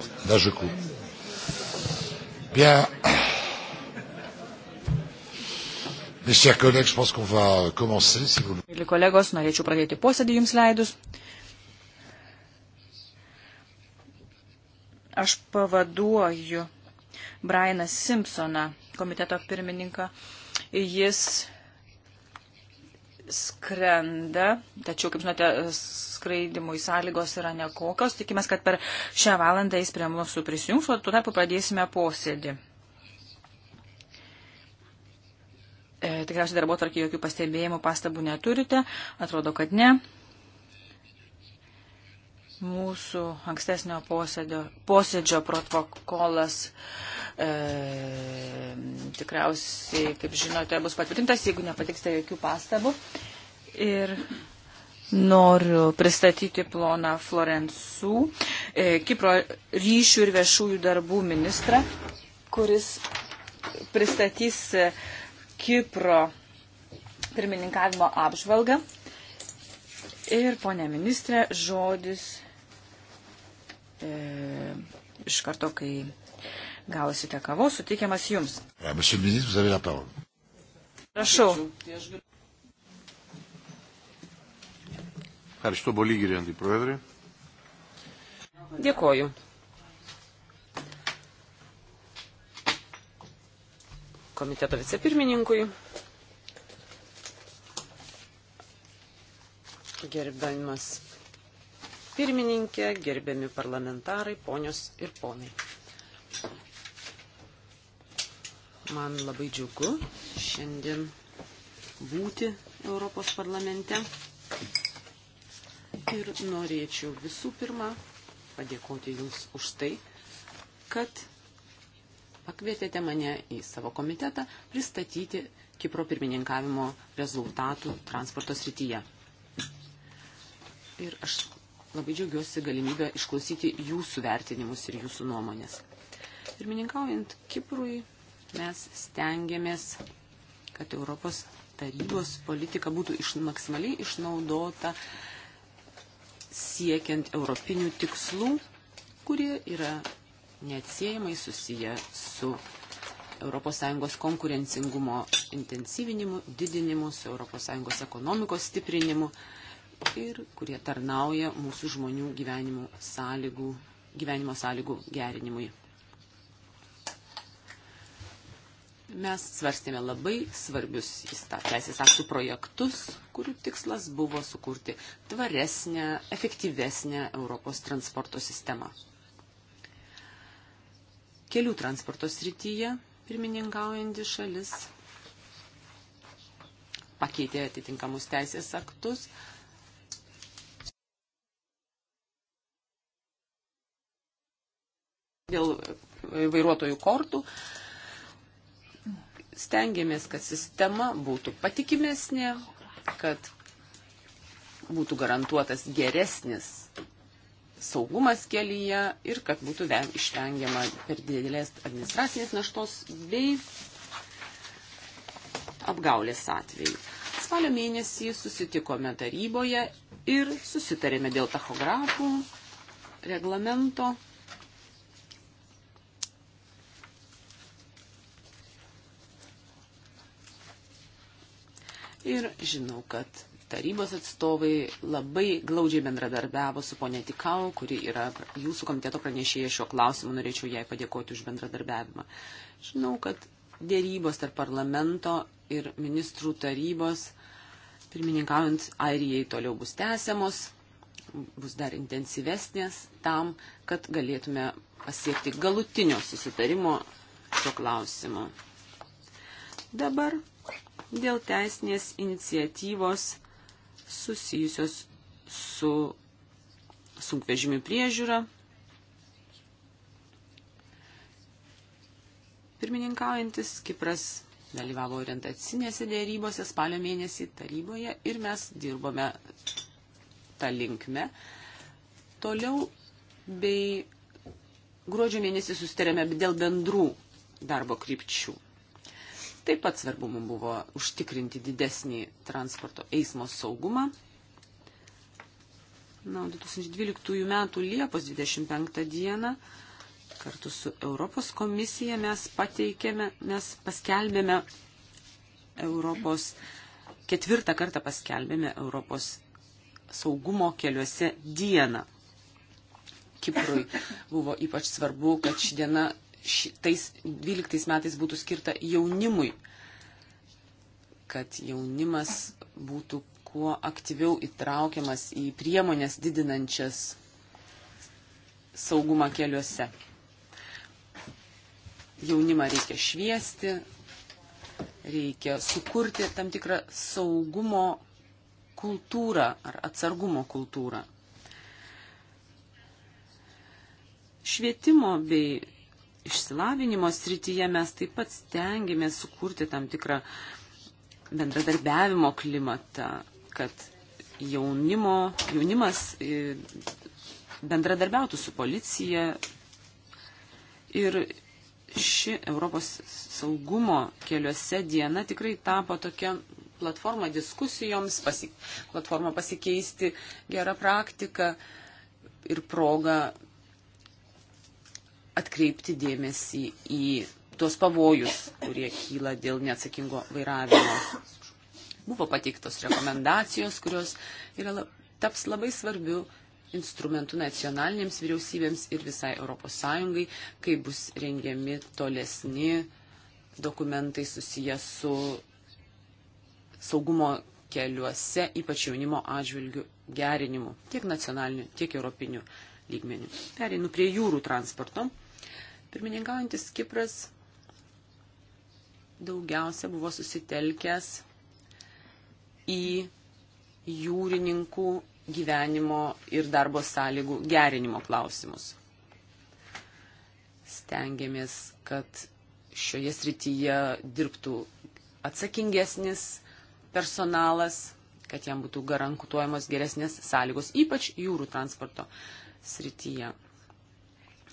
D'un coup. Bien. Mes chers collègues, je pense qu'on va commencer, si vous le Kolegos, norėčiau pradėti posėdį jums leidus. Aš pavaduoju Brianą Simpsoną, komiteto pirmininką. Jis skrenda, tačiau, kaip žinote, skraidimui sąlygos yra nekokios. Tikimės, kad per šią valandą jis prie mūsų prisijungs, o tuo tarpu pradėsime posėdį. E, tikriausiai darbo tarkiai jokių pastebėjimų, pastabų neturite. Atrodo, kad ne. Mūsų ankstesnio posėdžio, posėdžio protokolas e, tikriausiai, kaip žinote, bus patvirtintas, jeigu nepatiksite jokių pastabų. Ir noriu pristatyti ploną Florensų, e, Kipro ryšių ir viešųjų darbų ministrą, kuris pristatys e, Kipro pirmininkavimo apžvalgą. Ir, ponė ministrė, žodis E, iš karto, kai gausite kavos, sutikiamas jums. Prašau. Ευχαριστώ πολύ κύριε Αντιπρόεδρε. Dėkoju. Komiteto vicepirmininkui. Gerbiamas pirmininkė, gerbiami parlamentarai, ponios ir ponai. Man labai džiugu šiandien būti Europos parlamente. Ir norėčiau visų pirma padėkoti Jums už tai, kad pakvietėte mane į savo komitetą pristatyti Kipro pirmininkavimo rezultatų transporto srityje. Ir aš labai džiaugiuosi galimybę išklausyti jūsų vertinimus ir jūsų nuomonės. Pirmininkaujant Kiprui, mes stengiamės, kad Europos tarybos politika būtų iš, maksimaliai išnaudota siekiant europinių tikslų, kurie yra neatsiejamai susiję su ES konkurencingumo intensyvinimu, didinimu, su ES ekonomikos stiprinimu ir kurie tarnauja mūsų žmonių gyvenimo sąlygų, gyvenimo sąlygų gerinimui. Mes svarstėme labai svarbius teisės aktų projektus, kurių tikslas buvo sukurti tvaresnę, efektyvesnę Europos transporto sistemą. Kelių transporto srityje pirmininkaujanti šalis pakeitė atitinkamus teisės aktus, dėl vairuotojų kortų. Stengiamės, kad sistema būtų patikimesnė, kad būtų garantuotas geresnis saugumas kelyje ir kad būtų išvengiama per didelės administracinės naštos bei apgaulės atvejai. Spalio mėnesį susitikome taryboje ir susitarėme dėl tachografų reglamento ir žinau, kad tarybos atstovai labai glaudžiai bendradarbiavo su ponė Tikau, kuri yra jūsų komiteto pranešėja šiuo klausimu. Norėčiau jai padėkoti už bendradarbiavimą. Žinau, kad dėrybos tarp parlamento ir ministrų tarybos, pirmininkaujant Airijai, toliau bus tęsiamos, bus dar intensyvesnės tam, kad galėtume pasiekti galutinio susitarimo šiuo klausimu. Dabar dėl teisinės iniciatyvos susijusios su sunkvežimių priežiūra. Pirmininkaujantis Kipras dalyvavo orientacinėse dėrybose spalio mėnesį taryboje ir mes dirbome tą linkmę. Toliau bei gruodžio mėnesį sustarėme dėl bendrų darbo krypčių. Taip pat svarbu mums buvo užtikrinti didesnį transporto eismo saugumą. Na, 2012 m. Liepos 25 d. kartu su Europos komisija mes pateikėme, mes paskelbėme Europos, ketvirtą kartą paskelbėme Europos saugumo keliuose dieną. Kiprui buvo ypač svarbu, kad ši diena šitais 12 metais būtų skirta jaunimui, kad jaunimas būtų kuo aktyviau įtraukiamas į priemonės didinančias saugumą keliuose. Jaunimą reikia šviesti, reikia sukurti tam tikrą saugumo kultūrą ar atsargumo kultūrą. Švietimo bei išsilavinimo srityje mes taip pat stengiamės sukurti tam tikrą bendradarbiavimo klimatą, kad jaunimo, jaunimas e, bendradarbiautų su policija ir ši Europos saugumo keliuose diena tikrai tapo tokia platforma diskusijoms, pasi, platforma pasikeisti gerą praktiką ir progą atkreipti dėmesį į tuos pavojus, kurie kyla dėl neatsakingo vairavimo. Buvo pateiktos rekomendacijos, kurios yra, taps labai svarbiu instrumentų nacionalinėms vyriausybėms ir visai ES, kai bus rengiami tolesni dokumentai susiję su saugumo keliuose, ypač jaunimo atžvilgių gerinimu, tiek nacionaliniu, tiek europiniu lygmenį. Pereinu prie jūrų transporto. Pirmininkaujantis Kipras daugiausia buvo susitelkęs į jūrininkų gyvenimo ir darbo sąlygų gerinimo klausimus. Stengiamės, kad šioje srityje dirbtų atsakingesnis personalas, kad jam būtų garantuojamos geresnės sąlygos, ypač jūrų transporto srityje.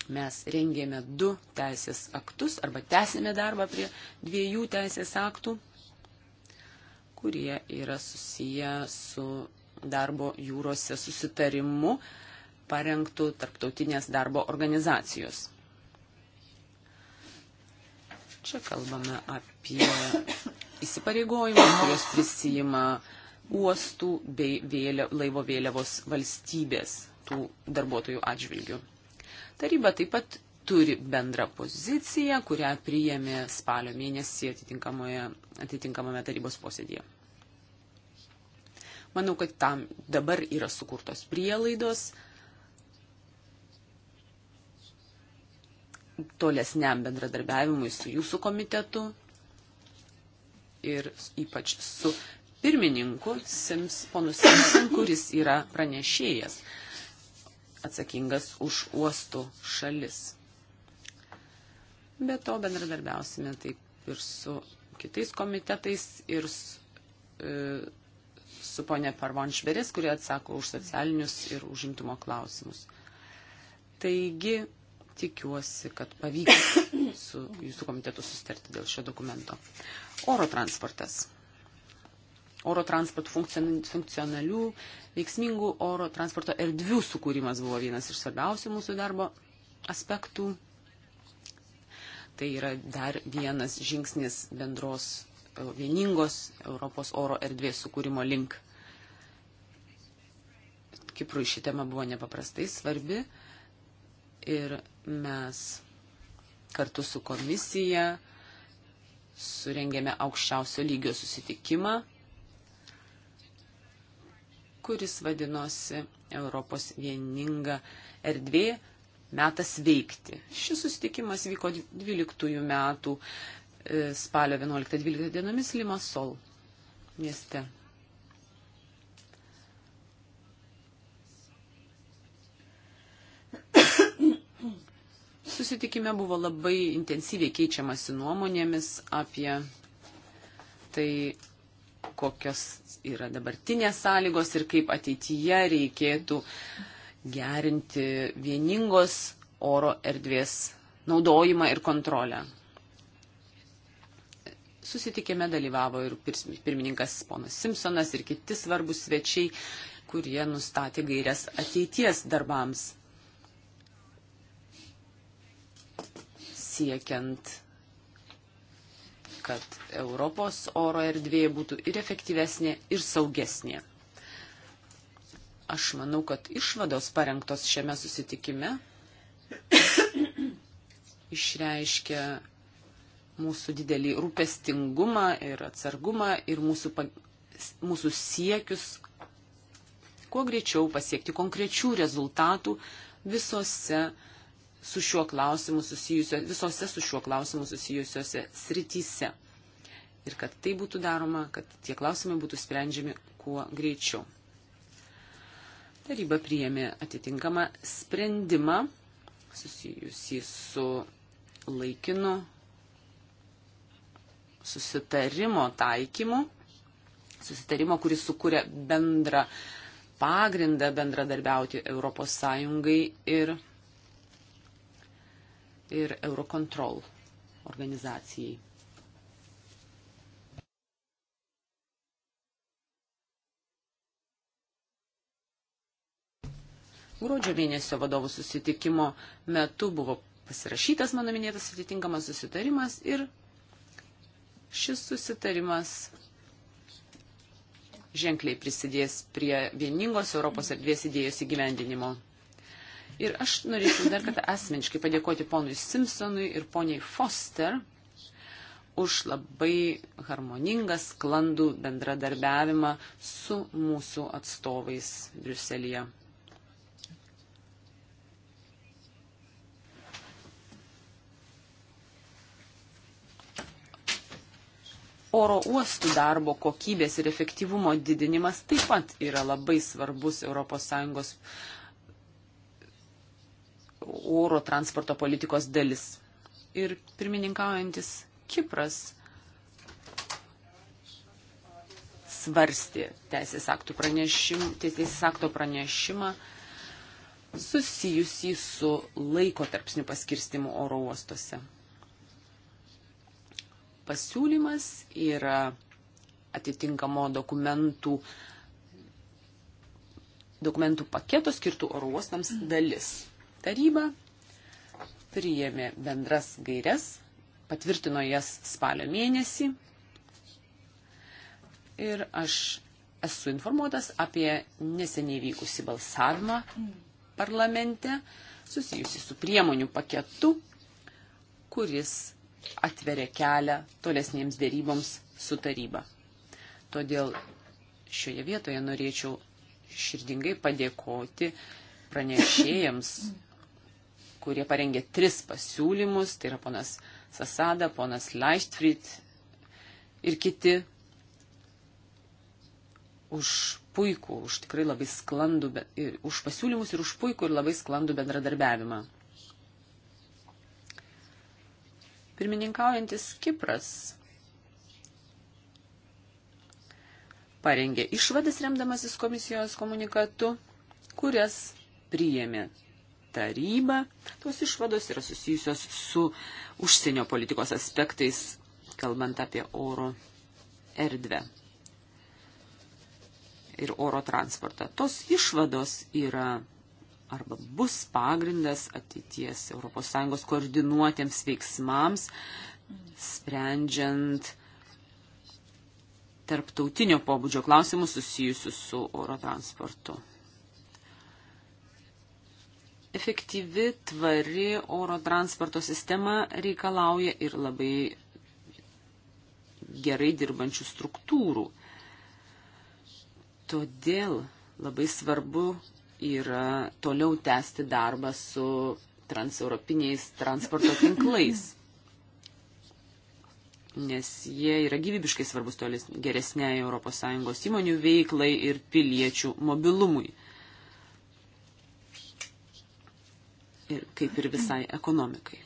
Mes rengėme du teisės aktus arba tęsėme darbą prie dviejų teisės aktų, kurie yra susiję su darbo jūrose susitarimu parengtų tarptautinės darbo organizacijos. Čia kalbame apie įsipareigojimus, kurios prisijima uostų bei vėliav, laivo vėliavos valstybės tų darbuotojų atžvilgių. Taryba taip pat turi bendrą poziciją, kurią priėmė spalio mėnesį atitinkamame tarybos posėdėje. Manau, kad tam dabar yra sukurtos prielaidos tolesniam bendradarbiavimui su jūsų komitetu ir ypač su pirmininku Sims, ponu Simson, kuris yra pranešėjas atsakingas už uostų šalis. Be to bendradarbiausime taip ir su kitais komitetais ir su, e, su ponė Parvon Šveris, kurie atsako už socialinius ir užimtumo klausimus. Taigi, tikiuosi, kad pavyks su jūsų komitetu sustarti dėl šio dokumento. Oro transportas oro transporto funkcionalių, veiksmingų oro transporto erdvių sukūrimas buvo vienas iš svarbiausių mūsų darbo aspektų. Tai yra dar vienas žingsnis bendros e, vieningos Europos oro erdvės sukūrimo link. Kiprui ši tema buvo nepaprastai svarbi ir mes kartu su komisija surengėme aukščiausio lygio susitikimą kuris vadinosi Europos vieninga erdvė metas veikti. Šis susitikimas vyko 12 metų e, spalio 11-12 dienomis Limasol mieste. Susitikime buvo labai intensyviai keičiamasi nuomonėmis apie tai, kokios yra dabartinės sąlygos ir kaip ateityje reikėtų gerinti vieningos oro erdvės naudojimą ir kontrolę. Susitikime dalyvavo ir pirmininkas ponas Simpsonas ir kiti svarbus svečiai, kurie nustatė gairias ateities darbams. Siekiant kad Europos oro erdvė būtų ir efektyvesnė, ir saugesnė. Aš manau, kad išvados parengtos šiame susitikime išreiškia mūsų didelį rūpestingumą ir atsargumą ir mūsų, mūsų siekius kuo greičiau pasiekti konkrečių rezultatų visose su šiuo klausimu susijusio, visose su šiuo klausimu susijusiose srityse. Ir kad tai būtų daroma, kad tie klausimai būtų sprendžiami kuo greičiau. Taryba priėmė atitinkamą sprendimą susijusį su laikinu susitarimo taikymu, susitarimo, kuris sukuria bendrą pagrindą bendradarbiauti ES ir ir Eurocontrol organizacijai. Gruodžio mėnesio vadovų susitikimo metu buvo pasirašytas mano minėtas atitinkamas susitarimas ir šis susitarimas ženkliai prisidės prie vieningos Europos erdvės idėjos įgyvendinimo. Ir aš norėčiau dar kartą asmeniškai padėkoti ponui Simpsonui ir poniai Foster už labai harmoningą, sklandų bendradarbiavimą su mūsų atstovais Briuselėje. Oro uostų darbo kokybės ir efektyvumo didinimas taip pat yra labai svarbus ES oro transporto politikos dalis. Ir pirmininkaujantis Kipras svarstė teisės, pranešim, teisės akto pranešimą susijusį su laiko tarpsnių paskirstimu oro uostuose. Pasiūlymas yra atitinkamo dokumentų, dokumentų paketo skirtų oro uostams dalis. Taryba priėmė bendras gairias, patvirtino jas spalio mėnesį ir aš esu informuotas apie neseniai vykusi balsavimą parlamente susijusi su priemonių paketu, kuris atveria kelią tolesniems dėryboms su taryba. Todėl šioje vietoje norėčiau širdingai padėkoti pranešėjams kurie parengė tris pasiūlymus, tai yra ponas Sasada, ponas Leichtfried ir kiti, už puikų, už tikrai labai sklandų, už pasiūlymus ir už puikų ir labai sklandų bendradarbiavimą. Pirmininkaujantis Kipras parengė išvadas remdamasis komisijos komunikatu, kurias priėmė taryba. Tos išvados yra susijusios su užsienio politikos aspektais, kalbant apie oro erdvę ir oro transportą. Tos išvados yra arba bus pagrindas ateities ES koordinuotiems veiksmams, sprendžiant tarptautinio pobūdžio klausimus susijusius su oro transportu. Efektyvi, tvari oro transporto sistema reikalauja ir labai gerai dirbančių struktūrų. Todėl labai svarbu yra toliau tęsti darbą su transeuropiniais transporto tinklais, nes jie yra gyvybiškai svarbus tolės geresniai ES įmonių veiklai ir piliečių mobilumui. ir kaip ir visai ekonomikai.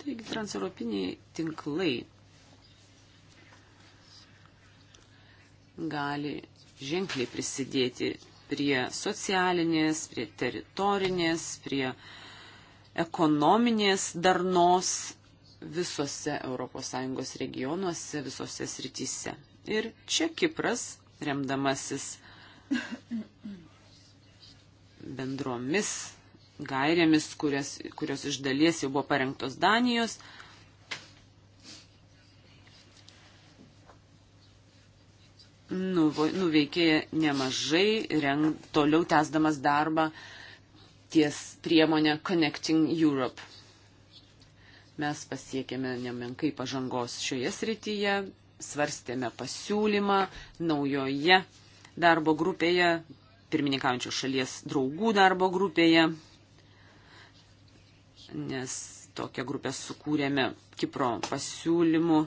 Taigi transeuropiniai tinklai gali ženkliai prisidėti prie socialinės, prie teritorinės, prie ekonominės darnos visose ES regionuose, visose srityse. Ir čia Kipras, remdamasis bendromis gairėmis, kurias, kurios iš dalies jau buvo parengtos Danijos. Nuveikė nemažai, reng, toliau tęsdamas darbą ties priemonę Connecting Europe. Mes pasiekėme nemenkai pažangos šioje srityje, svarstėme pasiūlymą naujoje darbo grupėje, pirmininkaujančios šalies draugų darbo grupėje, nes tokią grupę sukūrėme Kipro pasiūlymu,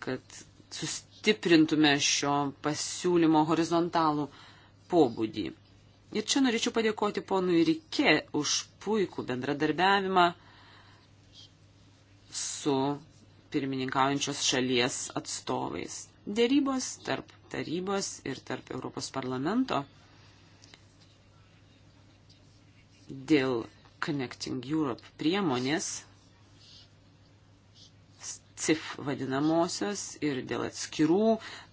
kad sustiprintume šio pasiūlymo horizontalų pobūdį. Ir čia norėčiau padėkoti ponui Rike už puikų bendradarbiavimą su pirmininkaujančios šalies atstovais. Dėrybos tarp tarybos ir tarp Europos parlamento dėl Connecting Europe priemonės, CIF vadinamosios ir dėl atskirų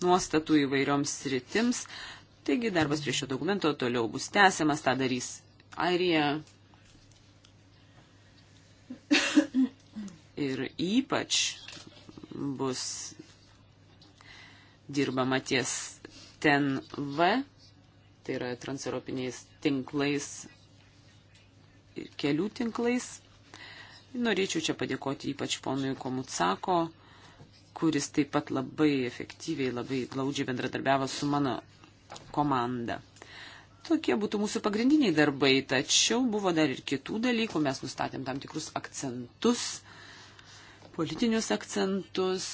nuostatų įvairioms sritims. Taigi darbas prie šio dokumento toliau bus tęsiamas, tą darys Airija. Ir ypač bus dirbama ties TEN-V, tai yra transeuropiniais tinklais kelių tinklais. Norėčiau čia padėkoti ypač ponui Komutsako, kuris taip pat labai efektyviai, labai glaudžiai bendradarbiavo su mano komanda. Tokie būtų mūsų pagrindiniai darbai, tačiau buvo dar ir kitų dalykų, mes nustatėm tam tikrus akcentus, politinius akcentus,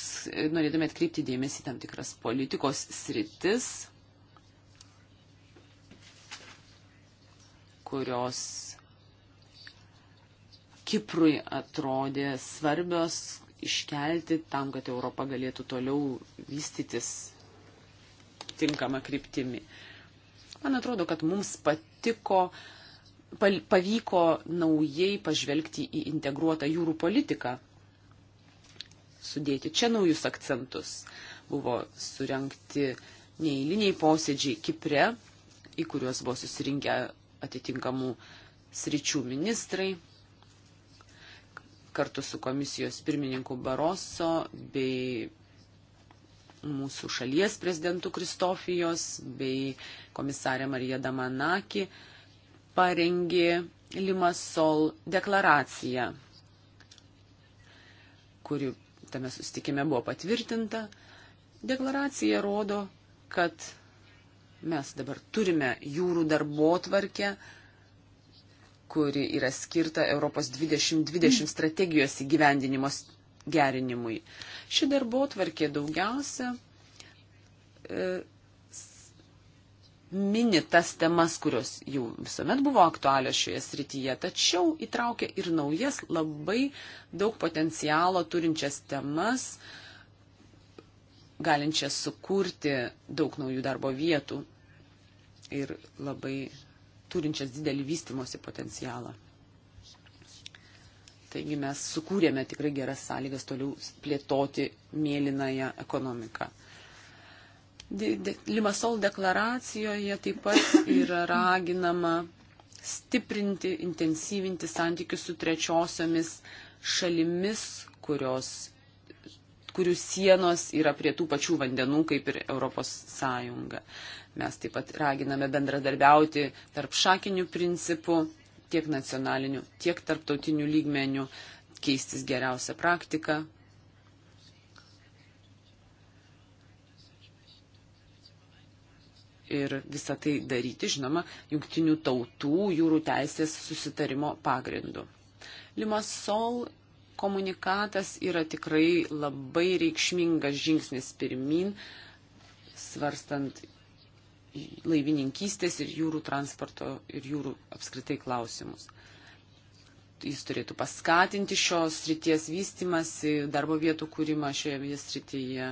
norėdami atkreipti dėmesį tam tikras politikos sritis, kurios Kiprui atrodė svarbios iškelti tam, kad Europa galėtų toliau vystytis tinkama kryptimi. Man atrodo, kad mums patiko, pavyko naujai pažvelgti į integruotą jūrų politiką, sudėti čia naujus akcentus. Buvo surenkti neįliniai posėdžiai Kipre, į kuriuos buvo susirinkę atitinkamų sričių ministrai, kartu su komisijos pirmininku Baroso bei mūsų šalies prezidentu Kristofijos bei komisarė Marija Damanaki parengė Limasol deklaraciją, kuri tame sustikime buvo patvirtinta. Deklaracija rodo, kad mes dabar turime jūrų darbo tvarkę, kuri yra skirta Europos 2020 strategijos įgyvendinimos gerinimui. Ši darbo tvarkė daugiausia e, mini tas temas, kurios jau visuomet buvo aktualios šioje srityje, tačiau įtraukia ir naujas labai daug potencialo turinčias temas, galinčias sukurti daug naujų darbo vietų ir labai turinčias didelį vystimosi potencialą. Taigi mes sukūrėme tikrai geras sąlygas toliau plėtoti mėlynąją ekonomiką. Limasol deklaracijoje taip pat yra raginama stiprinti, intensyvinti santykius su trečiosiomis šalimis, kurios kurių sienos yra prie tų pačių vandenų kaip ir Europos Sąjunga. Mes taip pat raginame bendradarbiauti tarp šakinių principų, tiek nacionalinių, tiek tarptautinių lygmenių, keistis geriausią praktiką. Ir visą tai daryti, žinoma, jungtinių tautų jūrų teisės susitarimo pagrindu. Limassol komunikatas yra tikrai labai reikšmingas žingsnis pirmin, svarstant laivininkystės ir jūrų transporto ir jūrų apskritai klausimus. Jis turėtų paskatinti šios srities vystimasi, darbo vietų kūrimą šioje srityje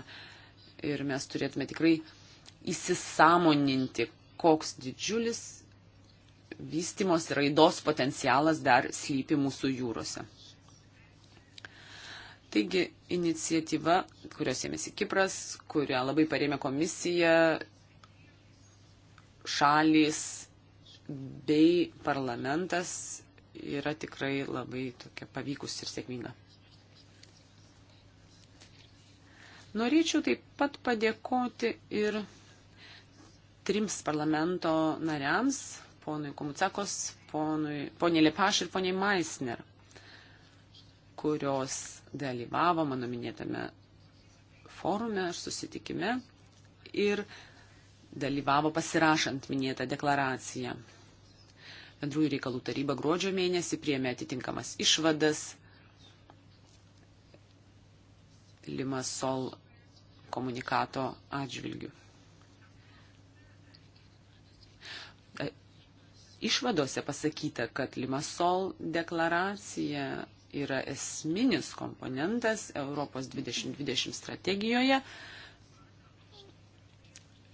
ir mes turėtume tikrai įsisamoninti, koks didžiulis vystimos raidos potencialas dar slypi mūsų jūrose. Taigi iniciatyva, kurios ėmėsi Kipras, kurią labai parėmė komisija, šalis bei parlamentas yra tikrai labai tokia pavykus ir sėkminga. Norėčiau taip pat padėkoti ir trims parlamento nariams, ponui Komucakos, ponui, poniai Lepaš ir poniai Maisner kurios dalyvavo mano minėtame forume ar susitikime ir dalyvavo pasirašant minėtą deklaraciją. Bendrųjų reikalų taryba gruodžio mėnesį priemė atitinkamas išvadas. Limasol komunikato atžvilgių. E, išvadose pasakyta, kad Limasol deklaracija yra esminis komponentas Europos 2020 strategijoje.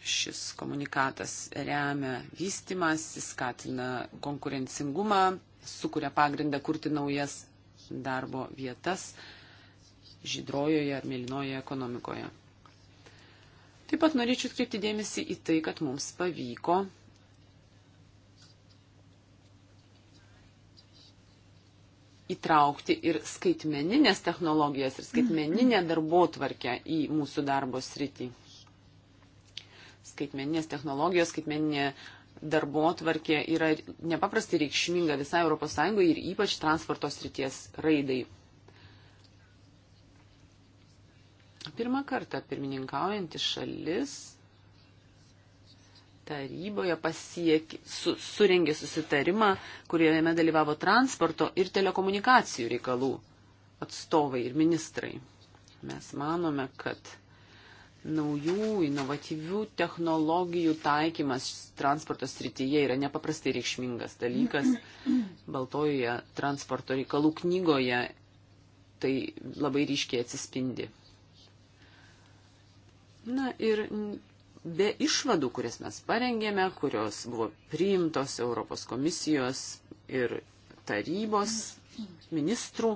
Šis komunikatas remia vystimas, skatina konkurencingumą, sukuria pagrindą kurti naujas darbo vietas žydrojoje ar mėlynoje ekonomikoje. Taip pat norėčiau atkreipti dėmesį į tai, kad mums pavyko įtraukti ir skaitmeninės technologijas ir skaitmeninę darbo tvarkę į mūsų darbo sritį. Skaitmeninės technologijos, skaitmeninė darbo tvarkė yra nepaprastai reikšminga visai ES ir ypač transporto srities raidai. Pirmą kartą pirmininkaujantis šalis taryboje pasiekė, su, surengė susitarimą, kuriame dalyvavo transporto ir telekomunikacijų reikalų atstovai ir ministrai. Mes manome, kad naujų inovatyvių technologijų taikymas transporto srityje yra nepaprastai reikšmingas dalykas. Baltojoje transporto reikalų knygoje tai labai ryškiai atsispindi. Na ir be išvadų, kurias mes parengėme, kurios buvo priimtos Europos komisijos ir tarybos ministrų,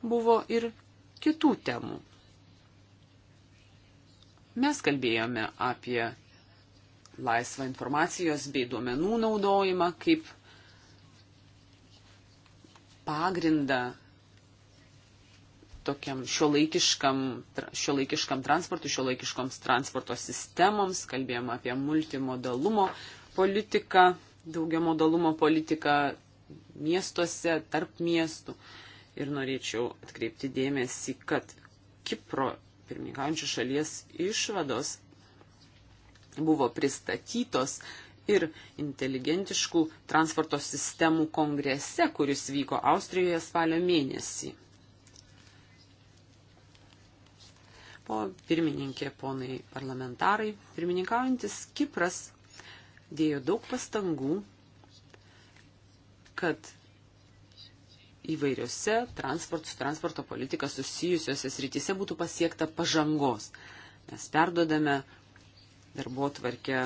buvo ir kitų temų. Mes kalbėjome apie laisvą informacijos bei duomenų naudojimą kaip pagrindą tokiam šiuolaikiškam, šiuolaikiškam transportui, šiuolaikiškoms transporto sistemoms, kalbėjom apie multimodalumo politiką, daugiamodalumo politiką miestuose, tarp miestų. Ir norėčiau atkreipti dėmesį, kad Kipro pirmininkaujančių šalies išvados buvo pristatytos ir inteligentiškų transporto sistemų kongrese, kuris vyko Austrijoje spalio mėnesį. po pirmininkė, ponai parlamentarai, pirmininkaujantis Kipras dėjo daug pastangų, kad įvairiose transport, su transporto politika susijusiuose srityse būtų pasiekta pažangos. Mes perdodame darbo tvarkę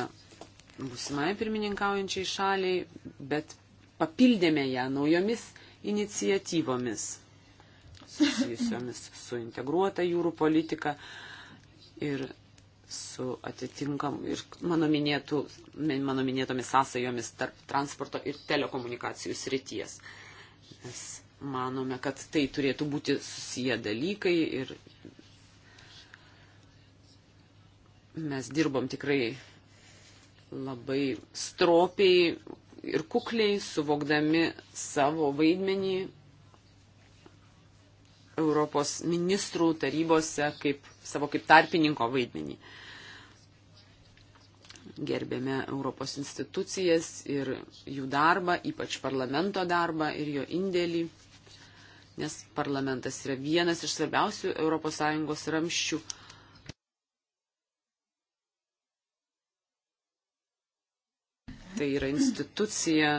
būsimai pirmininkaujančiai šaliai, bet papildėme ją naujomis iniciatyvomis susijusiomis su integruota jūrų politika ir su atitinkam ir mano, minėtų, mano minėtomis sąsajomis tarp transporto ir telekomunikacijų srities. Mes manome, kad tai turėtų būti susiję dalykai ir mes dirbom tikrai labai stropiai ir kukliai, suvokdami savo vaidmenį Europos ministrų tarybose kaip savo kaip tarpininko vaidmenį. Gerbėme Europos institucijas ir jų darbą, ypač parlamento darbą ir jo indėlį, nes parlamentas yra vienas iš svarbiausių ES ramščių. Tai yra institucija,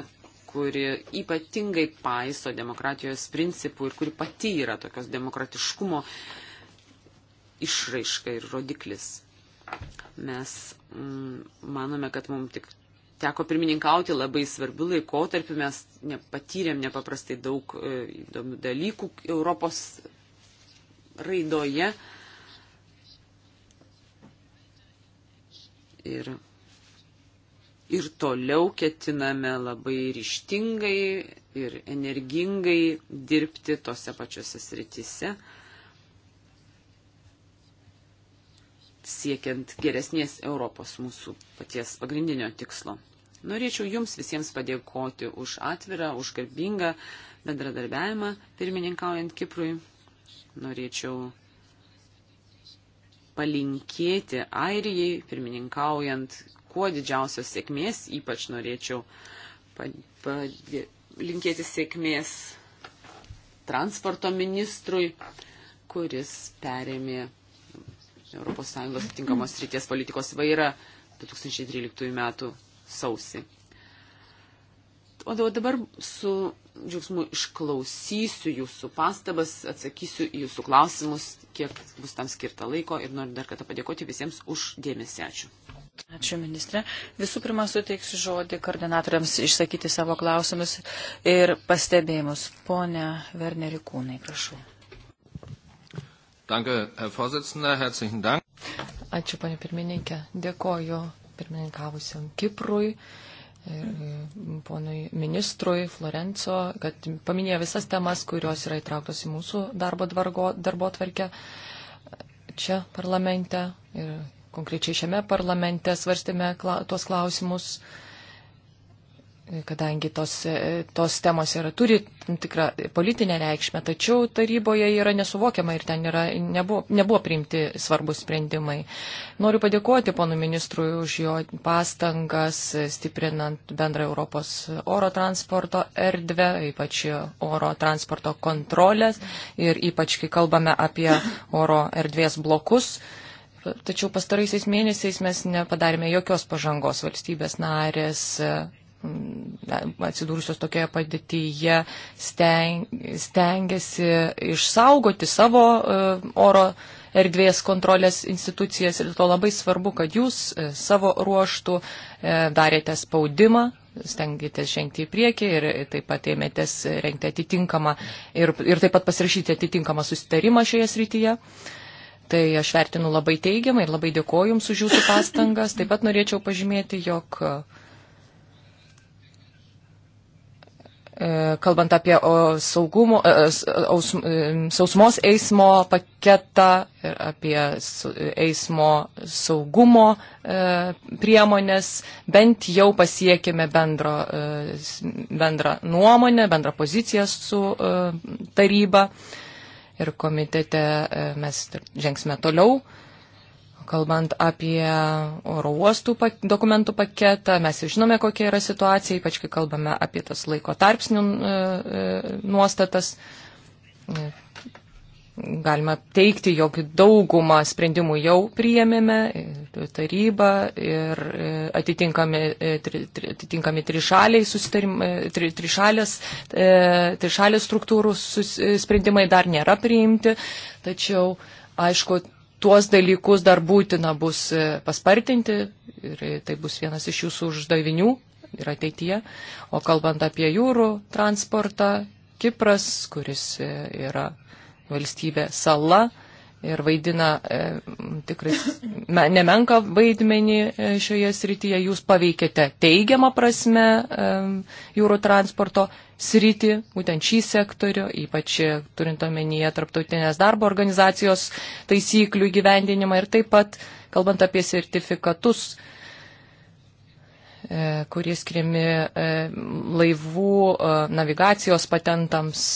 kuri ypatingai paiso demokratijos principų ir kuri pati yra tokios demokratiškumo išraiška ir rodiklis. Mes mm, manome, kad mums tik teko pirmininkauti labai svarbių laikotarpių, mes ne, patyrėm nepaprastai daug e, įdomių dalykų Europos raidoje. Ir ir toliau ketiname labai ryštingai ir energingai dirbti tose pačiose sritise, siekiant geresnės Europos mūsų paties pagrindinio tikslo. Norėčiau Jums visiems padėkoti už atvirą, už garbingą bendradarbiavimą pirmininkaujant Kiprui. Norėčiau palinkėti Airijai, pirmininkaujant kuo didžiausios sėkmės, ypač norėčiau linkėti sėkmės transporto ministrui, kuris perėmė ES atitinkamos ryties politikos vairą 2013 metų sausį. O dabar su džiaugsmu išklausysiu jūsų pastabas, atsakysiu jūsų klausimus, kiek bus tam skirta laiko ir noriu dar kartą padėkoti visiems už dėmesį. Ačiū. Ačiū, ministrė. Visų pirma, suteiksiu žodį koordinatoriams išsakyti savo klausimus ir pastebėjimus. Pone Werneri Kūnai, prašau. Danke, Herr Vorsitzender, herzlichen Dank. Ačiū, ponė pirmininkė. Dėkoju pirmininkavusiam Kiprui ir ponui ministrui Florenco, kad paminėjo visas temas, kurios yra įtrauktos į mūsų darbo, dvargo, darbo tvarkę čia parlamente ir konkrečiai šiame parlamente svarstėme tuos klausimus, kadangi tos, e, tos temos yra, turi tikrą politinę reikšmę, tačiau taryboje yra nesuvokiama ir ten yra, nebuvo, nebuvo priimti svarbus sprendimai. Noriu padėkoti ponu ministrui už jo pastangas, stiprinant bendrą Europos oro transporto erdvę, ypač oro transporto kontrolės ir ypač, kai kalbame apie oro erdvės blokus Tačiau pastaraisiais mėnesiais mes nepadarėme jokios pažangos valstybės narės atsidūrusios tokioje padėtyje steng, stengiasi išsaugoti savo e, oro erdvės kontrolės institucijas ir to labai svarbu, kad jūs e, savo ruoštų e, darėte spaudimą, stengėtės žengti į priekį ir taip pat ėmėtės rengti atitinkamą ir, ir taip pat pasirašyti atitinkamą susitarimą šioje srityje. Uh, Tai aš vertinu labai teigiamai ir labai dėkoju Jums už Jūsų pastangas. Taip pat norėčiau pažymėti, jog e, kalbant apie saugumo, e, e, sausmos eismo paketą ir apie eismo saugumo priemonės, bent jau pasiekime bendro, bendrą nuomonę, bendrą poziciją su taryba ir komitete e, mes žengsime toliau. Kalbant apie oro uostų dokumentų paketą, mes jau žinome, kokia yra situacija, ypač kai kalbame apie tas laiko tarpsnių e, e, nuostatas galima teikti, jog daugumą sprendimų jau priėmėme, taryba ir e, atitinkami, atitinkami e, trišalės tri, tri e, struktūrų sus, sprendimai dar nėra priimti, tačiau, aišku, tuos dalykus dar būtina bus paspartinti ir tai bus vienas iš jūsų uždavinių ir ateityje. O kalbant apie jūrų transportą, Kipras, kuris yra valstybė sala ir vaidina e, tikrai me, nemenka vaidmenį e, šioje srityje. Jūs paveikėte teigiamą prasme e, jūrų transporto sritį, būtent šį sektorių, ypač turint omenyje tarptautinės darbo organizacijos taisyklių įgyvendinimą ir taip pat, kalbant apie sertifikatus, e, kurie skiriami e, laivų e, navigacijos patentams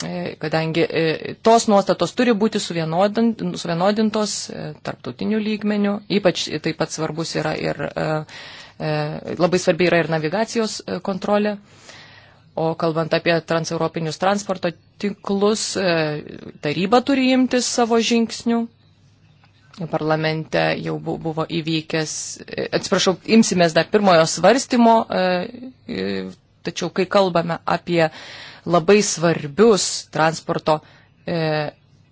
E, kadangi e, tos nuostatos turi būti suvienodintos e, tarptautinių lygmenių, ypač taip pat svarbus yra ir labai svarbi yra ir navigacijos kontrolė. O kalbant apie transeuropinius transporto tinklus, taryba turi imtis savo žingsnių. Parlamente jau buvo įvykęs, atsiprašau, imsimės dar pirmojo svarstymo, tačiau kai kalbame apie labai svarbius transporto e,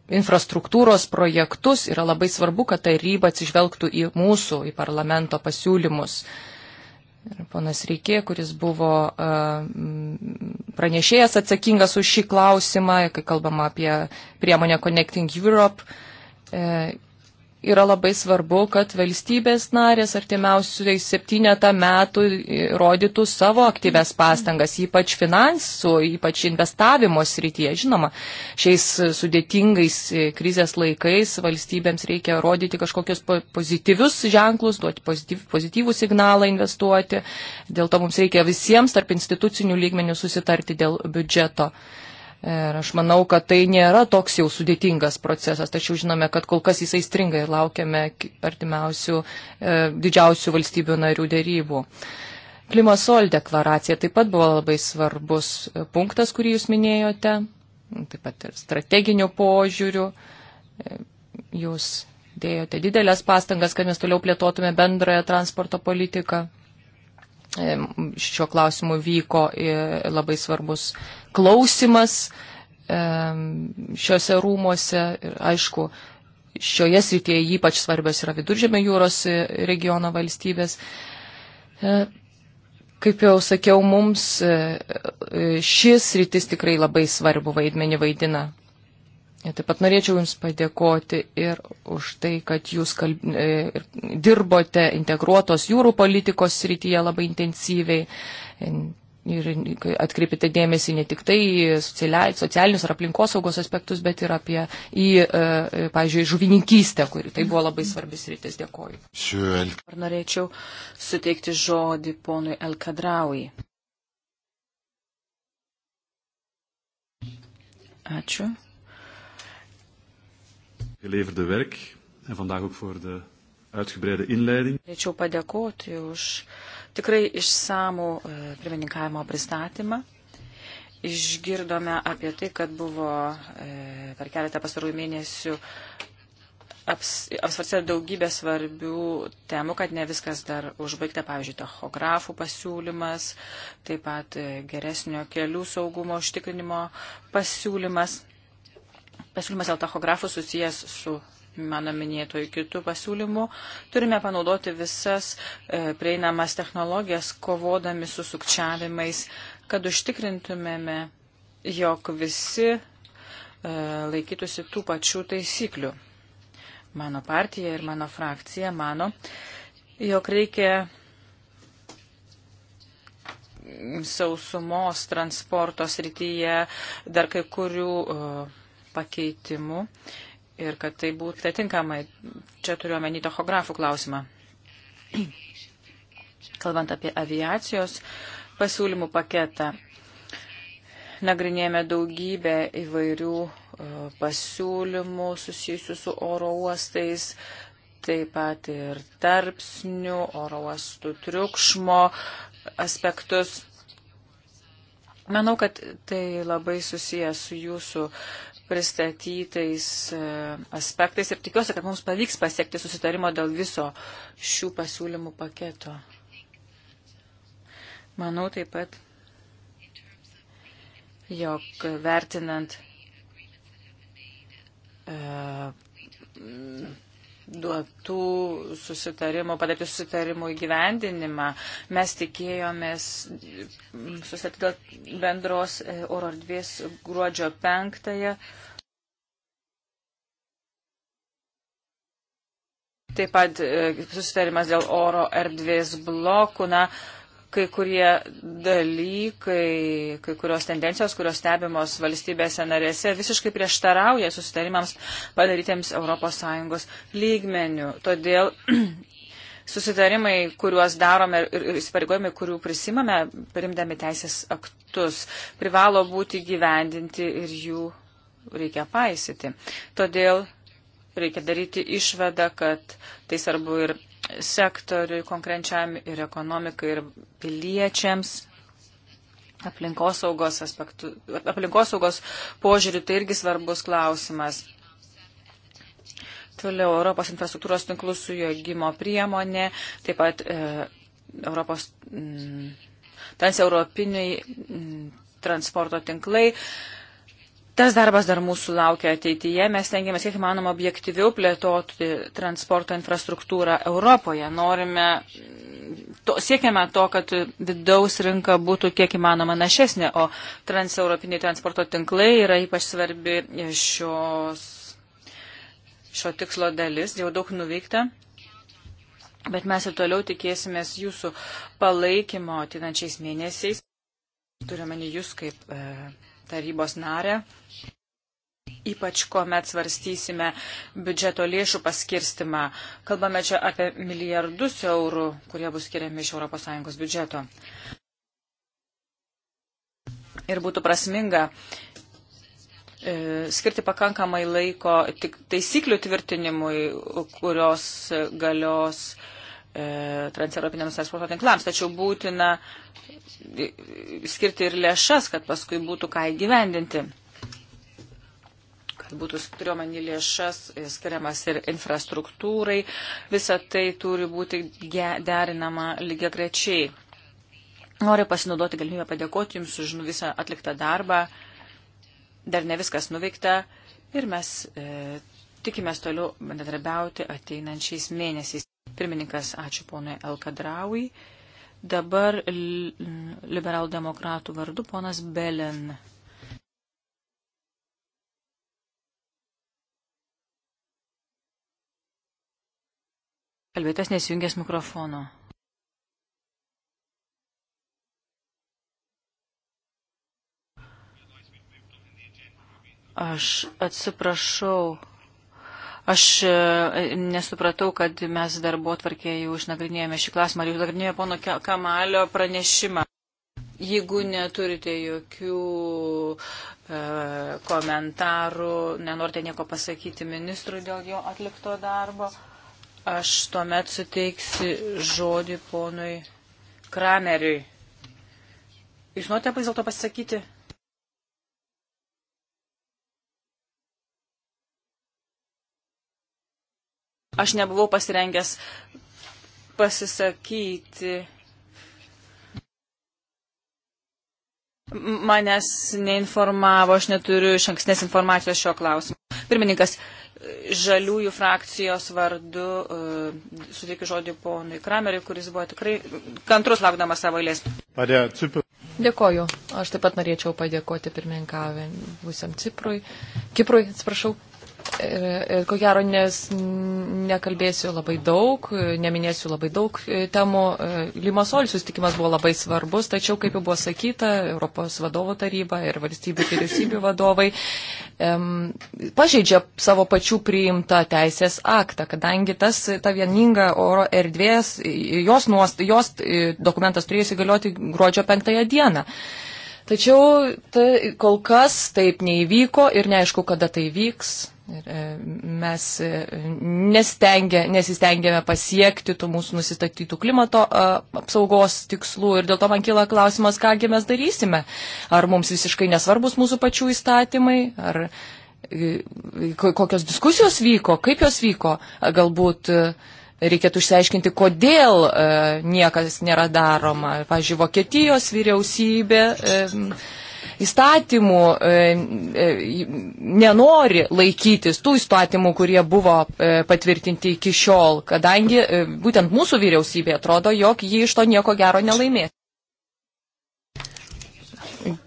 infrastruktūros projektus, yra labai svarbu, kad taryba atsižvelgtų į mūsų, į parlamento pasiūlymus. Ir ponas Reikė, kuris buvo e, pranešėjas atsakingas už šį klausimą, kai kalbama apie priemonę Connecting Europe, e, yra labai svarbu, kad valstybės narės artimiausiai septynetą metų rodytų savo aktyves pastangas, ypač finansų, ypač investavimo srityje. Žinoma, šiais sudėtingais krizės laikais valstybėms reikia rodyti kažkokius pozityvius ženklus, duoti pozityv, pozityvų signalą investuoti. Dėl to mums reikia visiems tarp institucinių lygmenių susitarti dėl biudžeto. Uh, Ir aš manau, kad tai nėra toks jau sudėtingas procesas, tačiau žinome, kad kol kas jisai stringa ir laukiame artimiausių e, didžiausių valstybių narių dėrybų. Klimasol deklaracija taip pat buvo labai svarbus e, punktas, kurį jūs minėjote, taip pat ir strateginių požiūrių. E, jūs dėjote didelės pastangas, kad mes toliau plėtotume bendrąją transporto politiką šiuo klausimu vyko labai svarbus klausimas šiuose rūmuose. Ir, aišku, šioje srityje ypač svarbios yra viduržėmio jūros regiono valstybės. E, kaip jau sakiau, mums e, šis rytis tikrai labai svarbu vaidmenį vaidina Taip pat norėčiau Jums padėkoti ir už tai, kad Jūs kalb... E, dirbote integruotos jūrų politikos srityje labai intensyviai ir atkreipite dėmesį ne tik tai socialinius ar aplinkosaugos aspektus, bet ir apie, į, e, e, pažiūrėjau, žuvininkystę, kuri tai buvo labai svarbis rytis. Dėkoju. Ar norėčiau suteikti žodį ponui Elkadraui? Ačiū geleverde werk en vandaag ook voor de uitgebreide inleiding. Norėčiau padėkoti už tikrai išsamų e, pirmininkavimo pristatymą. Išgirdome apie tai, kad buvo e, per keletą pastarųjų mėnesių aps, apsvarstė daugybę svarbių temų, kad ne viskas dar užbaigta, pavyzdžiui, tachografų pasiūlymas, taip pat e, geresnio kelių saugumo užtikrinimo pasiūlymas pasiūlymas dėl tachografų susijęs su mano minėtojų kitų pasiūlymų. Turime panaudoti visas e, prieinamas technologijas, kovodami su sukčiavimais, kad užtikrintumėme, jog visi e, laikytųsi tų pačių taisyklių. Mano partija ir mano frakcija mano, jog reikia sausumos transporto srityje dar kai kurių e, pakeitimų ir kad tai būtų atitinkamai. Čia turiu omeny tochografų klausimą. Kalbant apie aviacijos pasiūlymų paketą, nagrinėjame daugybę įvairių e, pasiūlymų susijusių su oro uostais, taip pat ir tarpsnių, oro uostų triukšmo aspektus. Manau, kad tai labai susijęs su jūsų pristatytais e, aspektais ir tikiuosi, kad mums pavyks pasiekti susitarimo dėl viso šių pasiūlymų paketo. Manau taip pat, jog vertinant e, duotų susitarimų, padaryti susitarimų įgyvendinimą. Mes tikėjomės susitikti bendros e, oro erdvės gruodžio penktąją. Taip pat e, susitarimas dėl oro erdvės blokų. Na, kai kurie dalykai, kai kurios tendencijos, kurios stebimos valstybėse narėse, visiškai prieštarauja susitarimams padarytiems ES lygmenių. Todėl susitarimai, kuriuos darome ir, ir įsipareigojimai, kurių prisimame, primdami teisės aktus, privalo būti gyvendinti ir jų reikia paisyti. Todėl reikia daryti išvadą, kad tai svarbu ir sektoriui konkrenčiam ir ekonomikai ir piliečiams. Aplinkosaugos, aspektu, aplinkosaugos požiūrių tai irgi svarbus klausimas. Toliau Europos infrastruktūros tinklų sujogimo priemonė, taip pat e, Europos mm, transeuropiniai mm, transporto tinklai. E, Tas darbas dar mūsų laukia ateityje. Mes tengiamės kiek įmanoma objektyviau plėtoti transporto infrastruktūrą Europoje. Norime, to, siekiame to, kad vidaus rinka būtų kiek įmanoma našesnė, o transeuropiniai transporto tinklai yra ypač svarbi šios, šio tikslo dalis. Jau daug nuveikta. Bet mes ir toliau tikėsimės jūsų palaikymo atinančiais mėnesiais. Turime jūs kaip. E, tarybos narę, ypač kuomet svarstysime biudžeto lėšų paskirstimą. Kalbame čia apie milijardus eurų, kurie bus skiriami iš ES biudžeto. Ir būtų prasminga e, skirti pakankamai laiko tik taisyklių tvirtinimui, kurios galios E, transeuropiniams transporto tinklams, tačiau būtina skirti ir lėšas, kad paskui būtų ką įgyvendinti. Kad būtų turiuomenį lėšas, skiriamas ir infrastruktūrai, visa tai turi būti derinama lygiai grečiai. Noriu pasinaudoti galimybę padėkoti Jums už nu visą atliktą darbą. Dar ne viskas nuveikta ir mes e, tikimės toliau bendradarbiauti ateinančiais mėnesiais. Pirmininkas, ačiū ponui Elkadraui. Dabar liberaldemokratų vardu ponas Belen. Kalbėtas nesijungęs mikrofono. Aš atsiprašau, Aš e, nesupratau, kad mes darbo atvarkėje jau išnagrinėjome šį klausimą, ar jau nagrinėjome pono Kamalio pranešimą. Jeigu neturite jokių e, komentarų, nenorite nieko pasakyti ministrui dėl jo atlikto darbo, aš tuomet suteiksiu žodį ponui Krameriui. Jūs norite vis dėlto pasakyti? aš nebuvau pasirengęs pasisakyti. Manęs neinformavo, aš neturiu iš ankstinės informacijos šio klausimu. Pirmininkas, žaliųjų frakcijos vardu e, suteikiu žodį ponui Krameriui, kuris buvo tikrai kantrus laukdamas savo eilės. Dėkoju. Aš taip pat norėčiau padėkoti pirmininkavusiam Ciprui. Kiprui, atsiprašau, Ir, ir ko gero, nes nekalbėsiu labai daug, neminėsiu labai daug e, temų. E, Limasol susitikimas buvo labai svarbus, tačiau, kaip jau buvo sakyta, Europos vadovų taryba ir valstybių vyriausybių vadovai em, pažeidžia savo pačių priimtą teisės aktą, kadangi tas, ta vieninga oro erdvės, jos, nuost, jos e, dokumentas turėjo įsigalioti gruodžio penktąją dieną. Tačiau tai, kol kas taip neįvyko ir neaišku, kada tai vyks E, mes e, nesistengėme pasiekti tų mūsų nusistatytų klimato e, apsaugos tikslų ir dėl to man kyla klausimas, kągi mes darysime. Ar mums visiškai nesvarbus mūsų pačių įstatymai, ar kokios diskusijos vyko, kaip jos vyko, galbūt reikėtų išsiaiškinti, kodėl niekas nėra daroma. Pavyzdžiui, Vokietijos vyriausybė. E, įstatymų e, e, nenori laikytis tų įstatymų, kurie buvo e, patvirtinti iki šiol, kadangi būtent mūsų vyriausybė atrodo, jog ji iš to nieko gero nelaimės.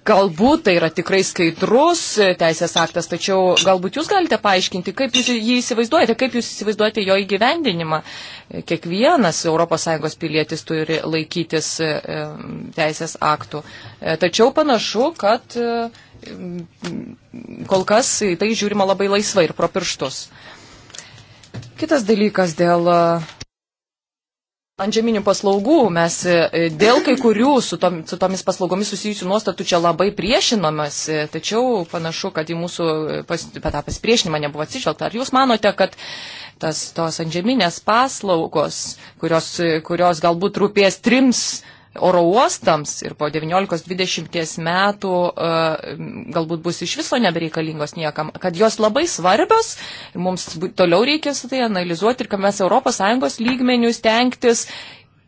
Galbūt tai yra tikrai skaidrus teisės aktas, tačiau galbūt jūs galite paaiškinti, kaip jūs jį įsivaizduojate, kaip jūs įsivaizduojate jo įgyvendinimą. Kiekvienas ES pilietis turi laikytis e, teisės aktų. E, tačiau panašu, kad e, kol kas į tai žiūrima labai laisvai ir pro pirštus. Kitas dalykas dėl antžeminių paslaugų. Mes e, e, dėl kai kurių su, tom, su tomis paslaugomis susijusių nuostatų čia labai priešinomės, tačiau panašu, kad į mūsų e, pas, tą pasipriešinimą nebuvo atsižvelgta. Ar jūs manote, kad tas, tos antžeminės paslaugos, kurios, kurios galbūt rūpės trims oro uostams ir po 19-20 metų e, galbūt bus iš viso nebereikalingos niekam, kad jos labai svarbios ir mums toliau reikės tai analizuoti ir kad mes ES lygmenių stengtis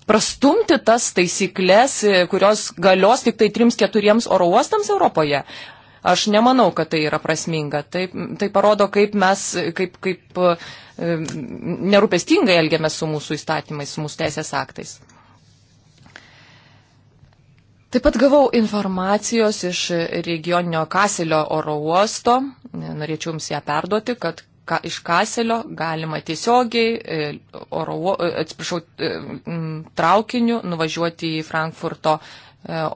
prastumti tas taisyklės, e, kurios galios tik tai 3-4 oro uostams Europoje. Aš nemanau, kad tai yra prasminga. Tai, tai parodo, kaip mes, kaip, kaip e, nerūpestingai elgiamės su mūsų įstatymais, su mūsų teisės aktais. Taip pat gavau informacijos iš regioninio Kaselio oro uosto. Norėčiau Jums ją perduoti, kad ka, iš Kaselio galima tiesiogiai e, oro, e, atsiprašau, e, traukiniu nuvažiuoti į Frankfurto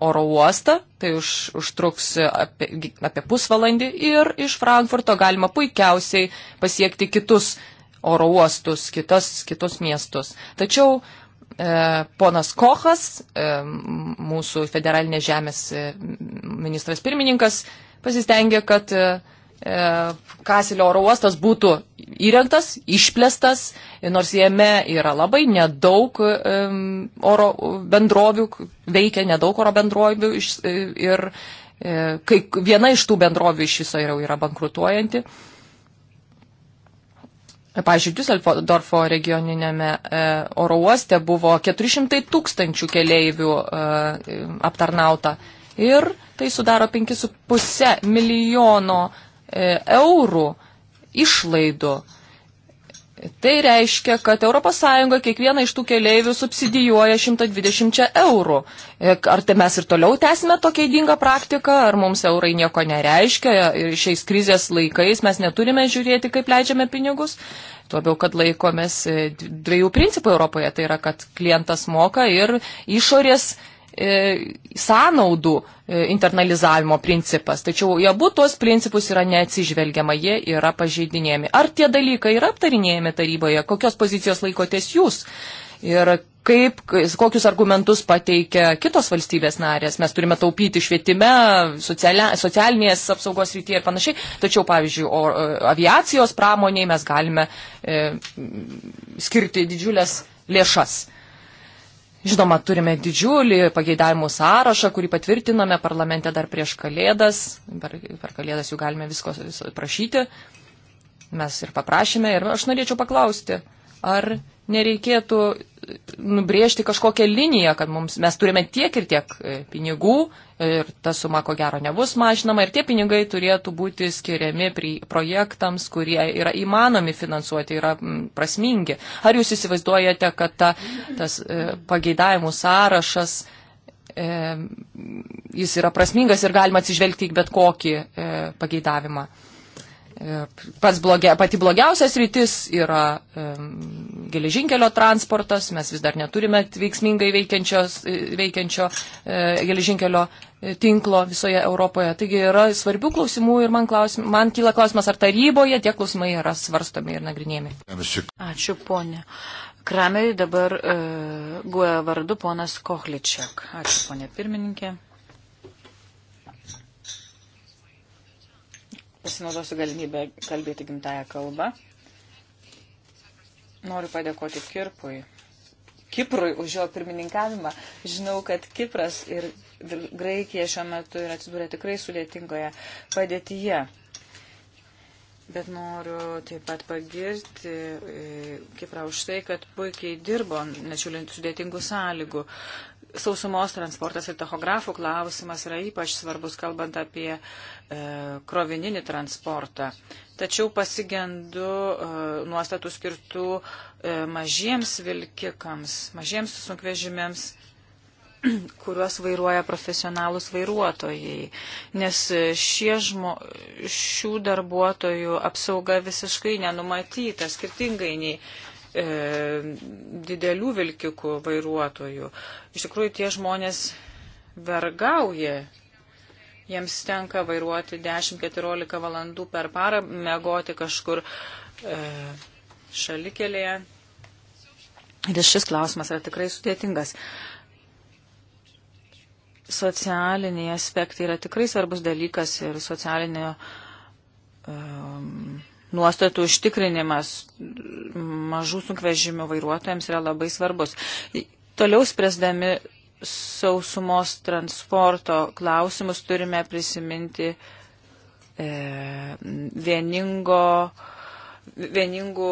oro uostą, tai už, užtruks apie, apie pusvalandį ir iš Frankfurto galima puikiausiai pasiekti kitus oro uostus, kitas, kitus miestus. Tačiau E, ponas Kochas, e, mūsų federalinės žemės e, ministras pirmininkas, pasistengė, kad Kasilio oro uostas būtų įrengtas, išplėstas, nors jame yra labai nedaug oro bendrovių, veikia nedaug oro bendrovių ir kai viena iš tų bendrovių iš viso yra, yra bankrutuojanti. Pavyzdžiui, Düsseldorfo regioninėme e, oro uoste buvo 400 tūkstančių keleivių e, aptarnauta ir tai sudaro 5,5 milijono e, eurų išlaidų. Tai reiškia, kad ES kiekvieną iš tų keleivių subsidijuoja 120 eurų. E, ar tai mes ir toliau tęsime tokią įdingą praktiką, ar mums eurai nieko nereiškia ir šiais krizės laikais mes neturime žiūrėti, kaip leidžiame pinigus. Tuo labiau, kad laikomės e, dviejų principų Europoje, tai yra, kad klientas moka ir išorės E, sąnaudų e, internalizavimo principas. Tačiau jie abu tuos principus yra neatsižvelgiama, jie yra pažeidinėjami. Ar tie dalykai yra aptarinėjami taryboje? Kokios pozicijos laikotės jūs? Ir kaip, kokius argumentus pateikia kitos valstybės narės. Mes turime taupyti švietime, socialia, socialinės apsaugos rytyje ir panašiai. Tačiau, pavyzdžiui, o, e, aviacijos pramoniai mes galime e, skirti didžiulės lėšas. Žinoma, turime didžiulį pageidavimų sąrašą, kurį patvirtiname parlamente dar prieš kalėdas. Per, per kalėdas jų galime visko prašyti. Mes ir paprašėme. Ir aš norėčiau paklausti, Ar nereikėtų nubriežti kažkokią liniją, kad mums, mes turime tiek ir tiek e, pinigų ir ta suma ko gero nebus mažinama ir tie pinigai turėtų būti skiriami projektams, kurie yra įmanomi finansuoti, yra prasmingi. Ar jūs įsivaizduojate, kad ta, tas e, pageidavimų sąrašas, e, jis yra prasmingas ir galima atsižvelgti į bet kokį pageidavimą? E, pats blogia, pati blogiausias rytis yra um, geležinkelio transportas, mes vis dar neturime veiksmingai e, veikiančio uh, geležinkelio tinklo visoje Europoje. Taigi yra svarbių klausimų ir man, klausim, man kyla klausimas, ar taryboje tie klausimai yra svarstomi ir nagrinėjami. Ačiū, ponė. Krameriui dabar uh, guoja vardu ponas Kohličiak. Ačiū, ponė pirmininkė. Pasinaudosiu galimybę kalbėti gimtają kalbą. Noriu padėkoti Kirpui. Kiprui už jo pirmininkavimą. Žinau, kad Kipras ir Graikija šiuo metu yra atsidūrę tikrai sudėtingoje padėtyje. Bet noriu taip pat pagirti e, Kiprą už tai, kad puikiai dirbo, nečiūlint sudėtingų sąlygų sausumos transportas ir tachografų klausimas yra ypač svarbus, kalbant apie e, krovininį transportą. Tačiau pasigendu e, nuostatų skirtų e, mažiems vilkikams, mažiems sunkvežimėms kuriuos vairuoja profesionalus vairuotojai, nes šie žmo, šių darbuotojų apsauga visiškai nenumatyta, skirtingai nei e, didelių vilkikų vairuotojų. Iš tikrųjų, tie žmonės vergauja. Jiems tenka vairuoti 10-14 valandų per parą, mėgoti kažkur e, šalikelėje. Ir šis klausimas yra tikrai sudėtingas. Socialiniai aspektai yra tikrai svarbus dalykas ir socialinio um, nuostatų užtikrinimas mažų sunkvežimių vairuotojams yra labai svarbus. Toliau spręsdami sausumos transporto klausimus turime prisiminti e, vieningo, vieningų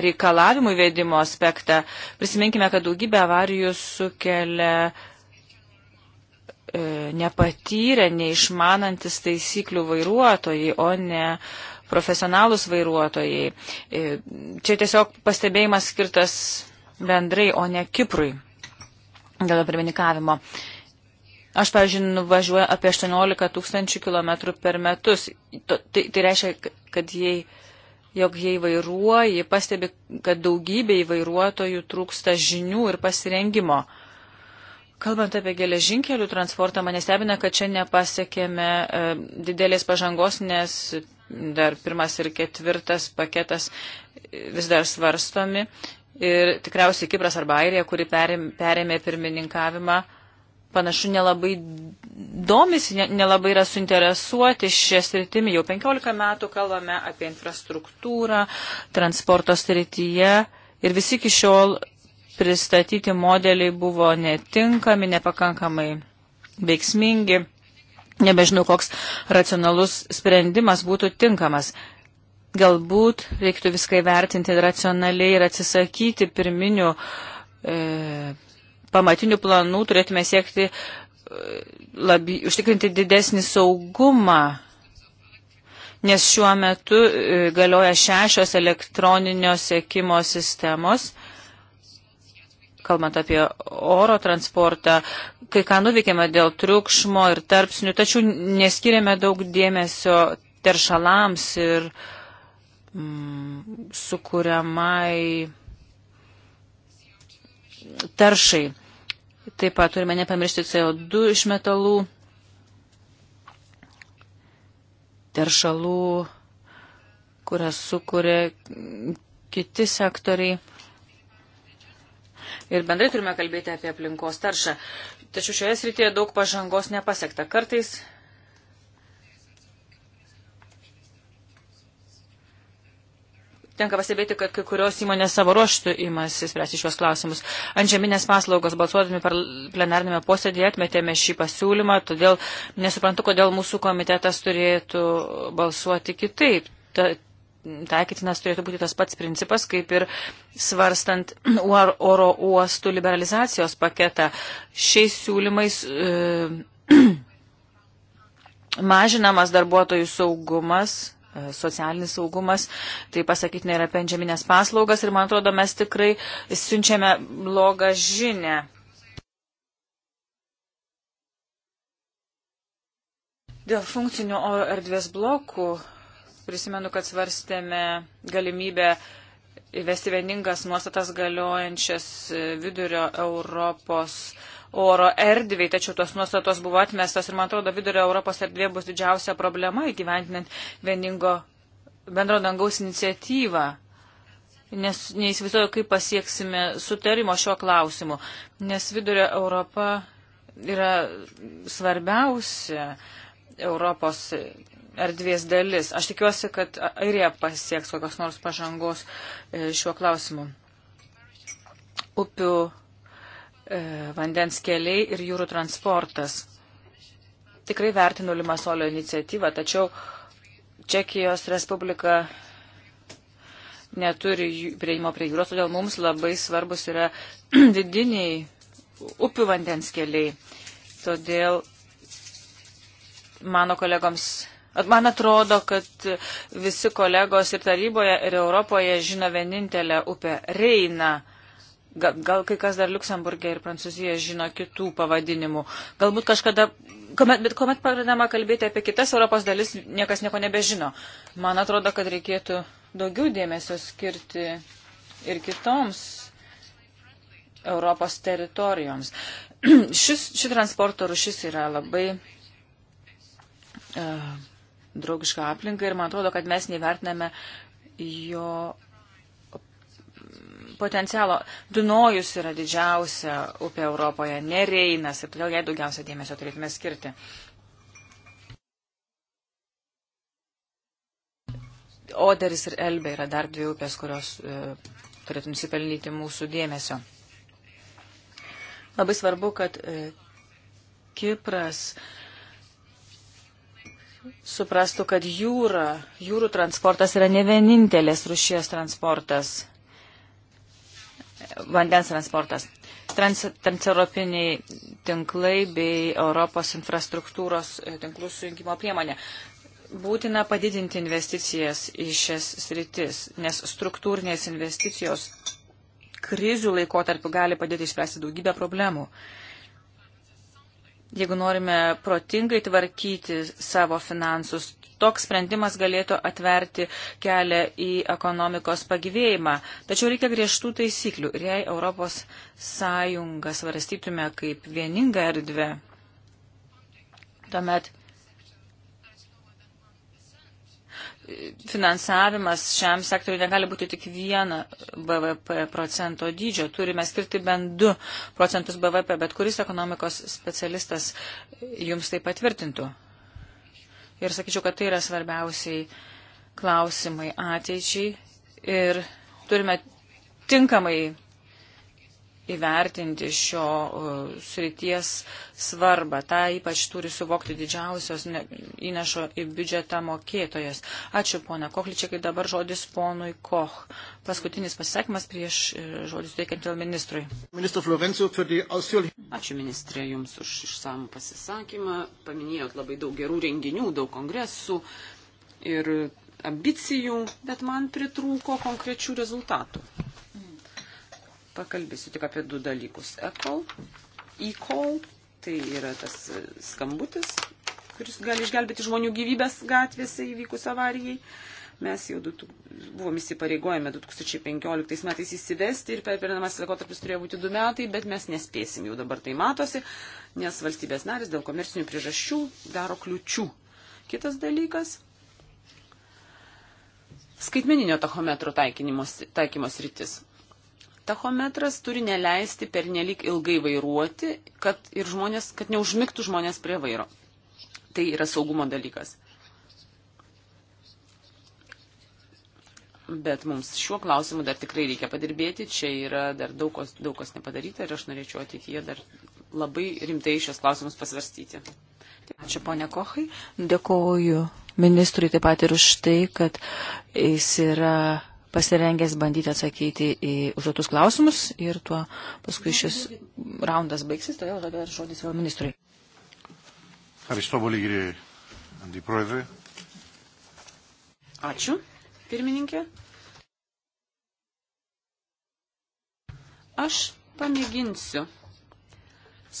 reikalavimų įvedimo aspektą. Prisiminkime, kad daugybė avarijų sukelia e, nepatyrę, neišmanantis taisyklių vairuotojai, o ne profesionalus vairuotojai. E, čia tiesiog pastebėjimas skirtas bendrai, o ne Kiprui dėl pirmininkavimo. Aš, pavyzdžiui, nuvažiuoju apie 18 tūkstančių kilometrų per metus. Tai, tai reiškia, kad jei, jog jei vairuoji, pastebi, kad daugybei vairuotojų trūksta žinių ir pasirengimo. Kalbant apie geležinkelių transportą, mane stebina, kad čia nepasiekėme e, didelės pažangos, nes dar pirmas ir ketvirtas paketas vis dar svarstomi. Ir tikriausiai Kipras arba Airija, kuri perėmė pirmininkavimą, panašu nelabai domisi, nelabai yra suinteresuoti šią sritimį. Jau 15 metų kalbame apie infrastruktūrą, transporto srityje ir visi iki šiol pristatyti modeliai buvo netinkami, nepakankamai veiksmingi nebežinau, koks racionalus sprendimas būtų tinkamas. Galbūt reiktų viską įvertinti racionaliai ir atsisakyti pirminių e, pamatinių planų, turėtume siekti e, labi, užtikrinti didesnį saugumą, nes šiuo metu e, galioja šešios elektroninio sėkimo sistemos, kalbant apie oro transportą, kai ką nuveikėme dėl triukšmo ir tarpsnių, tačiau neskiriame daug dėmesio teršalams ir mm, sukūriamai taršai. Taip pat turime nepamiršti CO2 iš metalų, teršalų, kurias sukuria kiti sektoriai. Ir bendrai turime kalbėti apie aplinkos taršą. Tačiau šioje srityje daug pažangos nepasiekta. Kartais tenka pastebėti, kad kai kurios įmonės savo ruoštų imasi spręsti šios klausimus. Antžeminės paslaugos balsuodami plenarnėme posėdėje atmetėme šį pasiūlymą, todėl nesuprantu, kodėl mūsų komitetas turėtų balsuoti kitaip. Ta, taikytinas turėtų būti tas pats principas, kaip ir svarstant oro uostų liberalizacijos paketą. Šiais siūlymais e, mažinamas darbuotojų saugumas e, socialinis saugumas, tai pasakytina yra pendžiaminės paslaugas ir man atrodo mes tikrai siunčiame blogą žinę. Dėl funkcinių erdvės blokų prisimenu, kad svarstėme galimybę įvesti vieningas nuostatas galiojančias vidurio Europos oro erdvėj, tačiau tos nuostatos buvo atmestos ir man atrodo vidurio Europos erdvė bus didžiausia problema įgyventinant vieningo bendro dangaus iniciatyvą. Nes neįsivaizduoju, kaip pasieksime sutarimo šiuo klausimu, nes vidurio Europa yra svarbiausia Europos erdvės dalis. Aš tikiuosi, kad Airija pasieks kokios nors pažangos e, šiuo klausimu. Upių e, vandens keliai ir jūrų transportas. Tikrai vertinu Limasolio iniciatyvą, tačiau Čekijos Respublika neturi prieimo prie jūros, todėl mums labai svarbus yra vidiniai upių vandens keliai. Todėl mano kolegoms Man atrodo, kad visi kolegos ir taryboje, ir Europoje žino vienintelę upę - Reina. Gal, gal kai kas dar Luksemburgė ir Prancūzijoje žino kitų pavadinimų. Galbūt kažkada, kuomet, bet kuomet pradedama kalbėti apie kitas Europos dalis, niekas nieko nebežino. Man atrodo, kad reikėtų daugiau dėmesio skirti ir kitoms Europos teritorijoms. šis, ši transporto rušis yra labai. Uh, draugišką aplinką ir man atrodo, kad mes nevertiname jo potencialo. Dunojus yra didžiausia upė Europoje, nereinas ir todėl jai daugiausia dėmesio turėtume skirti. Oderis ir Elbė yra dar dvi upės, kurios e, turėtų nusipelnyti mūsų dėmesio. Labai svarbu, kad e, Kipras e, suprastų, kad jūra, jūrų transportas yra ne vienintelės rušies transportas, vandens transportas. Trans, transeuropiniai tinklai bei Europos infrastruktūros e, tinklų sujungimo priemonė. Būtina padidinti investicijas į šias sritis, nes struktūrinės investicijos krizių laikotarpiu gali padėti išspręsti daugybę problemų. Uh, Jeigu norime protingai tvarkyti savo finansus, toks sprendimas galėtų atverti kelią į ekonomikos pagyvėjimą. Tačiau reikia griežtų taisyklių ir jei Europos Sąjungą svarstytume kaip vieningą erdvę, tuomet finansavimas šiam sektoriu negali būti tik viena BVP procento dydžio. Turime skirti bent 2 procentus BVP, bet kuris ekonomikos specialistas jums tai patvirtintų. Ir sakyčiau, kad tai yra svarbiausiai klausimai ateičiai ir turime tinkamai įvertinti šio e, srities svarbą. Ta ypač turi suvokti didžiausios įnešo į biudžetą mokėtojas. Ačiū, pona Kohličiai, kai dabar žodis ponui Koch. Paskutinis pasisakymas prieš e, žodis teikiant vėl ministrui. Ministro Florencio, Ačiū ministrė Jums už išsamų pasisakymą. Paminėjot labai daug gerų renginių, daug kongresų. Ir ambicijų, bet man pritrūko konkrečių rezultatų pakalbėsiu tik apie du dalykus. E-call, e-call, tai yra tas e, skambutis, kuris gali išgelbėti žmonių gyvybės gatvėse įvykus avarijai. Mes jau du, buvom įsipareigojami 2015 metais įsivesti ir perpirinamas laikotarpis turėjo būti du metai, bet mes nespėsim, jau dabar tai matosi, nes valstybės narės dėl komercinių priežasčių daro kliučių. Kitas dalykas skaitmeninio tachometro taikymos rytis tachometras turi neleisti pernelik ilgai vairuoti, kad, žmonės, kad neužmigtų žmonės prie vairo. Tai yra saugumo dalykas. Bet mums šiuo klausimu dar tikrai reikia padirbėti, čia yra dar daug kas, daug kas nepadaryta ir aš norėčiau ateityje dar labai rimtai šios klausimus pasvarstyti. Ačiū ponia Kohai, dėkoju ministrui taip pat ir už tai, kad jis yra pasirengęs bandyti atsakyti į užduotus klausimus ir tuo paskui šis raundas baigsis, todėl dabar žodis vėl ministrui. Ačiū, pirmininkė. Aš pamėginsiu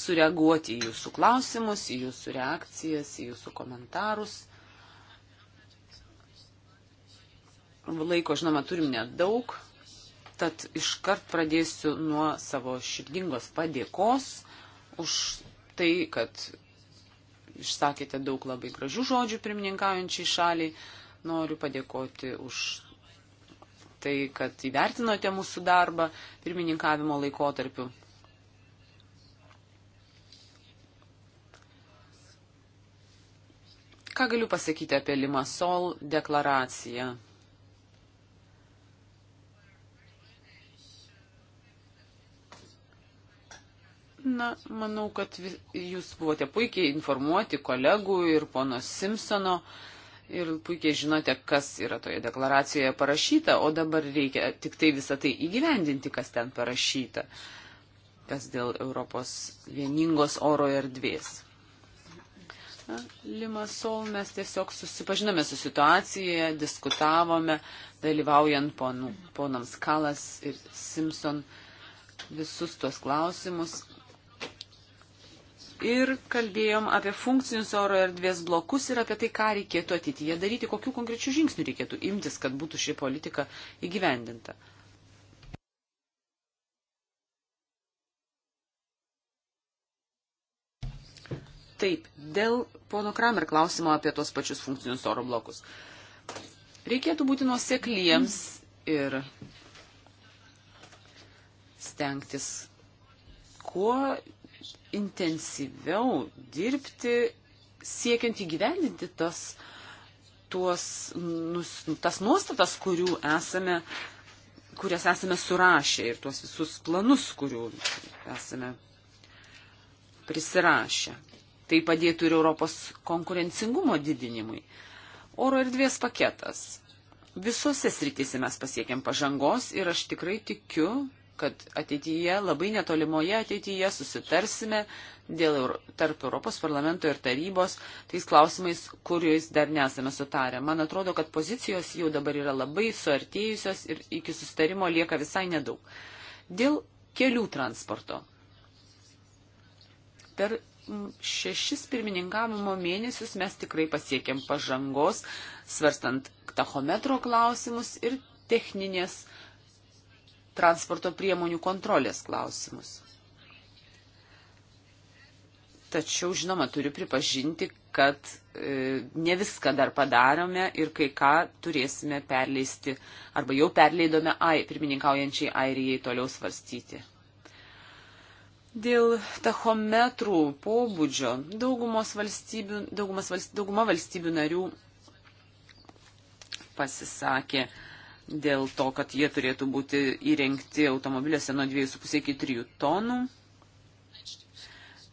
sureaguoti į jūsų klausimus, į jūsų reakcijas, į jūsų komentarus. Laiko, žinoma, turim nedaug, tad iškart pradėsiu nuo savo širdingos padėkos už tai, kad išsakėte daug labai gražių žodžių pirmininkaujančiai šaliai. Noriu padėkoti už tai, kad įvertinote mūsų darbą pirmininkavimo laikotarpiu. Ką galiu pasakyti apie Limasol deklaraciją? Na, manau, kad jūs buvote puikiai informuoti kolegų ir pono Simpsono ir puikiai žinote, kas yra toje deklaracijoje parašyta, o dabar reikia tik tai visą tai įgyvendinti, kas ten parašyta, kas dėl Europos vieningos oro erdvės. Na, Limasol mes tiesiog susipažinome su situacija, diskutavome, dalyvaujant ponų, ponams Kalas ir Simpson visus tuos klausimus ir kalbėjom apie funkcinius oro erdvės blokus ir apie tai, ką reikėtų ateityje daryti, kokiu konkrečiu žingsniu reikėtų imtis, kad būtų ši politika įgyvendinta. Taip, dėl pono Kramer klausimo apie tos pačius funkcinius oro blokus. Reikėtų būti nuosekliems ir stengtis kuo intensyviau dirbti, siekiant įgyvendinti tas, tuos, nus, tas nuostatas, kurių esame, kurias esame surašę ir tuos visus planus, kurių esame prisirašę. Tai padėtų ir Europos konkurencingumo didinimui. Oro erdvės paketas. Visose srityse mes pasiekėm pažangos ir aš tikrai tikiu, kad ateityje, labai netolimoje ateityje susitarsime dėl tarp Europos parlamento ir tarybos tais klausimais, kuriais dar nesame sutarę. Man atrodo, kad pozicijos jau dabar yra labai suartėjusios ir iki sustarimo lieka visai nedaug. Dėl kelių transporto. Per šešis pirmininkavimo mėnesius mes tikrai pasiekėm pažangos, svarstant tachometro klausimus ir techninės transporto priemonių kontrolės klausimus. Tačiau, žinoma, turiu pripažinti, kad e, ne viską dar padarome ir kai ką turėsime perleisti arba jau perleidome ai, pirmininkaujančiai Airijai toliau svarstyti. Dėl tachometrų pobūdžio valstybių, daugumas, valstybių, dauguma valstybių narių pasisakė, e, dėl to, kad jie turėtų būti įrengti automobiliuose nuo 2,5 iki 3 tonų.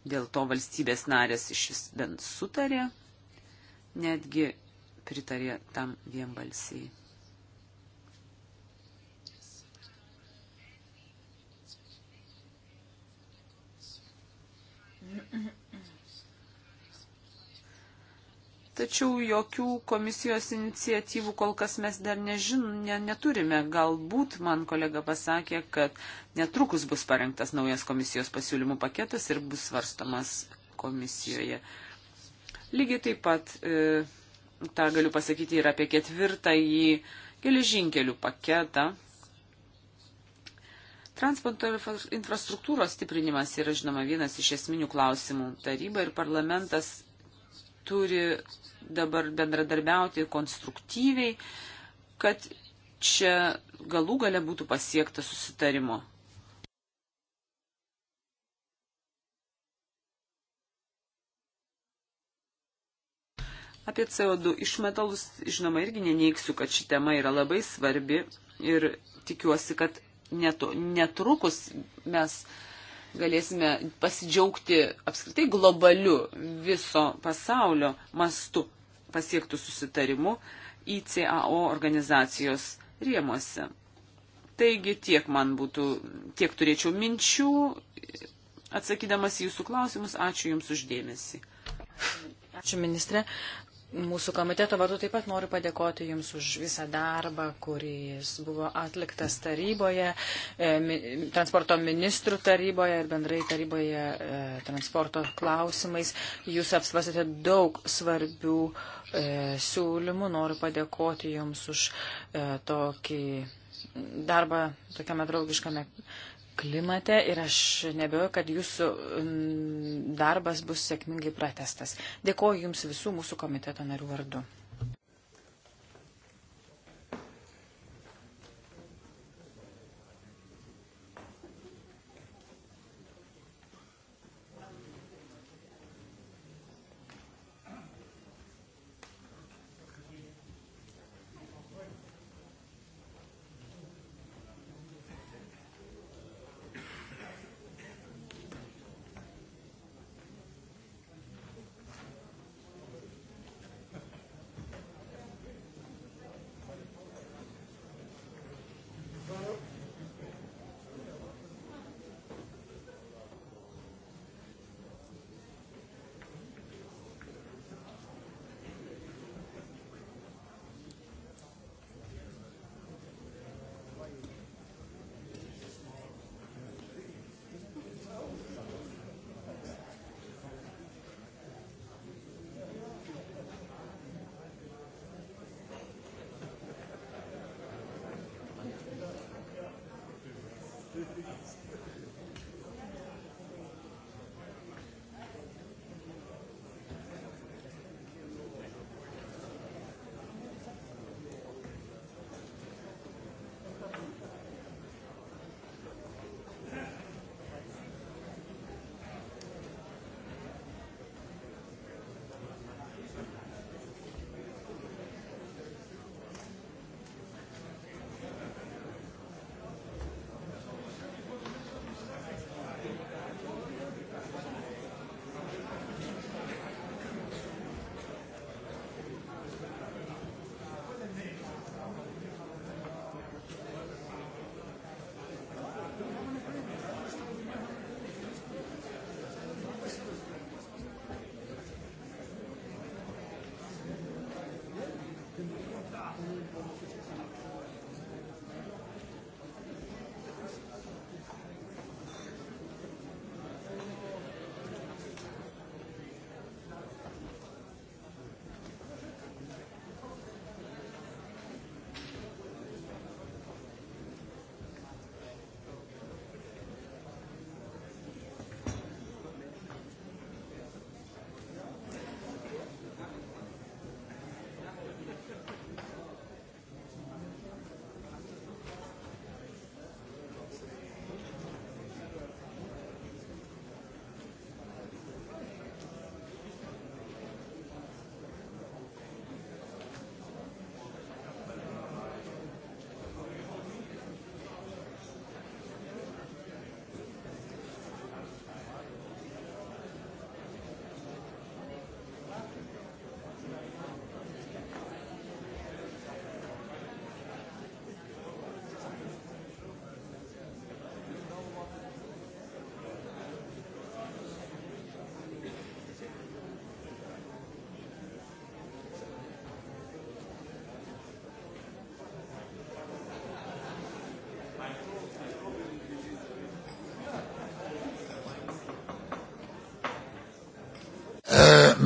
Dėl to valstybės narės šis bent sutarė, netgi pritarė tam vienbalsiai. Mm-hmm. Tačiau jokių komisijos iniciatyvų kol kas mes dar nežin, ne, neturime. Galbūt man kolega pasakė, kad netrukus bus parengtas naujas komisijos pasiūlymų paketas ir bus svarstamas komisijoje. Lygiai taip pat, e, tą galiu pasakyti ir apie ketvirtąjį geležinkelių paketą. Transporto infrastruktūros stiprinimas yra, žinoma, vienas iš esminių klausimų. Taryba ir parlamentas turi dabar bendradarbiauti konstruktyviai, kad čia galų gale būtų pasiekta susitarimo. Apie CO2 išmetalus, žinoma, irgi neneiksiu, kad ši tema yra labai svarbi ir tikiuosi, kad netu, netrukus mes uh, galėsime pasidžiaugti apskritai globaliu viso pasaulio mastu pasiektų susitarimu ICAO organizacijos rėmuose. Taigi tiek man būtų, tiek turėčiau minčių, atsakydamas į jūsų klausimus, ačiū Jums uždėmesi. Ačiū ministrė. Mūsų komiteto vadu taip pat noriu padėkoti Jums už visą darbą, kuris buvo atliktas taryboje, e, transporto ministrų taryboje ir bendrai taryboje e, transporto klausimais. Jūs apsvasite daug svarbių e, siūlymų. Noriu padėkoti Jums už tokį darbą tokiame draugiškame klimate ir aš nebejoju, kad jūsų mm, darbas bus sėkmingai pratestas. Dėkoju Jums visų mūsų komiteto narių vardu.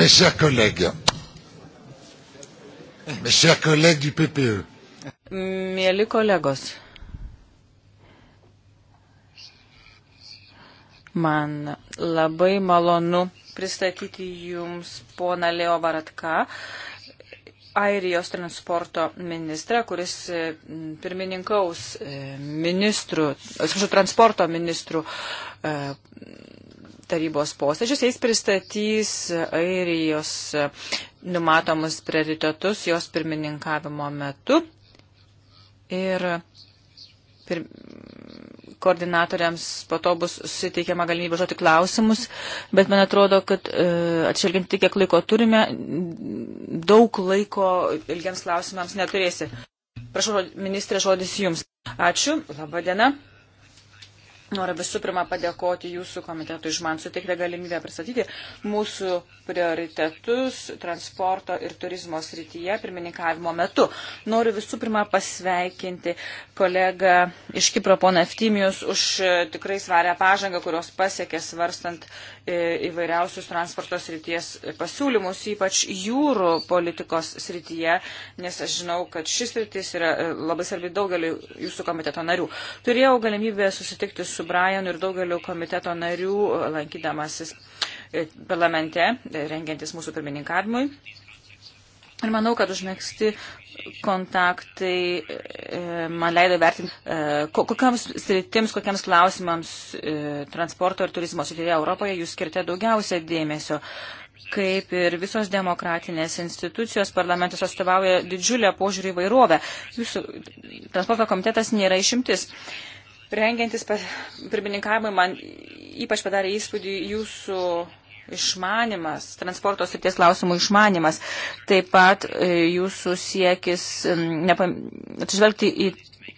Mes chers collègues, mes chers collègues du PPE. Mėly kolegos, man labai malonu pristatyti Jums poną Leo Varatką, Airijos transporto ministrą, kuris e, pirmininkaus e, ministrų, atsiprašau, transporto ministrų e, tarybos posėdžius. Jais pristatys Airijos numatomus prioritetus jos pirmininkavimo metu. Ir pir koordinatoriams po to bus suteikiama galimybė žodžiu klausimus, bet man atrodo, kad e, atšvelgiant tik, kiek laiko turime, daug laiko ilgiams klausimams neturėsi. Prašau, ministrė, žodis jums. Ačiū, laba diena. Noriu visų pirma padėkoti jūsų komitetui iš man suteiktą galimybę pristatyti mūsų prioritetus transporto ir turizmo srityje pirmininkavimo metu. Noriu visų pirma pasveikinti kolegą iš Kipro poną Eftimijus už tikrai svarę pažangą, kurios pasiekė svarstant E, įvairiausius transporto srities pasiūlymus, ypač jūrų politikos srityje, nes aš žinau, kad šis sritis yra e, labai svarbi daugeliu jūsų komiteto narių. Turėjau galimybę susitikti su Brian ir daugeliu komiteto narių, e, lankydamasis parlamente, rengiantis mūsų pirmininkavimui. Ir manau, kad užmėgsti kontaktai e, man leido vertinti, e, kokiams sritims, kokiams klausimams e, transporto ir turizmo srityje Europoje jūs skirte daugiausia dėmesio. Kaip ir visos demokratinės institucijos, parlamentas atstovauja didžiulę požiūrį įvairovę. Jūsų transporto komitetas nėra išimtis. Rengiantis pirmininkavimui man ypač padarė įspūdį jūsų išmanimas, transporto srities klausimų išmanimas, taip pat e, jūsų siekis atsižvelgti į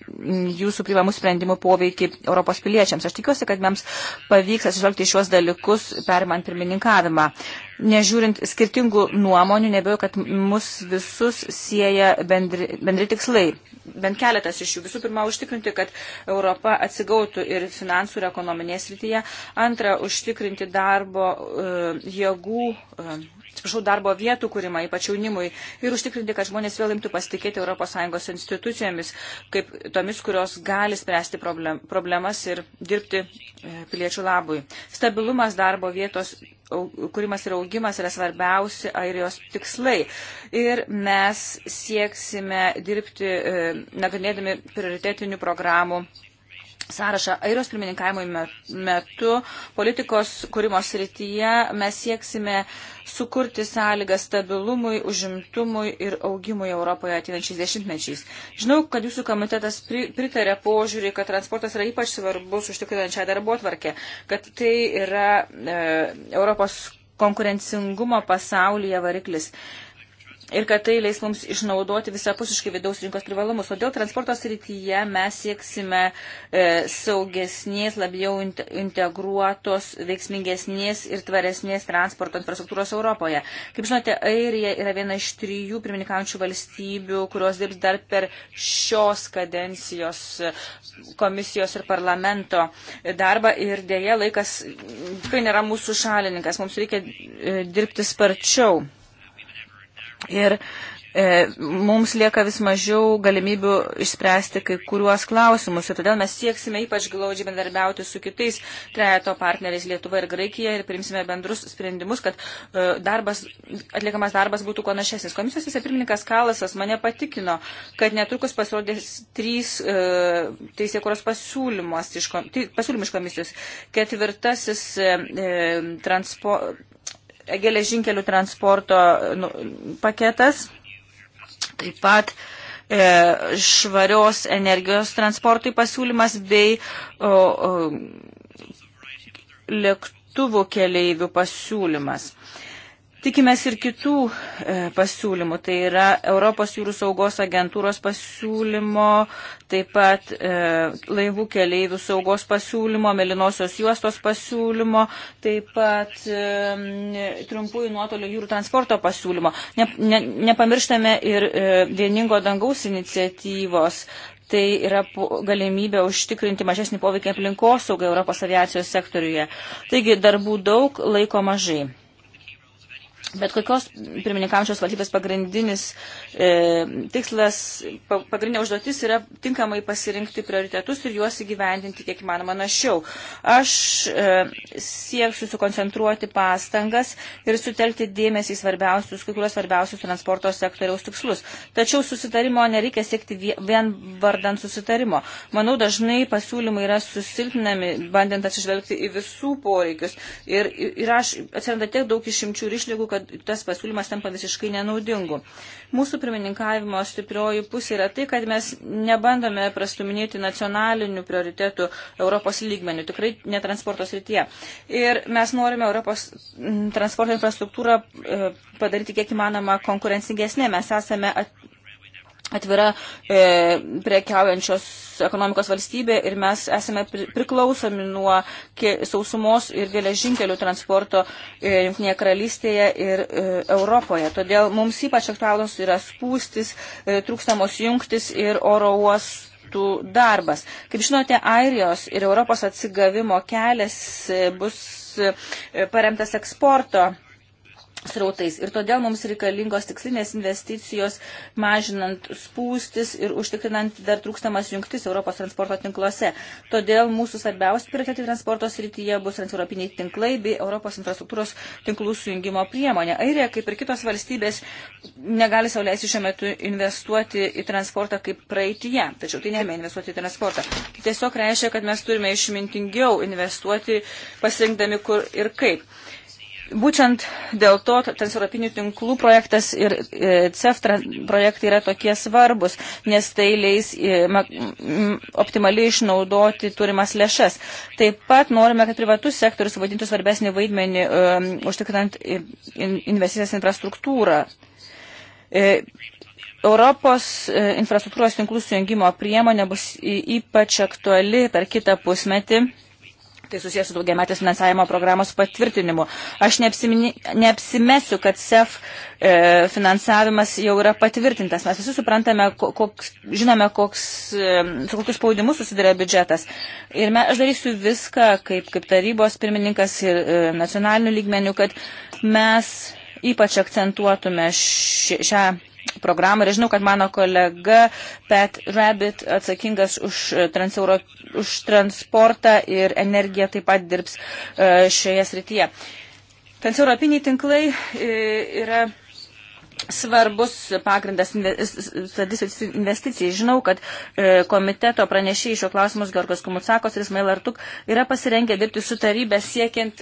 jūsų priimamų sprendimų poveikį Europos piliečiams. Aš tikiuosi, kad mums pavyks atsižvelgti šiuos dalykus perimant pirmininkavimą. Nežiūrint skirtingų nuomonių, nebejoju, kad mus visus sieja bendri, bendri tikslai. Bent keletas iš jų. Visų pirma, užtikrinti, kad Europa atsigautų ir finansų ir ekonominės rytyje. Antra, užtikrinti darbo e, jėgų e, atsiprašau, darbo vietų kūrimą, ypač jaunimui, ir užtikrinti, kad žmonės vėl imtų pasitikėti ES institucijomis, kaip tomis, kurios gali spręsti problem, problemas ir dirbti e, piliečių labui. Stabilumas darbo vietos kūrimas ir augimas yra svarbiausi airijos tikslai. Ir mes sieksime dirbti e, nagrinėdami prioritetinių programų sąrašą airos pirmininkavimui metu politikos kūrimo srityje mes sieksime sukurti sąlygą stabilumui, užimtumui ir augimui Europoje ateinančiais dešimtmečiais. Žinau, kad jūsų komitetas pritarė požiūrį, kad transportas yra ypač svarbus užtikrinant šią darbo tvarkę, kad tai yra e, Europos konkurencingumo pasaulyje variklis. E, ir kad tai leis mums išnaudoti visapusiškai vidaus rinkos privalumus. Todėl transporto srityje mes sieksime e, saugesnės, labiau integruotos, veiksmingesnės ir tvaresnės transporto infrastruktūros Europoje. Kaip žinote, Airija yra viena iš trijų pirmininkaujančių valstybių, kurios dirbs dar per šios kadencijos komisijos ir parlamento darbą ir dėja laikas tikrai nėra mūsų šalininkas. Mums reikia e, dirbti sparčiau. Ir e, mums lieka vis mažiau galimybių išspręsti kai kuriuos klausimus. Ir todėl mes sieksime ypač glaudžiai bendarbiauti su kitais trejato partneriais Lietuva ir Graikija ir priimsime bendrus sprendimus, kad e, darbas, atliekamas darbas būtų kuo našesnis. Komisijos vicepirmininkas Kalasas mane patikino, kad netrukus pasirodės trys e, teisėkuros pasiūlymas iš, kom, tai, pasiūlymas iš komisijos. Ketvirtasis e, e transpo, geležinkelių transporto nu, paketas, taip pat e, švarios energijos transportui pasiūlymas bei o, o, lėktuvų keleivių pasiūlymas. E, Tikimės ir kitų e, pasiūlymų, tai yra Europos jūrų saugos agentūros pasiūlymo, taip pat e, laivų keleivių saugos pasiūlymo, melinosios juostos pasiūlymo, taip pat e, trumpųjų nuotolių jūrų transporto pasiūlymo. Ne, ne, nepamirštame ir e, vieningo dangaus iniciatyvos. Tai yra galimybė užtikrinti mažesnį poveikį aplinkosaugai Europos aviacijos sektoriuje. Taigi darbų daug, laiko mažai. Bet kokios pirmininkaujančios valstybės pagrindinis e, tikslas, pa, pagrindinė užduotis yra tinkamai pasirinkti prioritetus ir juos įgyvendinti kiek įmanoma našiau. Aš e, sieksiu sukoncentruoti pastangas ir sutelkti dėmesį į svarbiausius, kai kurios svarbiausius transporto sektoriaus tikslus. Tačiau susitarimo nereikia siekti vien vardant susitarimo. Manau, dažnai pasiūlymai yra susilpnami, bandant atsižvelgti į visų poreikius. Ir, ir aš atsiranda tiek daug išimčių ir išlygų, kad tas pasiūlymas tampa visiškai nenaudingu. Mūsų pirmininkavimo stiprioji pusė yra tai, kad mes nebandome prastuminėti nacionalinių prioritetų Europos lygmenių, tikrai ne transporto srityje. Ir mes norime Europos mm, transporto infrastruktūrą e, padaryti kiek įmanoma konkurencingesnė. Mes esame at atvira e, prekiaujančios ekonomikos valstybė ir mes esame priklausomi nuo sausumos ir geležinkelių transporto e, Junktinėje karalystėje ir e, Europoje. Todėl mums ypač aktualus yra spūstis, e, trūkstamos jungtis ir oro uostų. Darbas. Kaip žinote, Airijos ir Europos atsigavimo kelias e, bus e, paremtas eksporto srautais. Ir todėl mums reikalingos tikslinės investicijos, mažinant spūstis ir užtikrinant dar trūkstamas jungtis Europos transporto tinkluose. Todėl mūsų svarbiausi prioritetai transporto srityje bus transeuropiniai tinklai bei Europos infrastruktūros tinklų sujungimo priemonė. Airija, kaip ir kitos valstybės, negali sauliaisi šiuo metu investuoti į transportą kaip praeitie. Tačiau tai neėmė investuoti į transportą. Tai tiesiog reiškia, kad mes turime išmintingiau investuoti, pasirinkdami kur ir kaip. Būtent dėl to transeuropinių tinklų projektas ir e, CEF projektai yra tokie svarbus, nes tai leis e, optimaliai išnaudoti turimas lėšas. Taip pat norime, kad privatus sektorius vadintų svarbesnį vaidmenį um, užtikrinant investicijas infrastruktūrą. Europos infrastruktūros tinklų sujungimo priemonė bus ypač aktuali per kitą pusmetį tai susijęs su daugiametės finansavimo programos patvirtinimu. Aš neapsimesiu, kad SEF e, finansavimas jau yra patvirtintas. Mes visi suprantame, koks, žinome, koks, e, su kokius spaudimus susiduria biudžetas. Ir me, aš darysiu viską, kaip, kaip tarybos pirmininkas ir e, nacionalinių lygmenių, kad mes ypač akcentuotume ši, šią programą. Ir žinau, kad mano kolega Pat Rabbit atsakingas už, e, transeuro, už transportą ir energiją taip pat dirbs e, šioje srityje. Transeuropiniai tinklai e, yra svarbus pagrindas investicijai. Žinau, kad komiteto pranešėjai šio klausimus Georgas Kumutsakos ir Ismail Artuk yra pasirengę dirbti su tarybė siekiant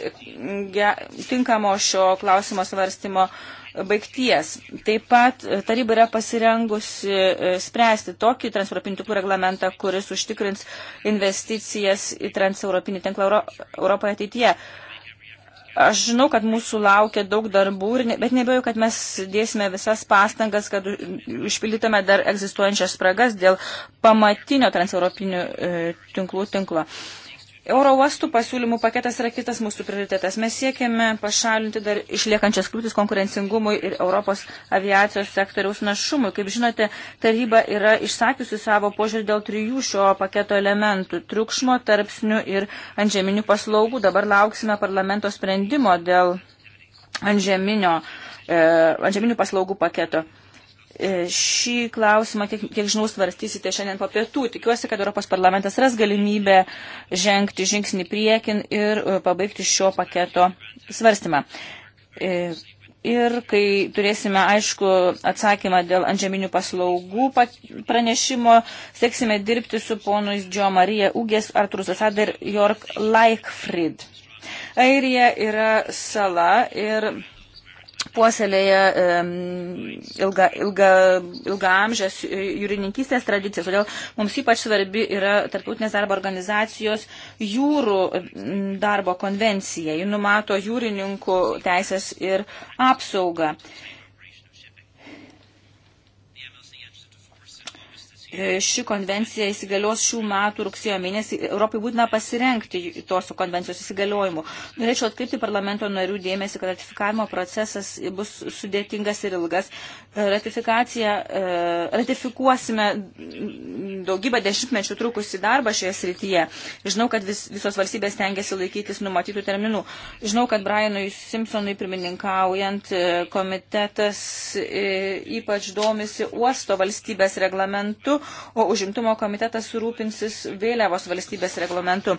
tinkamo šio klausimo svarstymo uh, baigties. Taip pat e, taryba yra pasirengusi e, spręsti tokį transeuropinių tinklų reglamentą, kuris užtikrins investicijas į transeuropinį tinklą Euro Europoje ateityje. Aš žinau, kad mūsų laukia daug darbų, bet nebejoju, kad mes dėsime visas pastangas, kad išpildytume dar egzistuojančias spragas dėl pamatinio transeuropinių e, tinklų tinklo. tinklo. Euro uostų pasiūlymų paketas yra kitas mūsų prioritetas. Mes siekiame pašalinti dar išliekančias kliūtis konkurencingumui ir Europos aviacijos sektoriaus našumui. Kaip žinote, taryba yra išsakiusi savo požiūrį dėl trijų šio paketo elementų - triukšmo, tarpsnių ir antžeminių paslaugų. Dabar lauksime parlamento sprendimo dėl antžeminio, e, antžeminių paslaugų paketo. E, šį klausimą, kiek, kiek žinau, svarstysite šiandien po pietų. Tikiuosi, kad Europos parlamentas ras galimybę žengti žingsnį priekin ir e, pabaigti šio paketo svarstymą. E, ir kai turėsime aišku atsakymą dėl antžeminių paslaugų pranešimo, seksime dirbti su ponus Džio Marija Ugės, Arturus Asad ir Jork Laikfrid. Airija yra sala ir puoselėja ilga, ilga, ilgaamžės jūrininkystės tradicijas. Todėl mums ypač svarbi yra Tarptautinės darbo organizacijos jūrų darbo konvencija. Ji numato jūrininkų teisės ir apsaugą. E, ši konvencija įsigalios šių metų rugsėjo mėnesį. Europai būtina pasirenkti tos konvencijos įsigaliojimu. Norėčiau atkreipti parlamento narių dėmesį, kad ratifikavimo procesas bus sudėtingas ir ilgas. Ratifikaciją, e, ratifikuosime daugybę dešimtmečių trukusi darbą šioje srityje. Žinau, kad vis, visos valstybės tengiasi laikytis numatytų terminų. Žinau, kad Brianui Simpsonui pirmininkaujant e, komitetas ypač domisi uosto valstybės reglamentu o užimtumo komitetas rūpinsis vėliavos valstybės reglamentu.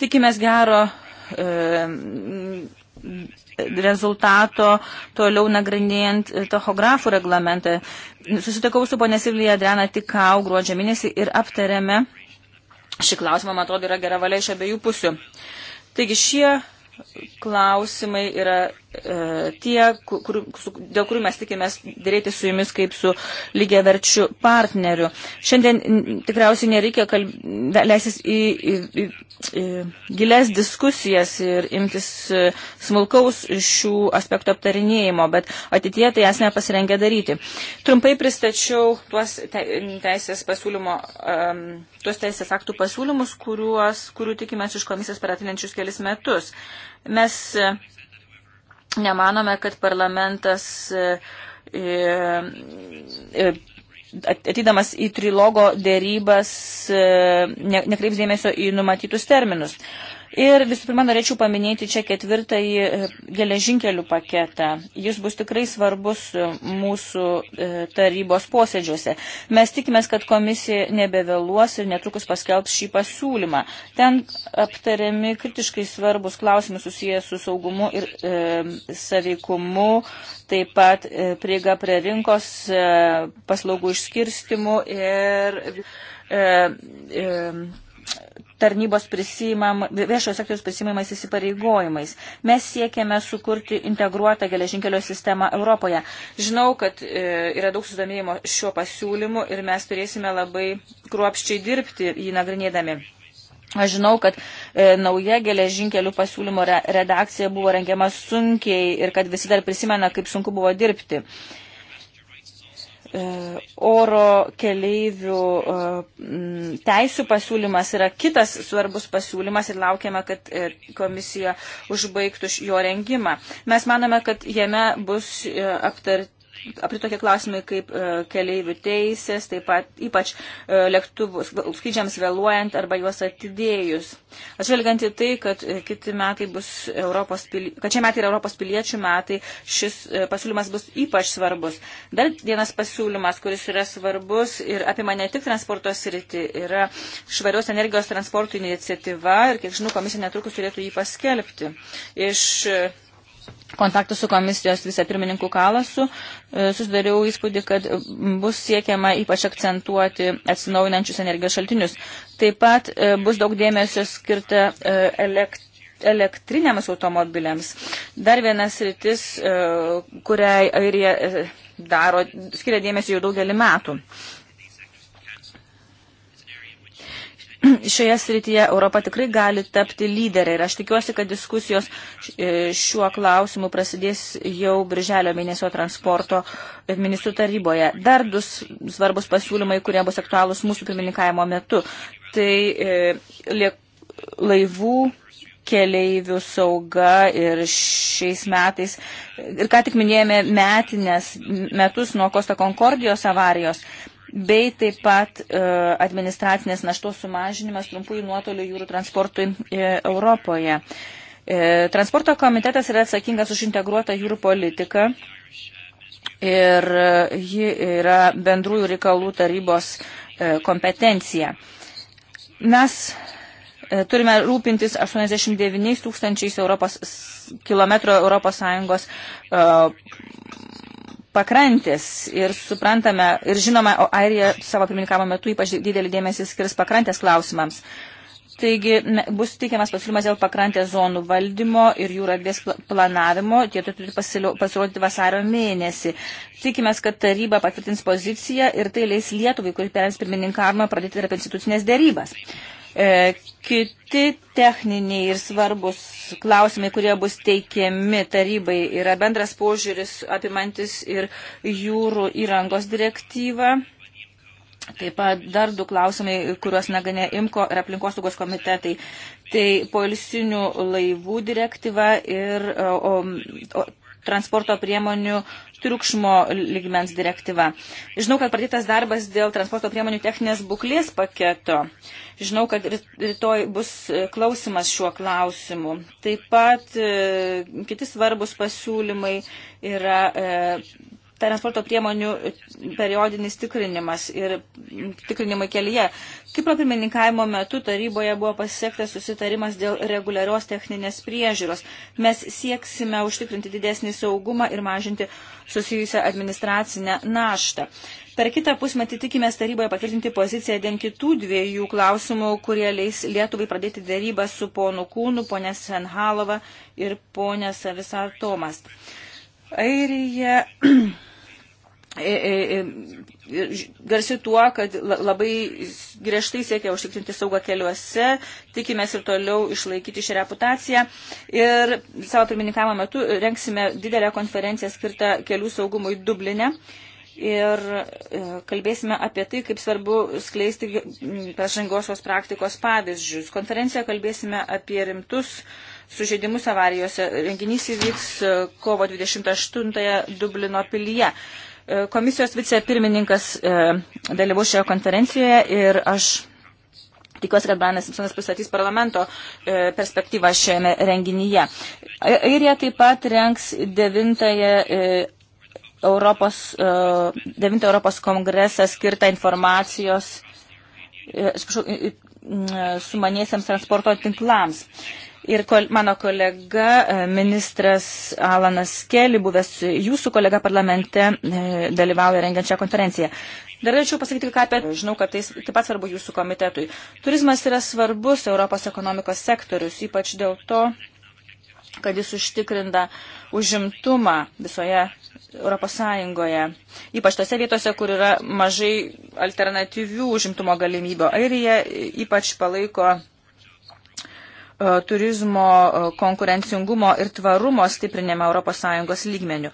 Tikimės gero e, rezultato toliau nagrinėjant tohografų reglamentą. Susitikau su ponė Silvija Drena tikau gruodžio mėnesį ir aptarėme šį klausimą, man atrodo, yra gera valia iš abiejų pusių. Taigi šie klausimai yra E, tie, kur, su, dėl kurių mes tikimės dėrėti su jumis kaip su lygiaverčiu partneriu. Šiandien tikriausiai nereikia kalb... leisis į, į, į, į giles diskusijas ir imtis e, smulkaus šių aspektų aptarinėjimo, bet ateitie tai esame pasirengę daryti. Trumpai pristačiau tuos teisės, pasiūlymo, um, tuos teisės aktų pasiūlymus, kuriuos, kurių tikimės iš komisijos per atinančius kelis metus. Mes uh, nemanome, kad parlamentas e, e, e, atydamas į trilogo dėrybas nekreips dėmesio į numatytus terminus. Ir visų pirma, norėčiau paminėti čia ketvirtąjį e, geležinkelių paketą. Jis bus tikrai svarbus e, mūsų e, tarybos posėdžiuose. Mes tikimės, kad komisija nebevėluos ir netrukus paskelbs šį pasiūlymą. Ten aptariami kritiškai svarbus klausimai susijęs su saugumu ir e, saveikumu, taip pat e, prieiga prie rinkos, e, paslaugų išskirstimu ir. E, e, tarnybos prisimam, viešojo sektoriaus prisimamais įsipareigojimais. Mes siekiame sukurti integruotą geležinkelio sistemą Europoje. Žinau, kad e, yra daug sudomėjimo šiuo pasiūlymu ir mes turėsime labai kruopščiai dirbti jį nagrinėdami. Aš žinau, kad e, nauja geležinkelių pasiūlymo re, redakcija buvo rengiama sunkiai ir kad visi dar prisimena, kaip sunku buvo dirbti. E, E, oro keleivių e, teisų pasiūlymas yra kitas svarbus pasiūlymas ir laukiame, kad e, komisija užbaigtų jo rengimą. Mes manome, kad jame bus aptarti apri tokie klausimai kaip e, keleivių teisės, taip pat ypač e, lėktuvus skrydžiams vėluojant arba juos atidėjus. Atžvelgiant į tai, kad e, kiti metai bus Europos, pili... kad čia metai yra Europos piliečių metai, šis pasiūlymas bus ypač svarbus. Dar vienas pasiūlymas, kuris yra svarbus ir apima ne tik transporto sritį, yra švarios energijos transporto iniciatyva ir, kiek žinau, komisija netrukus turėtų jį paskelbti. Iš kontaktų su komisijos vicepirmininku Kalasu e, susidariau įspūdį, kad bus siekiama ypač akcentuoti atsinaujinančius energijos šaltinius. Taip pat e, bus daug dėmesio skirta e, elektronikai elektriniams automobiliams. Dar vienas rytis, kuriai Airija daro, skiria dėmesį jau daugelį metų. šioje srityje Europa tikrai gali tapti lyderė ir aš tikiuosi, kad diskusijos e, šiuo klausimu prasidės jau birželio mėnesio transporto ministrų taryboje. Dar du svarbus pasiūlymai, kurie bus aktualūs mūsų pirmininkavimo metu. Tai e, laivų keleivių sauga ir šiais metais, ir ką tik minėjome metinės metus nuo Kosta Konkordijos avarijos, bei taip pat e, administracinės naštos sumažinimas trumpųjų nuotolių jūrų transportui e, Europoje. E, transporto komitetas yra atsakingas už integruotą jūrų politiką ir ji yra bendrųjų reikalų tarybos kompetencija. Mes turime rūpintis 89 tūkstančiais Europos, kilometrų Europos Sąjungos pakrantės ir suprantame ir žinome, o Airija savo pirmininkavo metu ypač didelį dėmesį skirs pakrantės klausimams. Taigi bus teikiamas pasiūlymas dėl pakrantės zonų valdymo ir jūrų erdvės planavimo, tie turi pasirodyti vasario mėnesį. Tikimės, kad taryba patvirtins poziciją ir tai leis Lietuvai, kuri perims pirmininkavimą, pradėti tarp institucinės dėrybas. E, kiti techniniai ir svarbus klausimai, kurie bus teikiami tarybai, yra bendras požiūris apimantis ir jūrų įrangos direktyvą. Taip pat dar du klausimai, kuriuos nagrinė IMKO ir aplinkosaugos komitetai. Tai poilsinių laivų direktyva ir o, o, transporto priemonių triukšmo lygmens direktyva. Žinau, kad pradėtas darbas dėl transporto priemonių techninės būklės paketo. Žinau, kad rytoj bus e, klausimas šiuo klausimu. Taip pat e, kiti svarbus pasiūlymai yra e, transporto priemonių periodinis tikrinimas ir tikrinimai kelyje. Kipro pirmininkavimo metu taryboje buvo pasiektas susitarimas dėl reguliarios techninės priežiūros. Mes sieksime užtikrinti didesnį saugumą ir mažinti susijusią administracinę naštą. Per kitą pusmetį tikimės taryboje patvirtinti poziciją dėl kitų dviejų klausimų, kurie leis Lietuvai pradėti dėrybą su ponu Kūnu, ponė Senhalova ir ponė Savisar Tomas. Airija E, e, e, garsi tuo, kad labai griežtai siekia užtikrinti saugą keliuose, tikimės ir toliau išlaikyti šią reputaciją. Ir savo pirmininkavimo metu renksime didelę konferenciją skirtą kelių saugumui Dublinė. Ir kalbėsime apie tai, kaip svarbu skleisti pažangosios praktikos pavyzdžius. Konferenciją kalbėsime apie rimtus sužeidimus avarijose. Renginys įvyks kovo 28 Dublino pilyje. E, komisijos vicepirmininkas e, dalyvau šioje konferencijoje ir aš Tikiuosi, kad Brianas Simpsonas pristatys parlamento e, perspektyvą šiame renginyje. Airija taip pat renks 9 Europos, 9 Europos kongresą skirtą informacijos sumaniesiams transporto tinklams. Ir kol, mano kolega, e, ministras Alanas Keli, buvęs jūsų kolega parlamente, e, dalyvauja rengiant šią konferenciją. Dar galėčiau pasakyti, ką apie, žinau, kad tai taip pat svarbu jūsų komitetui. Turizmas yra svarbus Europos ekonomikos sektorius, ypač dėl to, kad jis užtikrinda užimtumą visoje Europos Sąjungoje, ypač tose vietose, kur yra mažai alternatyvių užimtumo galimybių. Airija ypač palaiko E, turizmo e, konkurencingumo ir tvarumo stiprinimą ES lygmenių.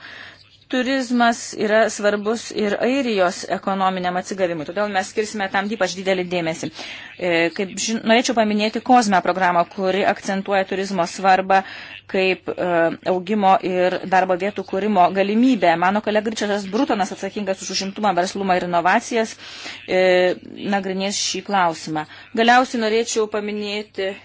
Turizmas yra svarbus ir Airijos ekonominiam atsigavimui, todėl mes skirsime tam ypač didelį dėmesį. E, kaip žin, norėčiau paminėti Kozme programą, kuri akcentuoja turizmo svarbą kaip e, augimo ir darbo vietų kūrimo galimybę. Mano kolega Ričardas Brutonas atsakingas už užimtumą, verslumą ir inovacijas e, nagrinės šį klausimą. Galiausiai norėčiau paminėti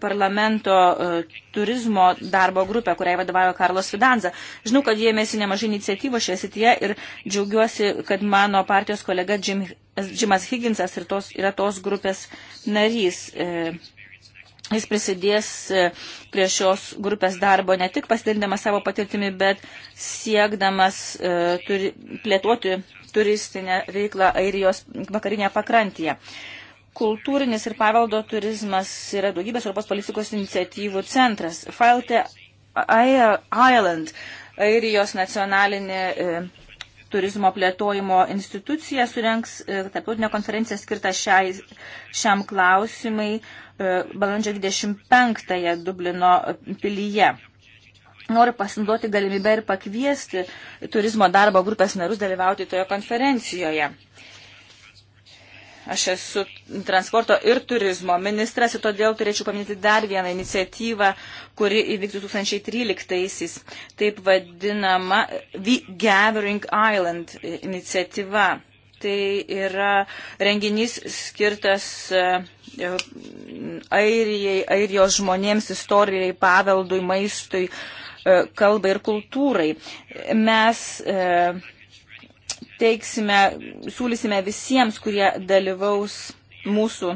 parlamento e, turizmo darbo grupę, kuriai vadovavo Karlos Fidanza. Žinau, kad jėmėsi nemažai iniciatyvų šioje sityje ir džiaugiuosi, kad mano partijos kolega Jim, Jimas Higginsas ir tos, yra tos grupės narys. E, jis prisidės e, prie šios grupės darbo ne tik pasidalindamas savo patirtimi, bet siekdamas turi, plėtoti turistinę veiklą Airijos vakarinėje pakrantėje. Uh, Kultūrinis ir paveldo turizmas yra daugybės Europos politikos iniciatyvų centras. Failte Island, Airijos nacionalinė e, turizmo plėtojimo institucija, surenks e, tarptautinę konferenciją skirtą šiai, šiam klausimai e, balandžio 25-ąją Dublino pilyje. Noriu pasinduoti galimybę ir pakviesti turizmo darbo grupės narus dalyvauti toje konferencijoje. Aš esu transporto ir turizmo ministras ir todėl turėčiau paminėti dar vieną iniciatyvą, kuri įvyktų 2013-aisiais. Taip vadinama The Gathering Island iniciatyva. Tai yra renginys skirtas e, Airijai, Airijos žmonėms, istorijai, paveldui, maistui, e, kalbai ir kultūrai. Mes e, teiksime, siūlysime visiems, kurie dalyvaus mūsų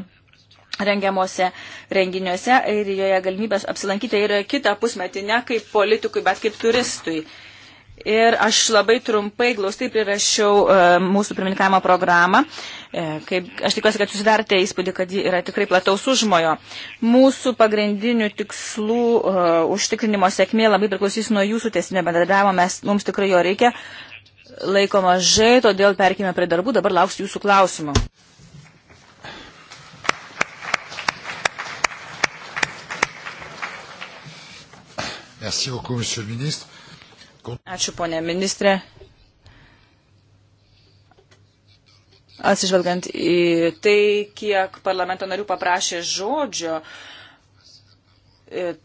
rengiamuose renginiuose ir joje galimybės apsilankyti yra kitą pusmetį, ne kaip politikui, bet kaip turistui. Ir aš labai trumpai, glaustai prirašiau e, mūsų pirmininkavimo programą. E, kaip, aš tikiuosi, kad susidarėte įspūdį, kad ji yra tikrai plataus užmojo. Mūsų pagrindinių tikslų e, užtikrinimo sėkmė labai priklausys nuo jūsų tiesinio bendradavimo. Mes, mums tikrai jo reikia laiko mažai, todėl perkime prie darbų. Dabar lauksiu jūsų klausimų. Ačiū, ponė ministrė. Atsižvelgiant į tai, kiek parlamento narių paprašė žodžio, e,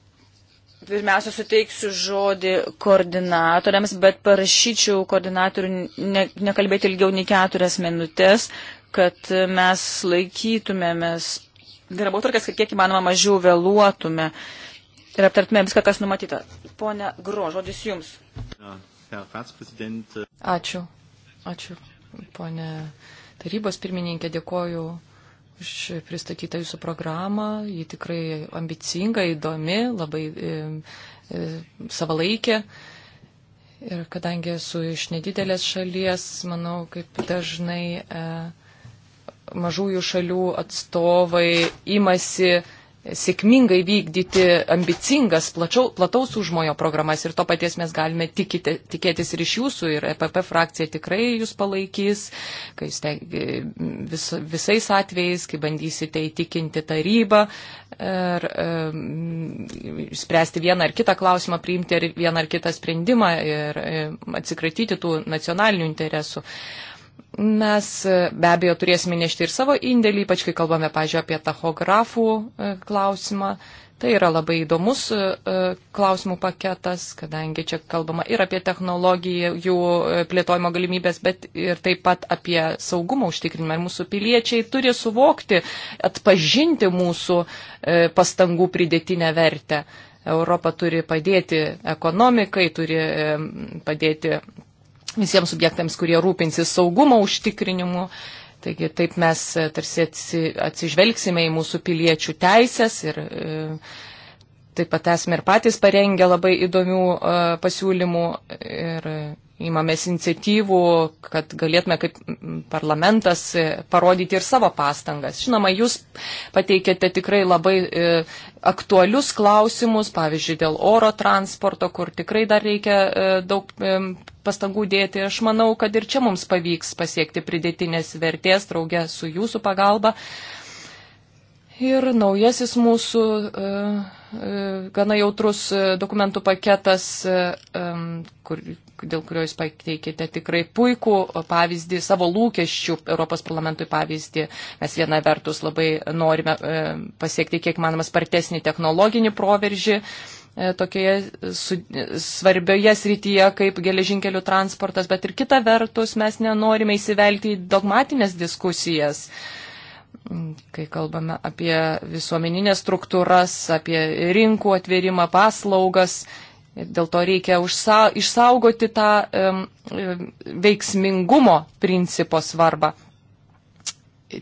Pirmiausia, suteiksiu žodį koordinatoriams, bet parašyčiau koordinatorių ne, nekalbėti ilgiau nei keturias minutės, kad mes laikytumėmės darbo tvarkės, kad kiek įmanoma mažiau vėluotume ir aptartume viską, kas numatyta. Pone Gro, žodis jums. Äh, Ačiū. Ačiū, ponė tarybos pirmininkė, dėkoju už pristatytą jūsų programą. Ji tikrai ambicinga, įdomi, labai e, e, savalaikė. Ir kadangi esu iš nedidelės šalies, manau, kaip dažnai e, mažųjų šalių atstovai imasi sėkmingai vykdyti ambicingas plačiau, plataus užmojo programas ir to paties mes galime tikite, tikėtis ir iš jūsų ir EPP frakcija tikrai jūs palaikys, kai jūs te, e, vis, visais atvejais, kai bandysite įtikinti tarybą ir er, e, spręsti vieną ar kitą klausimą, priimti ar vieną ar kitą sprendimą ir e, atsikratyti tų nacionalinių interesų. E, mes e, be abejo turėsime nešti ir savo indėlį, ypač kai kalbame, pažiūrėjau, apie tachografų e, klausimą. Tai yra labai įdomus e, klausimų paketas, kadangi čia kalbama ir apie technologijų, jų plėtojimo galimybės, bet ir taip pat apie saugumo užtikrinimą. Ir mūsų piliečiai turi suvokti, atpažinti mūsų pastangų pridėtinę vertę. Europa turi padėti ekonomikai, turi padėti visiems subjektams, kurie rūpinsis saugumo užtikrinimu. Taigi taip mes tarsi atsižvelgsime į mūsų piliečių teisės ir. E, Taip pat esame ir patys parengę labai įdomių e, pasiūlymų ir įmamės iniciatyvų, kad galėtume kaip parlamentas e, parodyti ir savo pastangas. Žinoma, jūs pateikėte tikrai labai e, aktualius klausimus, pavyzdžiui, dėl oro transporto, kur tikrai dar reikia daug pastangų dėti. Aš manau, kad ir čia mums pavyks pasiekti pridėtinės vertės draugę su jūsų pagalba. Ir naujasis mūsų. Uh, E, gana jautrus e, dokumentų paketas, e, kur, dėl kurio jūs pateikėte tikrai puikų pavyzdį, savo lūkesčių Europos parlamentui pavyzdį. Mes viena vertus labai norime pasiekti kiek manoma spartesnį technologinį proveržį tokioje su, svarbioje srityje kaip geležinkelių transportas, bet ir kita vertus mes nenorime įsivelti į dogmatinės diskusijas. Uh, kai kalbame apie visuomeninės struktūras, apie rinkų atvėrimą, paslaugas. Dėl to reikia užsa, išsaugoti tą um, veiksmingumo principo svarbą.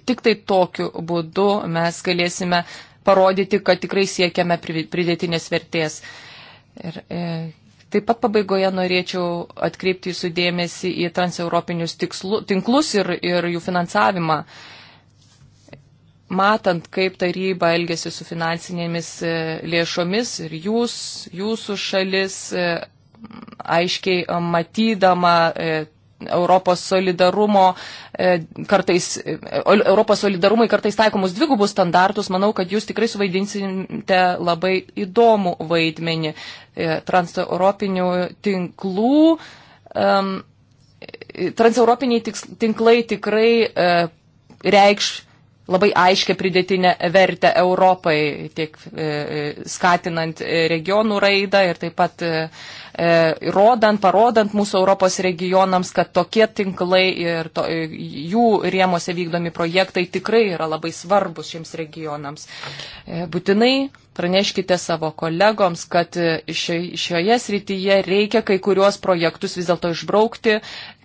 Tik tai tokiu būdu mes galėsime parodyti, kad tikrai siekiame pridėtinės vertės. Ir, e, Taip pat pabaigoje norėčiau atkreipti jūsų dėmesį į transeuropinius tikslu, tinklus ir, ir jų finansavimą. E, matant, kaip taryba elgesi su finansinėmis e, lėšomis ir jūs, jūsų šalis, e, aiškiai e, matydama Europos solidarumo kartais, Europos solidarumai kartais taikomus dvigubus standartus, manau, kad jūs tikrai suvaidinsite labai įdomų vaidmenį transeuropinių tinklų. Transeuropiniai tinklai tikrai reikš labai aiškę pridėtinę vertę Europai, tiek e, e, skatinant e, regionų raidą ir taip pat įrodant, e, parodant mūsų Europos regionams, kad tokie tinklai ir to, e, jų rėmose vykdomi projektai tikrai yra labai svarbus šiems regionams. E, būtinai praneškite savo kolegoms, kad šioje srityje reikia kai kuriuos projektus vis dėlto išbraukti,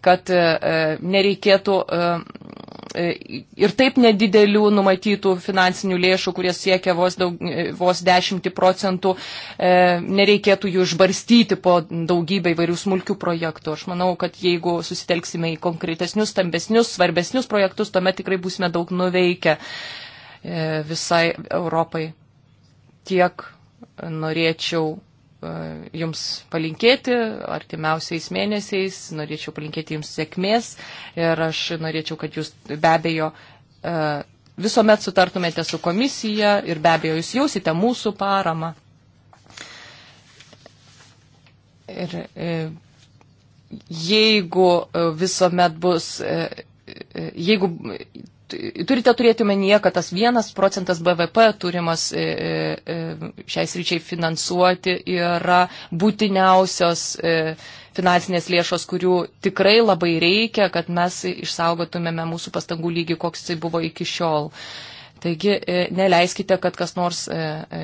kad nereikėtų ir taip nedidelių numatytų finansinių lėšų, kurie siekia vos, daug, vos 10 procentų, nereikėtų jų išbarstyti po to daugybę įvairių smulkių projektų. Aš manau, kad jeigu susitelksime į konkretesnius, stambesnius, svarbesnius projektus, tuomet tikrai būsime daug nuveikę e, visai Europai. Tiek norėčiau e, Jums palinkėti artimiausiais mėnesiais, norėčiau palinkėti Jums sėkmės ir aš norėčiau, kad Jūs be abejo e, visuomet sutartumėte su komisija ir be abejo Jūs jausite mūsų paramą. Ir e, jeigu e, visuomet bus, e, jeigu turite turėti omenyje, kad tas vienas procentas BVP turimas šiais ryčiai finansuoti yra būtiniausios finansinės lėšos, kurių tikrai labai reikia, kad mes išsaugotumėme mūsų pastangų lygį, koks jisai buvo iki šiol. Uh, Taigi e, neleiskite, kad kas nors e, e,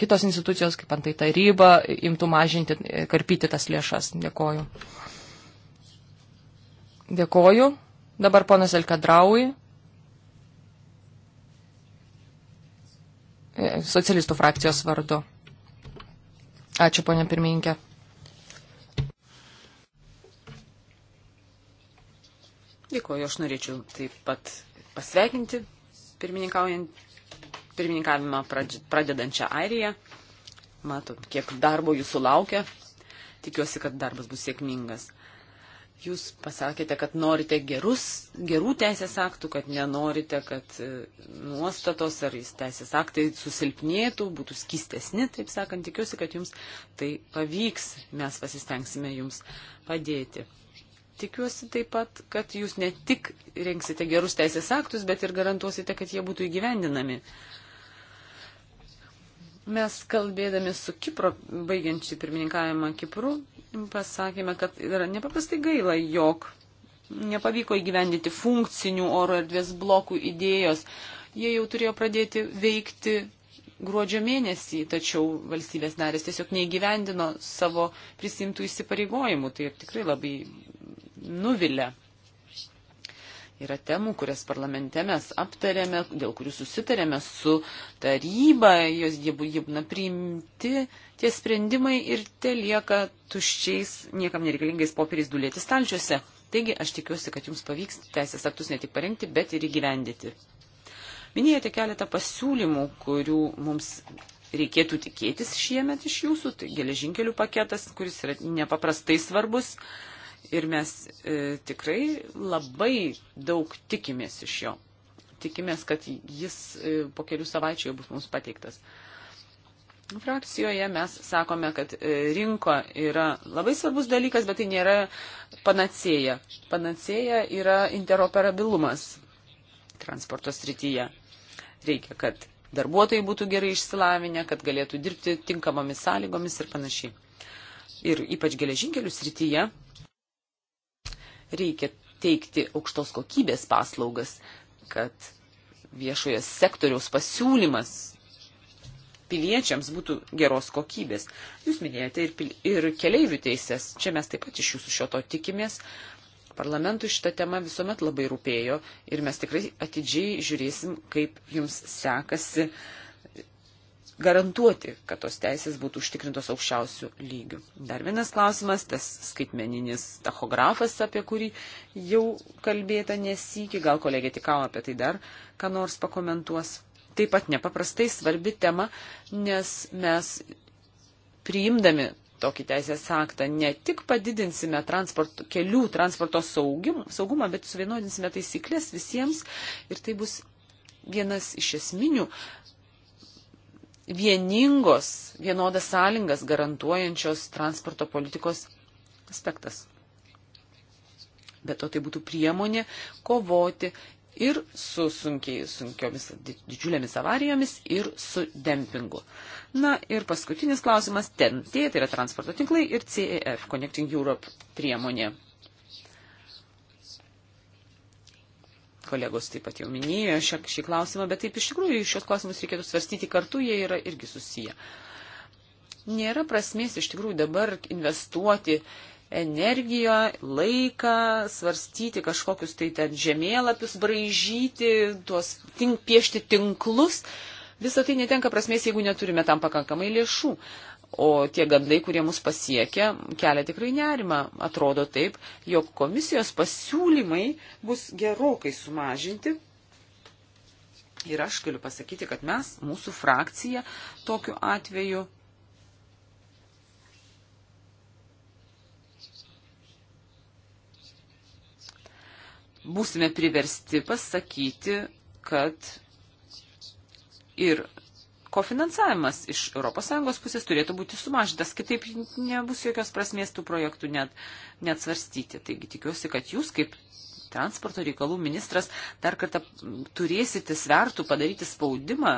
kitos institucijos, kaip antai taryba, imtų mažinti, karpyti tas lėšas. Dėkoju. Dėkoju. Dabar ponas Elkadraui. Socialistų frakcijos vardu. Ačiū, ponė pirmininkė. Dėkoju, aš norėčiau taip pat pasveikinti pirmininkavimą pradedančią Airiją. Matom, kiek darbo jūsų laukia. Tikiuosi, kad darbas bus sėkmingas. Jūs pasakėte, kad norite gerus, gerų teisės aktų, kad nenorite, kad e, nuostatos ar teisės aktai susilpnėtų, būtų skistesni, taip sakant. Tikiuosi, kad jums tai pavyks. Mes pasistengsime jums padėti tikiuosi taip pat, kad jūs ne tik renksite gerus teisės aktus, bet ir garantuosite, kad jie būtų įgyvendinami. Mes kalbėdami su Kipro, baigiančiai pirmininkavimą Kipru, pasakėme, kad yra nepaprastai gaila, jog nepavyko įgyvendyti funkcinių oro erdvės blokų idėjos. Jie jau turėjo pradėti veikti gruodžio mėnesį, tačiau valstybės narės tiesiog neįgyvendino savo prisimtų įsipareigojimų. Tai tikrai labai nuvilia. Yra temų, kurias parlamente mes aptarėme, dėl kurių susitarėme su taryba, jos jie būna priimti, tie sprendimai ir te lieka tuščiais, niekam nereikalingais popieriais dulėti stalčiuose. Taigi aš tikiuosi, kad jums pavyks teisės aktus ne tik parengti, bet ir įgyvendyti. Minėjote keletą pasiūlymų, kurių mums reikėtų tikėtis šiemet iš jūsų, tai geležinkelių paketas, kuris yra nepaprastai svarbus. Uh, Ir mes e, tikrai labai daug tikimės iš jo. Tikimės, kad jis e, po kelių savaičių jau bus mums pateiktas. Frakcijoje mes sakome, kad e, rinko yra labai svarbus dalykas, bet tai nėra panacėja. Panacėja yra interoperabilumas transporto srityje. Reikia, kad darbuotojai būtų gerai išsilavinę, kad galėtų dirbti tinkamomis sąlygomis ir panašiai. Ir ypač geležinkelių srityje Reikia teikti aukštos kokybės paslaugas, kad viešojo sektoriaus pasiūlymas piliečiams būtų geros kokybės. Jūs minėjote ir, ir keleivių teises. Čia mes taip pat iš jūsų šio to tikimės. Parlamentui šitą temą visuomet labai rūpėjo ir mes tikrai atidžiai žiūrėsim, kaip jums sekasi uh, garantuoti, kad tos teisės būtų užtikrintos aukščiausių lygių. Dar vienas klausimas, tas skaitmeninis tachografas, apie kurį jau kalbėta nesikį, gal kolegė tikau apie tai dar, ką nors pakomentuos. Taip pat nepaprastai svarbi tema, nes mes priimdami tokį teisės aktą ne tik padidinsime transport, kelių transporto saugim, saugumą, bet suvienodinsime taisyklės visiems ir tai bus vienas iš esminių vieningos, vienodas sąlygas garantuojančios transporto politikos aspektas. Bet to tai būtų priemonė kovoti ir su sunkiai, sunkiomis didžiulėmis avarijomis, ir su dempingu. Na ir paskutinis klausimas - TNT, tai yra transporto tinklai, ir CEF, Connecting Europe priemonė. kolegos taip pat jau minėjo šią, šį klausimą, bet taip iš tikrųjų šios klausimus reikėtų svarstyti kartu, jie yra irgi susiję. Nėra prasmės iš tikrųjų dabar investuoti energiją, laiką, svarstyti kažkokius tai ten žemėlapius, braižyti, tuos tink, piešti tinklus. Visą tai netenka prasmės, jeigu neturime tam pakankamai lėšų. O tie gandai, kurie mus pasiekia, kelia tikrai nerimą. Atrodo taip, jog komisijos pasiūlymai bus gerokai sumažinti. Ir aš galiu pasakyti, kad mes, mūsų frakcija, tokiu atveju būsime priversti pasakyti, kad ir kofinansavimas iš ES pusės turėtų būti sumažintas, kitaip nebus jokios prasmės tų projektų net, net svarstyti. Taigi tikiuosi, kad jūs kaip transporto reikalų ministras dar kartą turėsite svertų padaryti spaudimą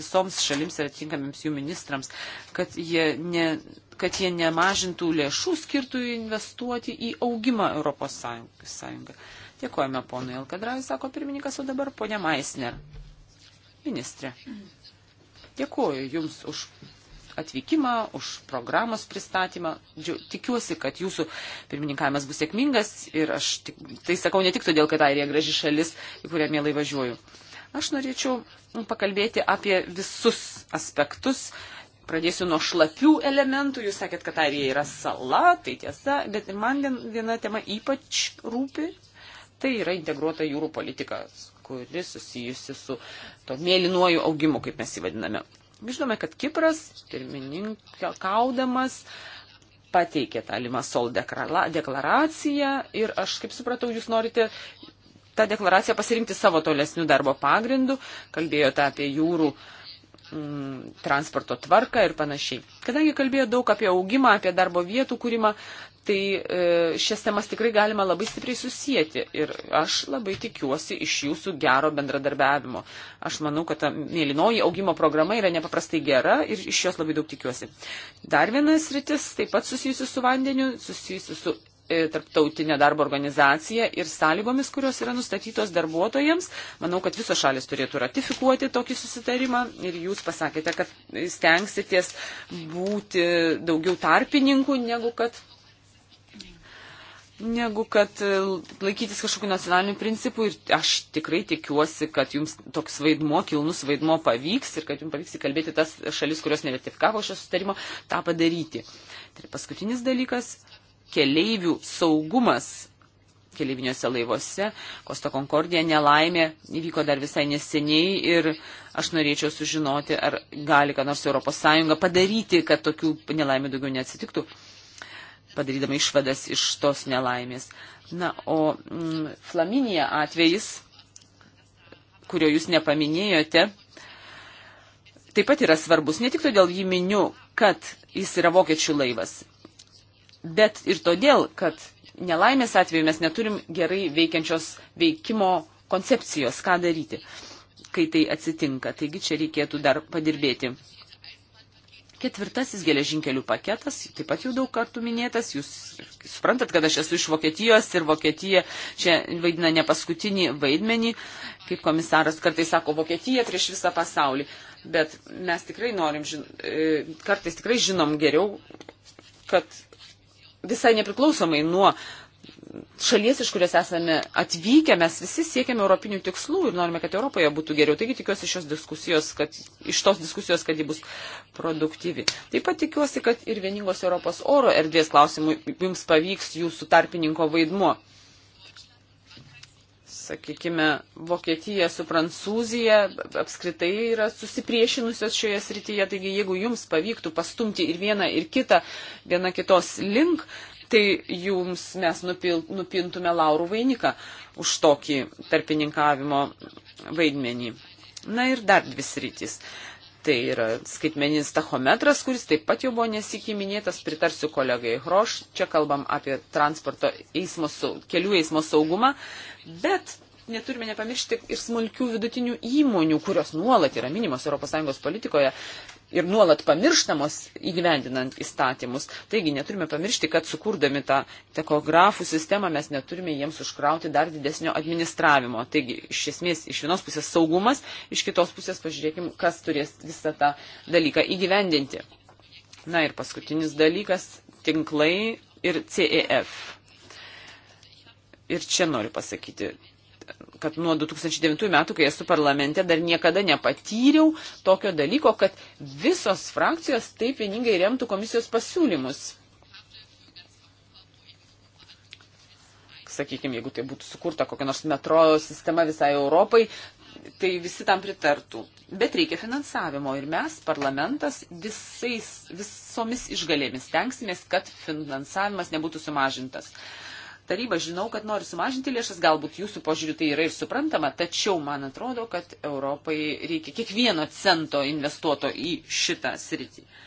visoms šalims ir atitinkamiems jų ministrams, kad jie, ne, kad jie nemažintų lėšų skirtų investuoti į augimą Europos Sąjungą. Dėkojame ponui Elkadravui, sako pirmininkas, o dabar ponia Maisner. Ministre, dėkuoju Jums už atvykimą, už programos pristatymą. Tikiuosi, kad jūsų pirmininkavimas bus sėkmingas ir aš tik, tai sakau ne tik todėl, kad Airija graži šalis, į kurią mielai važiuoju. Aš norėčiau pakalbėti apie visus aspektus. Pradėsiu nuo šlapių elementų. Jūs sakėt, kad Airija yra sala, tai tiesa, bet man viena tema ypač rūpi. Tai yra integruota jūrų politika, kuri susijusi su to mėlynuoju augimu, kaip mes jį vadiname. Žinome, kad Kipras, pirmininkaudamas, pateikė tą Limasol deklaraciją ir aš, kaip supratau, jūs norite tą deklaraciją pasirinkti savo tolesnių darbo pagrindų, kalbėjote apie jūrų mm, transporto tvarką ir panašiai. Kadangi kalbėjo daug apie augimą, apie darbo vietų kūrimą, tai e, šias temas tikrai galima labai stipriai susijęti ir aš labai tikiuosi iš jūsų gero bendradarbiavimo. Aš manau, kad ta mėlynoji augimo programa yra nepaprastai gera ir iš jos labai daug tikiuosi. Dar vienas rytis, taip pat susijusi su vandeniu, susijusi su e, tarptautinė darbo organizacija ir sąlygomis, kurios yra nustatytos darbuotojams. Manau, kad visos šalis turėtų ratifikuoti tokį susitarimą ir jūs pasakėte, kad stengsitės būti daugiau tarpininkų negu kad negu kad e, laikytis kažkokių nacionalinių principų. Ir aš tikrai tikiuosi, kad jums toks vaidmo, kilnus vaidmo pavyks ir kad jums pavyks įkalbėti tas šalis, kurios neratifikavo šio sutarimo, tą padaryti. Tai paskutinis dalykas - keleivių saugumas keleiviniuose laivuose. Kosto Konkordija nelaimė įvyko dar visai neseniai ir aš norėčiau sužinoti, ar gali ką nors ES padaryti, kad tokių nelaimė daugiau neatsitiktų padarydama išvadas iš tos nelaimės. Na, o mm, Flaminija atvejis, kurio jūs nepaminėjote, taip pat yra svarbus. Ne tik todėl jį miniu, kad jis yra vokiečių laivas, bet ir todėl, kad nelaimės atveju mes neturim gerai veikiančios veikimo koncepcijos, ką daryti, kai tai atsitinka. Taigi čia reikėtų dar padirbėti. Ketvirtasis geležinkelių paketas, taip pat jau daug kartų minėtas, jūs suprantat, kad aš esu iš Vokietijos ir Vokietija čia vaidina ne paskutinį vaidmenį, kaip komisaras kartais sako, Vokietija prieš visą pasaulį, bet mes tikrai norim, žin... E, kartais tikrai žinom geriau, kad visai nepriklausomai nuo uh, šalies, iš kurios esame atvykę, mes visi siekiame europinių tikslų ir norime, kad Europoje būtų geriau. Taigi tikiuosi šios diskusijos, kad, iš tos diskusijos, kad ji bus produktyvi. Taip pat tikiuosi, kad ir vieningos Europos oro erdvės klausimų jums pavyks jūsų tarpininko vaidmuo. Sakykime, Vokietija su Prancūzija apskritai yra susipriešinusios šioje srityje, taigi jeigu jums pavyktų pastumti ir vieną, ir kitą, viena kitos link, tai jums mes nupil, nupintume laurų vainiką už tokį tarpininkavimo vaidmenį. Na ir dar dvi sritys. Tai yra skaitmeninis tachometras, kuris taip pat jau buvo nesikiminėtas, pritarsiu kolegai Hroš, čia kalbam apie transporto eismo, kelių eismo saugumą, bet neturime nepamiršti ir smulkių vidutinių įmonių, kurios nuolat yra minimos ES politikoje ir nuolat pamirštamos įgyvendinant įstatymus. Taigi neturime pamiršti, kad sukūrdami tą tekografų sistemą mes neturime jiems užkrauti dar didesnio administravimo. Taigi iš esmės iš vienos pusės saugumas, iš kitos pusės pažiūrėkime, kas turės visą tą dalyką įgyvendinti. Na ir paskutinis dalykas - tinklai ir CEF. Ir čia noriu pasakyti, kad nuo 2009 metų, kai esu parlamente, dar niekada nepatyriau tokio dalyko, kad visos frakcijos taip vieningai remtų komisijos pasiūlymus. Sakykime, jeigu tai būtų sukurta kokia nors metro sistema visai Europai, tai visi tam pritartų. Bet reikia finansavimo ir mes, parlamentas, visais, visomis išgalėmis tenksimės, kad finansavimas nebūtų sumažintas. Uh, taryba žinau, kad nori sumažinti lėšas, galbūt jūsų požiūriu tai yra ir suprantama, tačiau man atrodo, kad Europai reikia kiekvieno cento investuoto į šitą sritį. Uh,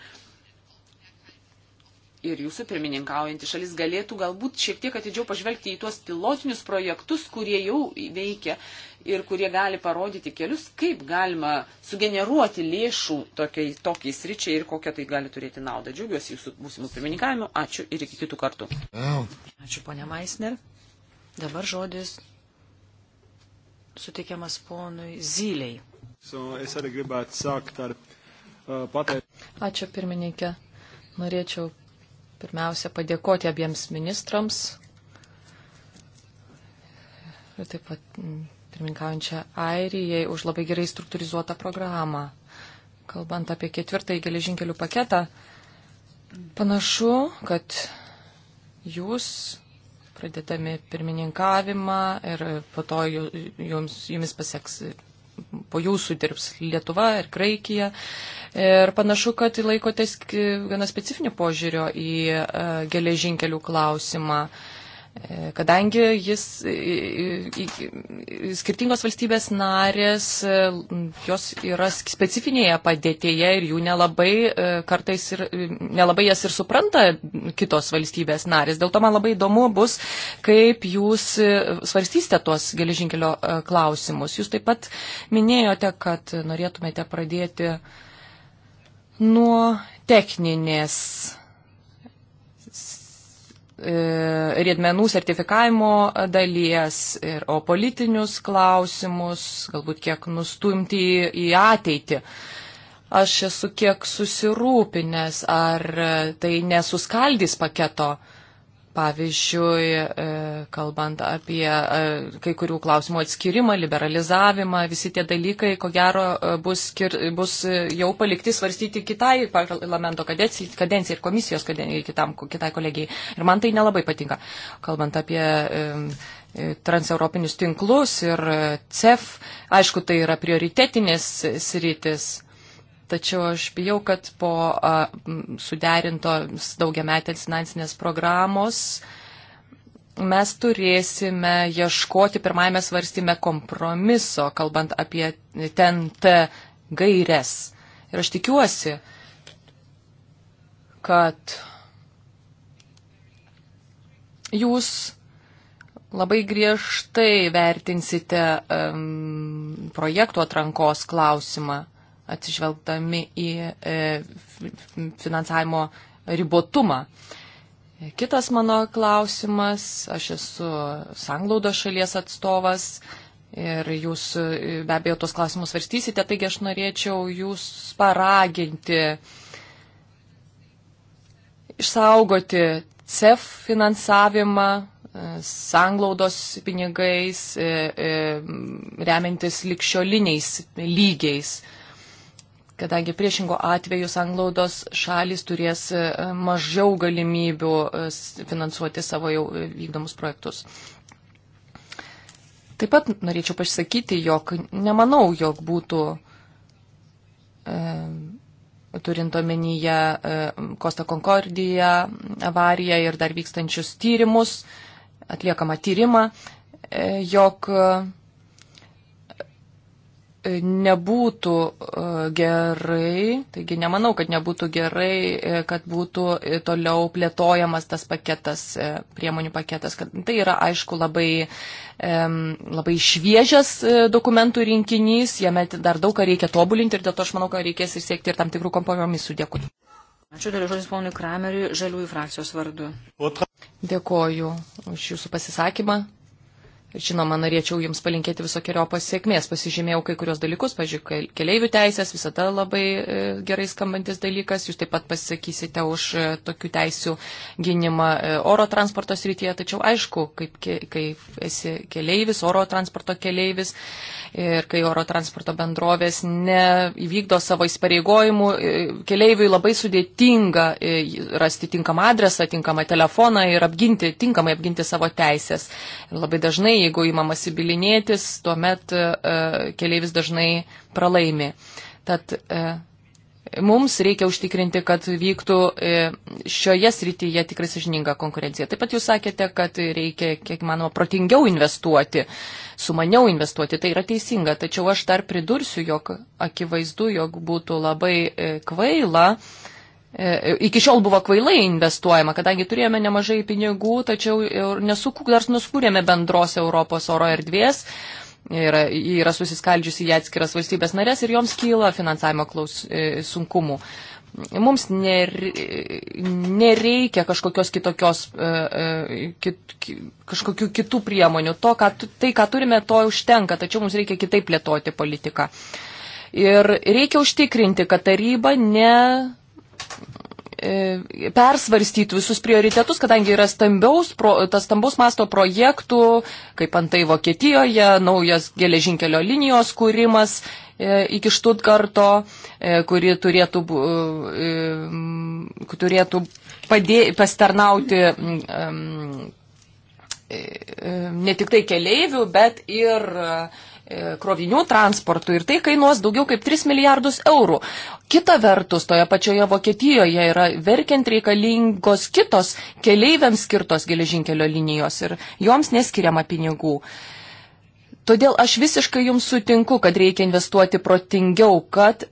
ir jūsų pirmininkaujantį šalis galėtų galbūt šiek tiek atidžiau pažvelgti į tuos pilotinius projektus, kurie jau veikia ir kurie gali parodyti kelius, kaip galima sugeneruoti lėšų tokiai, tokiai sričiai ir kokią tai gali turėti naudą. Džiaugiuosi jūsų būsimų pirmininkavimų. Ačiū ir iki kitų kartų. Ačiū, ponia Maisner. Dabar žodis suteikiamas ponui Zyliai. So, Ačiū pirmininkė. Norėčiau pirmiausia padėkoti abiems ministrams ir taip pat mm, pirmininkaujančią Airijai už labai gerai struktūrizuotą programą. Kalbant apie ketvirtąjį geležinkelių paketą, panašu, kad jūs pradėdami pirmininkavimą ir po to jums, jumis pasieks po jūsų dirbs Lietuva ir Graikija. Ir panašu, kad laikotės gana specifinio požiūrio į e, geležinkelių klausimą. Uh, Kadangi jis, skirtingos valstybės narės, e, jos yra specifinėje padėtėje ir jų nelabai e, kartais ir e, nelabai jas ir supranta kitos valstybės narės. Dėl to man labai įdomu bus, kaip jūs svarstysite tuos geležinkelio klausimus. Jūs taip pat minėjote, kad norėtumėte pradėti nuo techninės E, riedmenų sertifikavimo dalies, ir, o politinius klausimus galbūt kiek nustumti į, į ateitį. Aš esu kiek susirūpinęs, ar tai nesuskaldys paketo uh, Pavyzdžiui, e, kalbant apie e, kai kurių klausimų atskirimą, liberalizavimą, visi tie dalykai, ko gero, e, bus, skir, bus jau palikti svarstyti kitai parlamento kadencijai ir komisijos kadencijai, kitam, kitai kolegijai. Ir man tai nelabai patinka. Kalbant apie transeuropinius tinklus ir CEF, aišku, tai yra prioritetinės sritis Tačiau aš bijau, kad po suderintos daugiametės finansinės programos mes turėsime ieškoti pirmajame svarstyme kompromiso, kalbant apie TNT gairias. Ir aš tikiuosi, kad jūs labai griežtai vertinsite um, projektų atrankos klausimą atsižvelgdami į e, finansavimo ribotumą. Kitas mano klausimas, aš esu sanglaudo šalies atstovas ir jūs e, be abejo tuos klausimus varstysite, taigi aš norėčiau jūs paraginti, išsaugoti CEF finansavimą e, sanglaudos pinigais, remiantis likščioliniais lygiais kadangi priešingo atveju sanglaudos šalis turės e, mažiau galimybių e, finansuoti savo jau e, vykdomus projektus. Taip pat norėčiau pasakyti, jog nemanau, jog būtų, e, turint omenyje e, Kosta Concordiją, avariją ir dar vykstančius tyrimus, atliekamą tyrimą, e, jog e, nebūtų e, gerai, taigi nemanau, kad nebūtų gerai, e, kad būtų e, toliau plėtojamas tas paketas, priemonių paketas. Kad tai yra, aišku, labai, labai šviežias dokumentų rinkinys, jame dar daug ką reikia tobulinti ir dėl to aš manau, kad reikės ir siekti ir tam tikrų kompromisų. Dėkui. Ačiū dar žodis ponui Krameriui, žaliųjų frakcijos vardu. Dėkoju už jūsų pasisakymą. Žinoma, norėčiau Jums palinkėti visokiojo pasiekmės. Pasižymėjau kai kurios dalykus, pažiūrėjau, keleivių teisės, visada labai e, gerai skambantis dalykas. Jūs taip pat pasisakysite už e, tokių teisių gynimą e, oro transporto srityje, tačiau aišku, kaip, kaip esi keleivis, oro transporto keleivis ir kai oro transporto bendrovės neįvykdo savo įsipareigojimų, keleiviui labai sudėtinga rasti tinkamą adresą, tinkamą telefoną ir apginti, tinkamai apginti savo teisės. Labai dažnai jeigu įmamasi bilinėtis, tuomet e, keleivis dažnai pralaimi. Tad e, mums reikia užtikrinti, kad vyktų e, šioje srityje tikrai sažininga konkurencija. Taip pat jūs sakėte, kad reikia, kiek manoma, protingiau investuoti, sumaniau investuoti. Tai yra teisinga. Tačiau aš dar pridursiu, jog akivaizdu, jog būtų labai kvaila E, iki šiol buvo kvailai investuojama, kadangi turėjome nemažai pinigų, tačiau nesukūk, dar nuskūrėme bendros Europos oro erdvės. Yra, yra susiskaldžiusi į atskiras valstybės narės ir joms kyla finansavimo klaus, e, sunkumų. Mums nereikia kažkokios kitokios, e, kit, kažkokių kitų priemonių. To, ką, tai, ką turime, to užtenka, tačiau mums reikia kitaip plėtoti politiką. Ir reikia užtikrinti, kad taryba ne E, persvarstyti visus prioritetus, kadangi yra stambiaus, pro, tas stambaus masto projektų, kaip antai Vokietijoje, naujas geležinkelio linijos kūrimas e, iki Štutgarto, e, kuri turėtų, turėtų padė, pasitarnauti ne tik tai keleivių, bet ir E, krovinių transportui ir tai kainuos daugiau kaip 3 milijardus eurų. Kita vertus, toje pačioje Vokietijoje yra verkiant reikalingos kitos keleiviams skirtos geležinkelio linijos ir joms neskiriama pinigų. Todėl aš visiškai jums sutinku, kad reikia investuoti protingiau, kad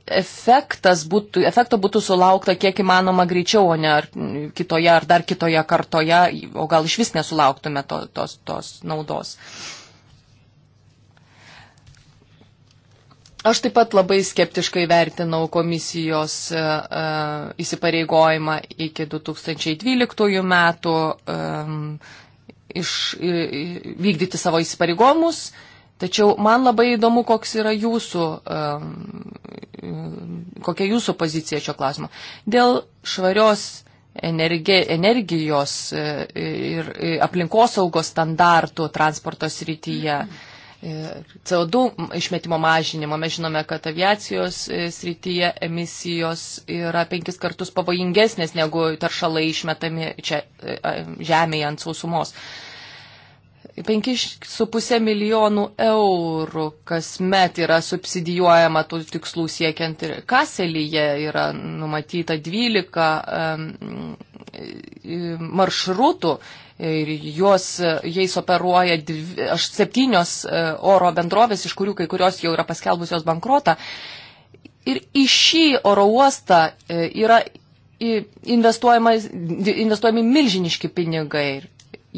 būtų, efekto būtų sulaukta kiek įmanoma greičiau, o ne ar kitoje ar dar kitoje kartoje, o gal iš vis nesulauktume to, tos, tos naudos. Uh, Aš taip pat labai skeptiškai vertinau komisijos uh, įsipareigojimą iki 2012 metų um, iš, uh, vykdyti savo įsipareigomus, tačiau man labai įdomu, koks yra jūsų, um, kokia jūsų pozicija šio klausimo. Dėl švarios energi, energijos ir aplinkosaugos standartų transporto srityje. Mm E, CO2 išmetimo mažinimo. Mes žinome, kad aviacijos e, srityje emisijos yra penkis kartus pavojingesnės negu taršalai išmetami čia e, žemėje ant sausumos. E, 5,5 milijonų eurų kasmet yra subsidijuojama tų tikslų siekiant ir kaselyje yra numatyta 12 maršrutų ir juos, jais operuoja dvi, aš, septynios e, oro bendrovės, iš kurių kai kurios jau yra paskelbusios bankrotą. Ir į šį oro uostą e, yra investuojami milžiniški pinigai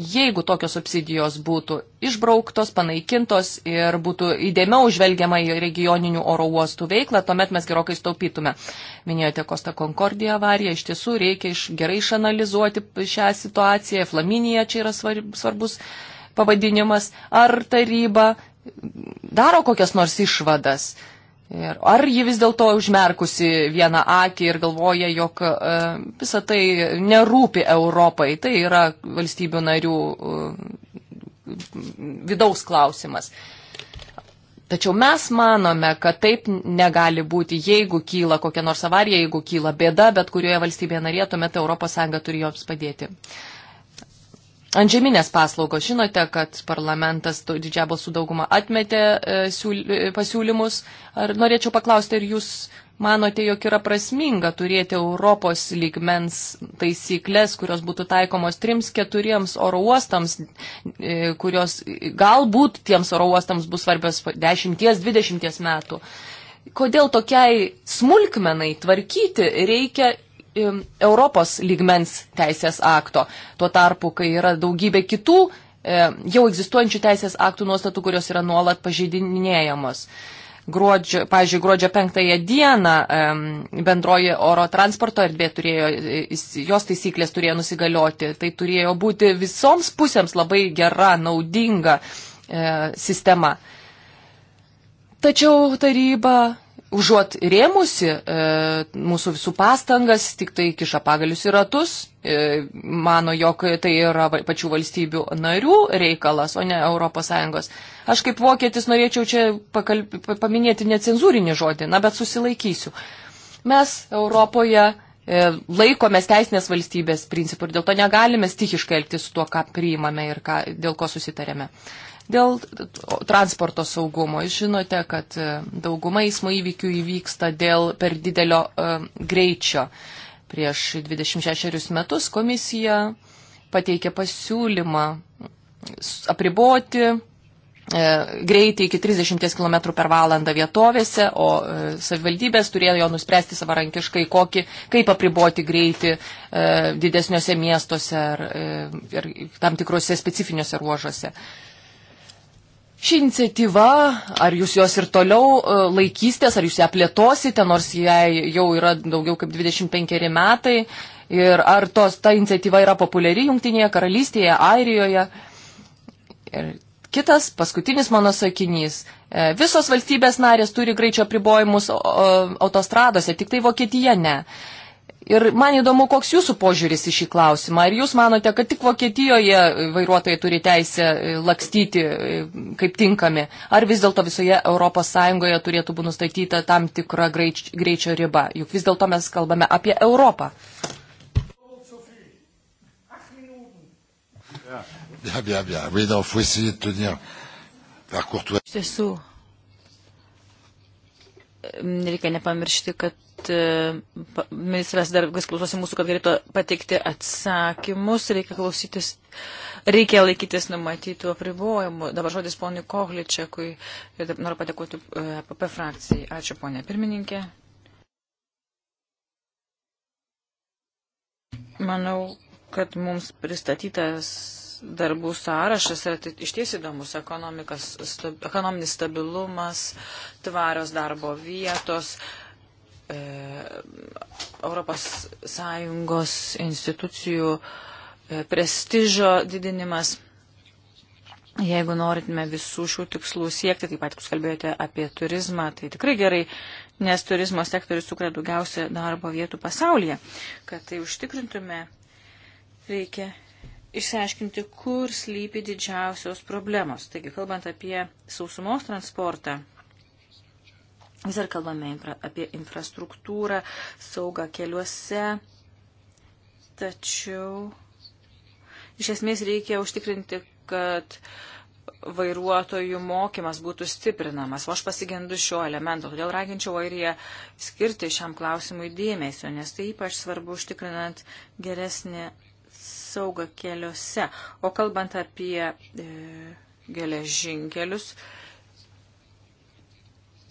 jeigu tokios subsidijos būtų išbrauktos, panaikintos ir būtų įdėmiau žvelgiama į regioninių oro uostų veiklą, tuomet mes gerokai staupytume. Minėjote Kosta Concordia avariją, iš tiesų reikia iš, gerai išanalizuoti šią situaciją, Flaminija čia yra svarbus pavadinimas, ar taryba daro kokias nors išvadas. Ir ar ji vis dėlto užmerkusi vieną akį ir galvoja, jog e, visa tai nerūpi Europai, tai yra valstybių narių e, vidaus klausimas. Tačiau mes manome, kad taip negali būti, jeigu kyla kokia nors avarija, jeigu kyla bėda, bet kurioje valstybėje narėje, tuomet ES turi joms padėti. Uh, Antžeminės paslaugos. Žinote, kad parlamentas didžią balsų daugumą atmetė e, siūl, e, pasiūlymus. Ar norėčiau paklausti, ar jūs manote, jog yra prasminga turėti Europos lygmens taisyklės, kurios būtų taikomos trims, keturiems oro uostams, e, kurios galbūt tiems oro uostams bus svarbios dešimties, dvidešimties metų. Kodėl tokiai smulkmenai tvarkyti reikia Europos lygmens teisės akto. Tuo tarpu, kai yra daugybė kitų e, jau egzistuojančių teisės aktų nuostatų, kurios yra nuolat pažeidinėjamos. Gruodžio, pavyzdžiui, gruodžio penktąją dieną bendroji oro transporto erdvė turėjo, e, jos taisyklės turėjo nusigalioti. Tai turėjo būti visoms pusėms labai gera, naudinga e, sistema. Tačiau taryba užuot rėmusi e, mūsų visų pastangas, tik tai kiša pagalius į ratus, e, mano, jog tai yra pačių valstybių narių reikalas, o ne ES. Aš kaip vokietis norėčiau čia pakalb... paminėti necenzūrinį žodį, na, bet susilaikysiu. Mes Europoje e, laikomės teisinės valstybės principų ir dėl to negalime stichiškai elgtis su tuo, ką priimame ir ką, dėl ko susitarėme. E, Dėl transporto saugumo, žinote, kad e, dauguma eismo įvykių įvyksta dėl per didelio e, greičio. Prieš 26 metus komisija pateikė pasiūlymą apriboti e, greitį iki 30 km per valandą vietovėse, o savivaldybės turėjo nuspręsti savarankiškai, kokį, kaip apriboti greitį didesniuose miestuose ar, ar tam tikrose specifiniuose ruožuose. Ši iniciatyva, ar jūs jos ir toliau e, laikysitės, ar jūs ją plėtosite, nors jai jau yra daugiau kaip 25 metai, ir ar tos, ta iniciatyva yra populiari Junktinėje karalystėje, Airijoje. Ir kitas, paskutinis mano sakinys. E, visos valstybės narės turi greičio pribojimus e, autostradose, tik tai Vokietija ne. Ir man įdomu, koks jūsų požiūris į šį klausimą. Ar jūs manote, kad tik Vokietijoje vairuotojai turi teisę e, lakstyti e, kaip tinkami, ar vis dėlto visoje ES turėtų būti nustatyta tam tikra greičio riba? Juk vis dėlto mes kalbame apie Europą. Iš tiesų, reikia nepamiršti, kad e, ministras dar vis klausosi mūsų, kad galėtų pateikti atsakymus, reikia klausytis, reikia laikytis numatytų apribojimų. Dabar žodis poniu Kohličiakui ir noriu padėkoti e, APP frakcijai. Ačiū ponė pirmininkė. Manau, kad mums pristatytas darbų sąrašas yra tai išties įdomus - stab, ekonominis stabilumas, tvarios darbo vietos, e, Europos Sąjungos institucijų e, prestižo didinimas. Jeigu norėtume visų šių tikslų siekti, taip pat jūs kalbėjote apie turizmą, tai tikrai gerai, nes turizmo sektorius sukuria daugiausia darbo vietų pasaulyje. Kad tai užtikrintume, reikia išsiaiškinti, kur slypi didžiausios problemos. Taigi, kalbant apie sausumos transportą, vis dar kalbame infra, apie infrastruktūrą, saugą keliuose, tačiau iš esmės reikia užtikrinti, kad vairuotojų mokymas būtų stiprinamas. O aš pasigendu šio elemento, todėl raginčiau airiją skirti šiam klausimui dėmesio, nes tai ypač svarbu užtikrinant geresnį saugą keliuose. O kalbant apie e, geležinkelius,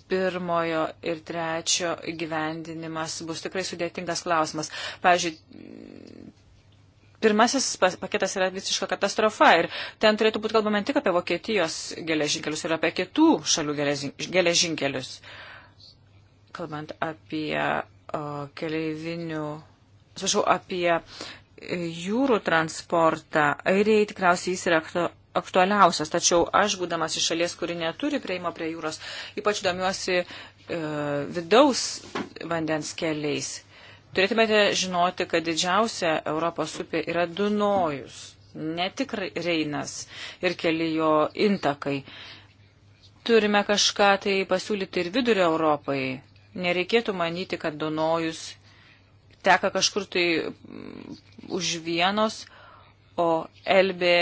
pirmojo ir trečio gyvendinimas bus tikrai sudėtingas klausimas. Pavyzdžiui, pirmasis paketas yra visiška katastrofa ir ten turėtų būti kalbama ne tik apie Vokietijos geležinkelius ir apie kitų šalių geležinkelius. Kalbant apie o, keleivinių, atsiprašau, apie jūrų transportą, airiai tikriausiai jis yra aktu, aktualiausias, tačiau aš, būdamas iš šalies, kuri neturi prieimo prie jūros, ypač domiuosi e, vidaus vandens keliais. Turėtumėte žinoti, kad didžiausia Europos upė yra Dunojus, ne tik Reinas ir keli jo intakai. Turime kažką tai pasiūlyti ir vidurio Europai. Nereikėtų manyti, kad Dunojus teka kažkur tai mm, už vienos, o Elbė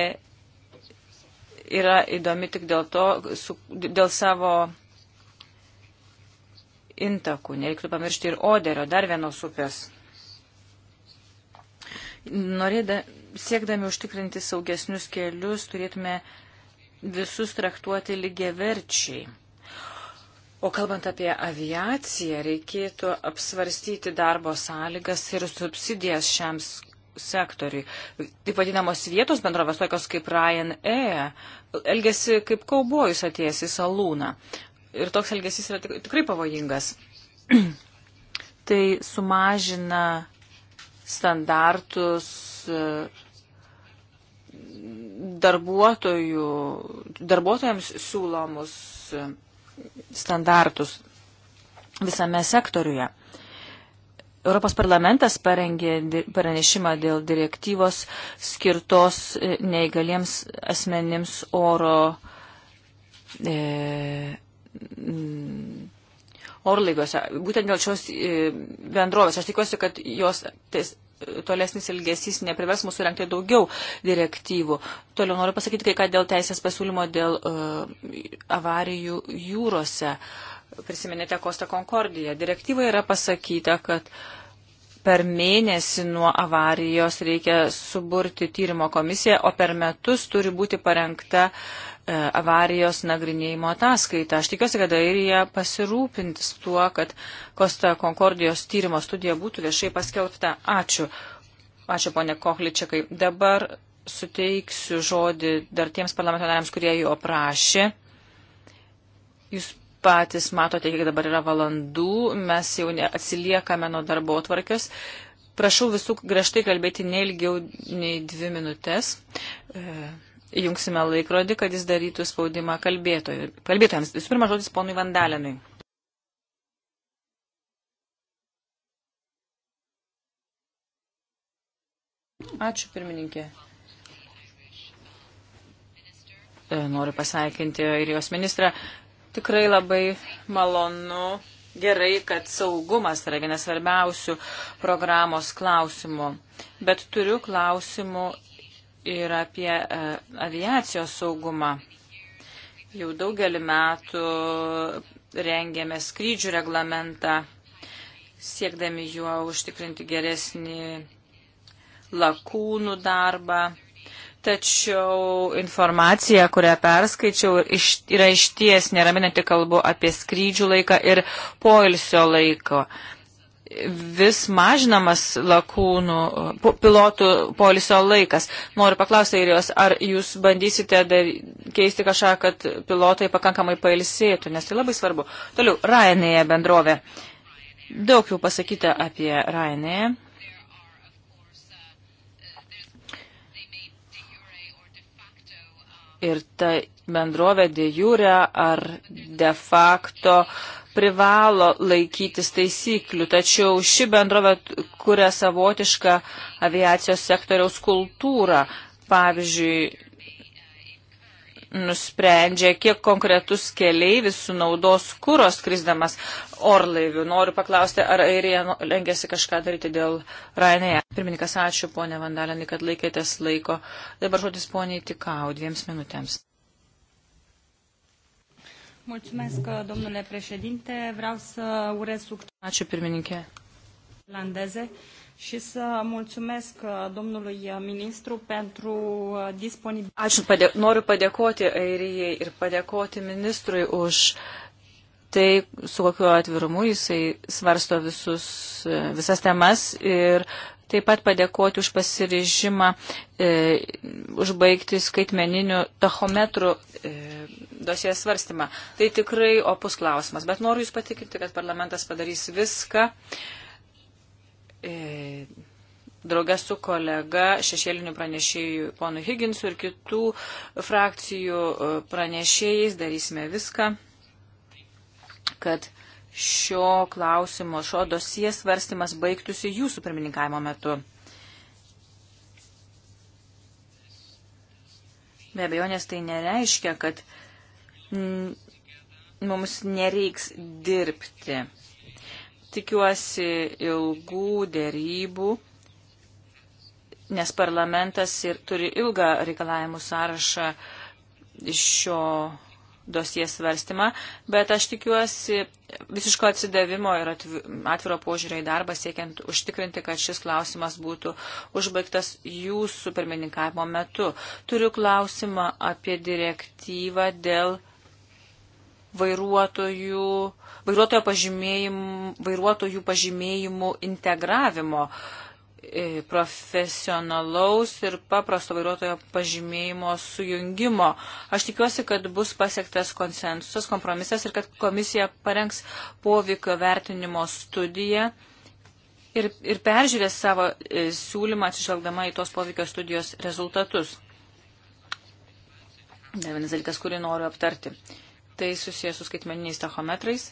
yra įdomi tik dėl to, su, dėl savo intakų. Nereiktų pamiršti ir Oderio, dar vienos upės. Norėda, siekdami užtikrinti saugesnius kelius, turėtume visus traktuoti lygiaverčiai. verčiai O kalbant apie aviaciją, reikėtų apsvarstyti darbo sąlygas ir subsidijas šiam sektoriui. Taip vadinamos vietos bendrovės, tokios kaip Ryanair, elgesi kaip kaubojus atėjęs į salūną. Ir toks elgesys yra tikrai pavojingas. tai sumažina standartus darbuotojų, darbuotojams siūlomus standartus visame sektoriuje. Europos parlamentas parengė pranešimą dėl direktyvos skirtos e, neįgaliems asmenims oro e, orlaiviuose. Būtent dėl šios e, bendrovės. Aš tikiuosi, kad jos tais, tolesnis ilgesys neprivers mūsų renkti daugiau direktyvų. Toliau noriu pasakyti kai ką dėl teisės pasiūlymo dėl uh, avarijų jūrose. Prisiminėte Kosta Concordiją. Direktyvoje yra pasakyta, kad per mėnesį nuo avarijos reikia suburti tyrimo komisiją, o per metus turi būti parengta uh, E, avarijos nagrinėjimo ataskaitą. Aš tikiuosi, kad Airija pasirūpintis tuo, kad Kosta Konkordijos tyrimo studija būtų viešai paskelbta. Ačiū. Ačiū, ponė Kohličiakai. Dabar suteiksiu žodį dar tiems parlamentariams, kurie jo prašė. Jūs patys matote, kiek dabar yra valandų, mes jau atsiliekame nuo darbo tvarkės. Prašau visų griežtai kalbėti neilgiau nei dvi minutės. E jungsime laikrodį, kad jis darytų spaudimą kalbėtojams. Visų pirma, žodis ponui Vandalenui. Ačiū, pirmininkė. E, noriu pasveikinti ir jos ministrą. Tikrai labai malonu, gerai, kad saugumas yra vienas svarbiausių programos klausimų. Bet turiu klausimų ir apie e, aviacijos saugumą. Jau daugelį metų rengėme skrydžių reglamentą, siekdami juo užtikrinti geresnį lakūnų darbą. Tačiau informacija, kurią perskaičiau, yra išties neraminanti kalbu apie skrydžių laiką ir poilsio laiko vis mažinamas lakūnų pilotų poliso laikas. Noriu paklausti ir jos, ar jūs bandysite dar keisti kažką, kad pilotai pakankamai pailsėtų, nes tai labai svarbu. Toliau, Ryanair bendrovė. Daug jau pasakyta apie Ryanair. Ir ta bendrovė de jure ar de facto uh, privalo laikytis taisyklių, tačiau ši bendrovė kuria savotišką aviacijos sektoriaus kultūrą. Pavyzdžiui, nusprendžia, kiek konkretus keleivis sunaudos kūros krisdamas orlaivių. Noriu paklausti, ar airija lengiasi kažką daryti dėl Rainėje. Pirmininkas, ačiū ponė Vandalinai, kad laikėtės laiko. Dabar žodis poniai tikau dviems minutėms. Mulțumesc, domnule președinte. Vreau să urez succes. Ačiū pirmininkė. Landeze și să mulțumesc uh, domnului ministru pentru uh, disponibilitate. Ačiū, padė, noriu padėkoti Airijai ir padėkoti ministrui už tai, su kokiu atvirumu jisai svarsto visus, uh, visas temas ir uh, taip pat padėkoti už pasirižimą e, užbaigti skaitmeninių tachometrų e, dosės svarstymą. Tai tikrai opus klausimas, bet noriu Jūs patikinti, kad parlamentas padarys viską. E, Draugės su kolega šešėliniu pranešėjų ponu Higginsu ir kitų frakcijų e, pranešėjais darysime viską, kad šio klausimo, šio dosies svarstymas baigtųsi jūsų pirmininkavimo metu. Be abejonės tai nereiškia, kad mums nereiks dirbti. Tikiuosi ilgų dėrybų, nes parlamentas ir turi ilgą reikalavimų sąrašą šio dosies svarstymą, bet aš tikiuosi visiško atsidavimo ir atviro požiūrio į darbą siekiant užtikrinti, kad šis klausimas būtų užbaigtas jūsų pirmininkavimo metu. Turiu klausimą apie direktyvą dėl vairuotojų, vairuotojo pažymėjimų, vairuotojų pažymėjimų integravimo. Uh, E, profesionalaus ir paprasto vairuotojo pažymėjimo sujungimo. Aš tikiuosi, kad bus pasiektas konsensusas, kompromisas ir kad komisija parengs poveikio vertinimo studiją ir, ir peržiūrės savo e, siūlymą atsižvelgdama į tos poveikio studijos rezultatus. Dar vienas dalykas, kurį noriu aptarti. Tai susijęs su skaitmeniniais tachometrais.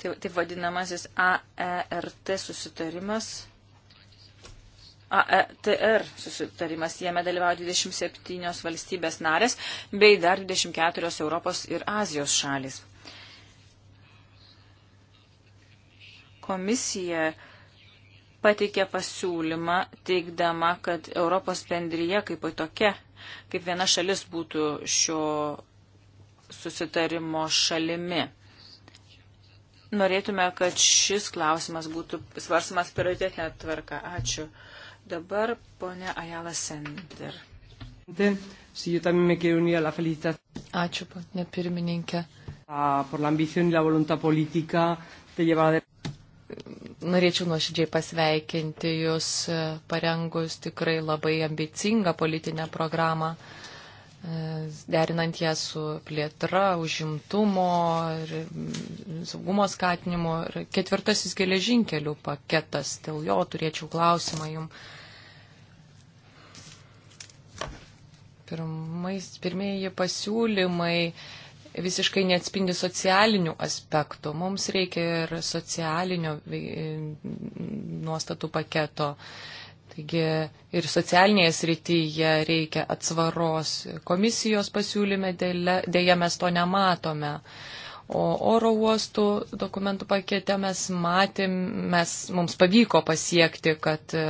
Tai, tai vadinamasis AERT susitarimas AETR susitarimas. Jame dalyvauja 27 valstybės narės bei dar 24 Europos ir Azijos šalis. Komisija pateikė pasiūlymą, teikdama, kad Europos bendryje kaip tokia, kaip viena šalis būtų šio susitarimo šalimi. Norėtume, kad šis klausimas būtų svarsimas prioritetinė tvarka. Ačiū. Dabar ponia Ajala Sender. Ačiū, ponė pirmininkė. Norėčiau nuoširdžiai pasveikinti Jūs e, parengus tikrai labai ambicingą politinę programą e, derinant ją su plėtra, užimtumo ir mm, saugumo skatinimu. Ir ketvirtasis geležinkelių paketas, dėl jo turėčiau klausimą jums. pirmais, pirmieji pasiūlymai visiškai neatspindi socialinių aspektų. Mums reikia ir socialinio e, nuostatų paketo. Taigi ir socialinėje srityje reikia atsvaros. Komisijos pasiūlyme dėja mes to nematome. Uh, O oro uostų dokumentų pakete mes matėm, mes, mums pavyko pasiekti, kad e,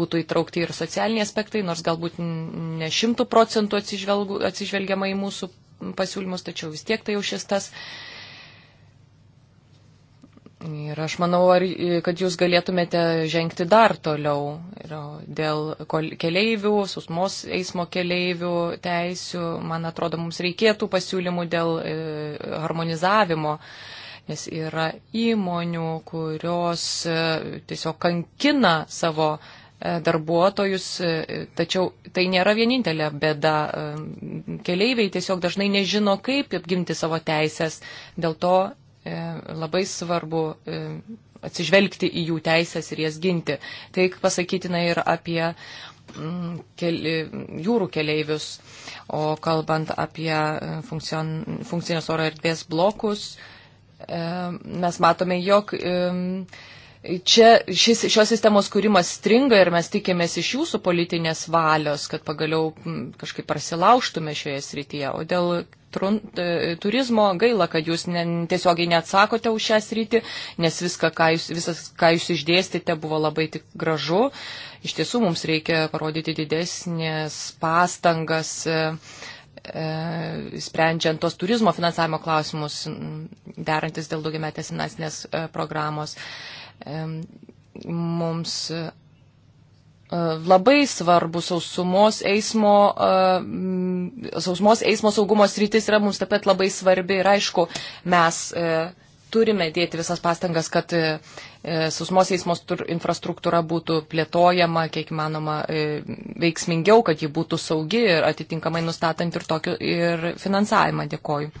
būtų įtraukti ir socialiniai aspektai, nors galbūt ne šimtų procentų atsižvelgiama į mūsų pasiūlymus, tačiau vis tiek tai jau šis tas Ir aš manau, ar, kad jūs galėtumėte žengti dar toliau ir dėl keleivių, susmos eismo keleivių teisių. Man atrodo, mums reikėtų pasiūlymų dėl e, harmonizavimo, nes yra įmonių, kurios e, tiesiog kankina savo e, darbuotojus, tačiau tai nėra vienintelė bėda. Keleiviai tiesiog dažnai nežino, kaip apginti savo teisės, dėl to E, labai svarbu e, atsižvelgti į jų teisės ir jas ginti. Tai pasakytina ir apie mm, keli, e, jūrų keleivius, o kalbant apie funkcion, funkcinės oro erdvės blokus, mes matome, jog čia šis, šios sistemos kūrimas stringa ir mes tikimės iš jūsų politinės valios, kad pagaliau kažkaip prasilauštume šioje srityje. O dėl trun, e, turizmo. Gaila, kad jūs ne, tiesiogiai neatsakote už šią sritį, nes viską, ką jūs, visas, ką jūs išdėstėte, buvo labai tik gražu. Iš tiesų mums reikia parodyti didesnės pastangas. E, e sprendžiant tos turizmo finansavimo klausimus, derantis dėl daugiametės finansinės e, programos. Mums E, labai svarbu sausumos eismo, e, sausumos eismo saugumo sritis yra mums taip pat labai svarbi ir aišku, mes e, turime dėti visas pastangas, kad sausumos eismo infrastruktūra būtų plėtojama, kiek įmanoma, veiksmingiau, kad ji būtų saugi ir atitinkamai nustatant ir, tokiu, ir finansavimą. Dėkoju.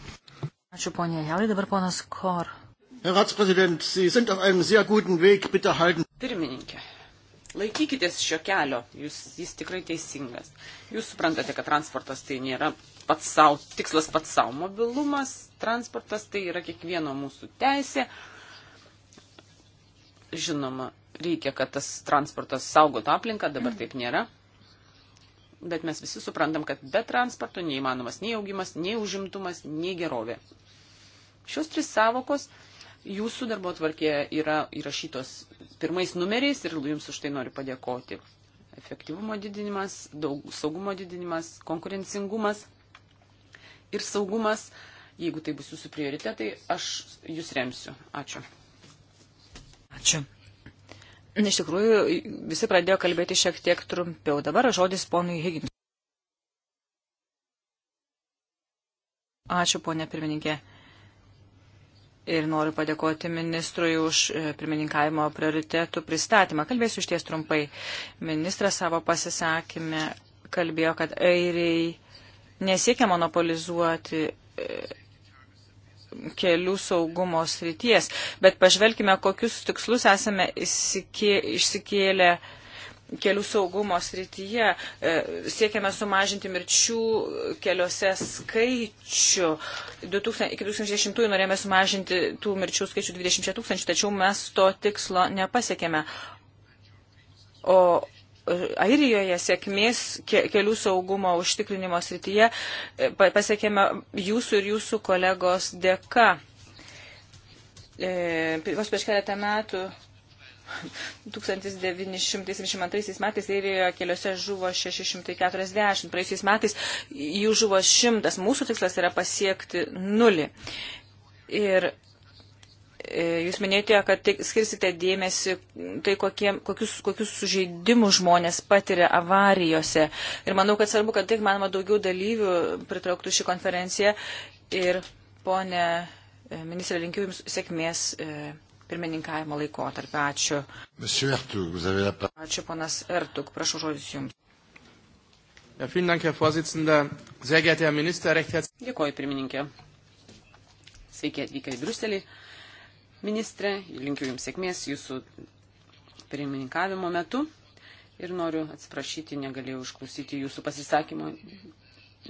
Ačiū ponė Jelai, dabar ponas Kor. Herr Ratspräsident, Sie sind auf einem sehr guten Weg, bitte halten. Pirmininkė, Laikykitės šio kelio, jūs, jis tikrai teisingas. Jūs suprantate, kad transportas tai nėra pats savo, tikslas pats savo mobilumas, transportas tai yra kiekvieno mūsų teisė. Žinoma, reikia, kad tas transportas saugotų aplinką, dabar taip nėra. Bet mes visi suprantam, kad be transporto neįmanomas nei augimas, nei užimtumas, nei gerovė. Šios trys savokos jūsų darbo tvarkėje yra įrašytos pirmais numeriais ir jums už tai noriu padėkoti. Efektyvumo didinimas, daug, saugumo didinimas, konkurencingumas ir saugumas. Jeigu tai bus jūsų prioritetai, aš jūs remsiu. Ačiū. Ačiū. Iš tikrųjų, visi pradėjo kalbėti šiek tiek trumpiau. Dabar žodis ponui Higginsui. Ačiū, ponė pirmininkė ir noriu padėkoti ministrui už e, pirmininkavimo prioritetų pristatymą. Kalbėsiu iš ties trumpai. Ministras savo pasisakymę kalbėjo, kad airiai nesiekia monopolizuoti e, kelių saugumo srities, bet pažvelkime, kokius tikslus esame išsikėlę kelių saugumo srityje. E, siekiame sumažinti mirčių keliuose skaičių. 2000, iki 2010 norėjome sumažinti tų mirčių skaičių 20 tūkstančių, tačiau mes to tikslo nepasiekėme. O e, Airijoje sėkmės kelių saugumo užtikrinimo srityje e, pasiekėme jūsų ir jūsų kolegos dėka. Vos prieš keletą metų 1972 metais Airijoje keliuose žuvo 640, praėjusiais metais jų žuvo 100, mūsų tikslas yra pasiekti nulį. Ir e, Jūs minėjote, kad skirsite dėmesį tai, kokie, kokius, kokius sužeidimus žmonės patiria avarijose. Ir manau, kad svarbu, kad tik manoma daugiau dalyvių pritrauktų šį konferenciją. Ir, ponė e, ministrė, linkiu Jums sėkmės e, pirmininkavimo laikotarpio. Ačiū. Ertug, la... Ačiū, ponas Ertuk, prašau žodis jums. Ja, Dank, Herr Vorsitzender. Sehr geehrter Herr Minister, recht herzlich. Dėkoju, pirmininkė. Sveiki atvykę į Bruselį. Ministrė, linkiu Jums sėkmės Jūsų pirmininkavimo metu ir noriu atsiprašyti, negalėjau išklausyti jūsų pasisakymo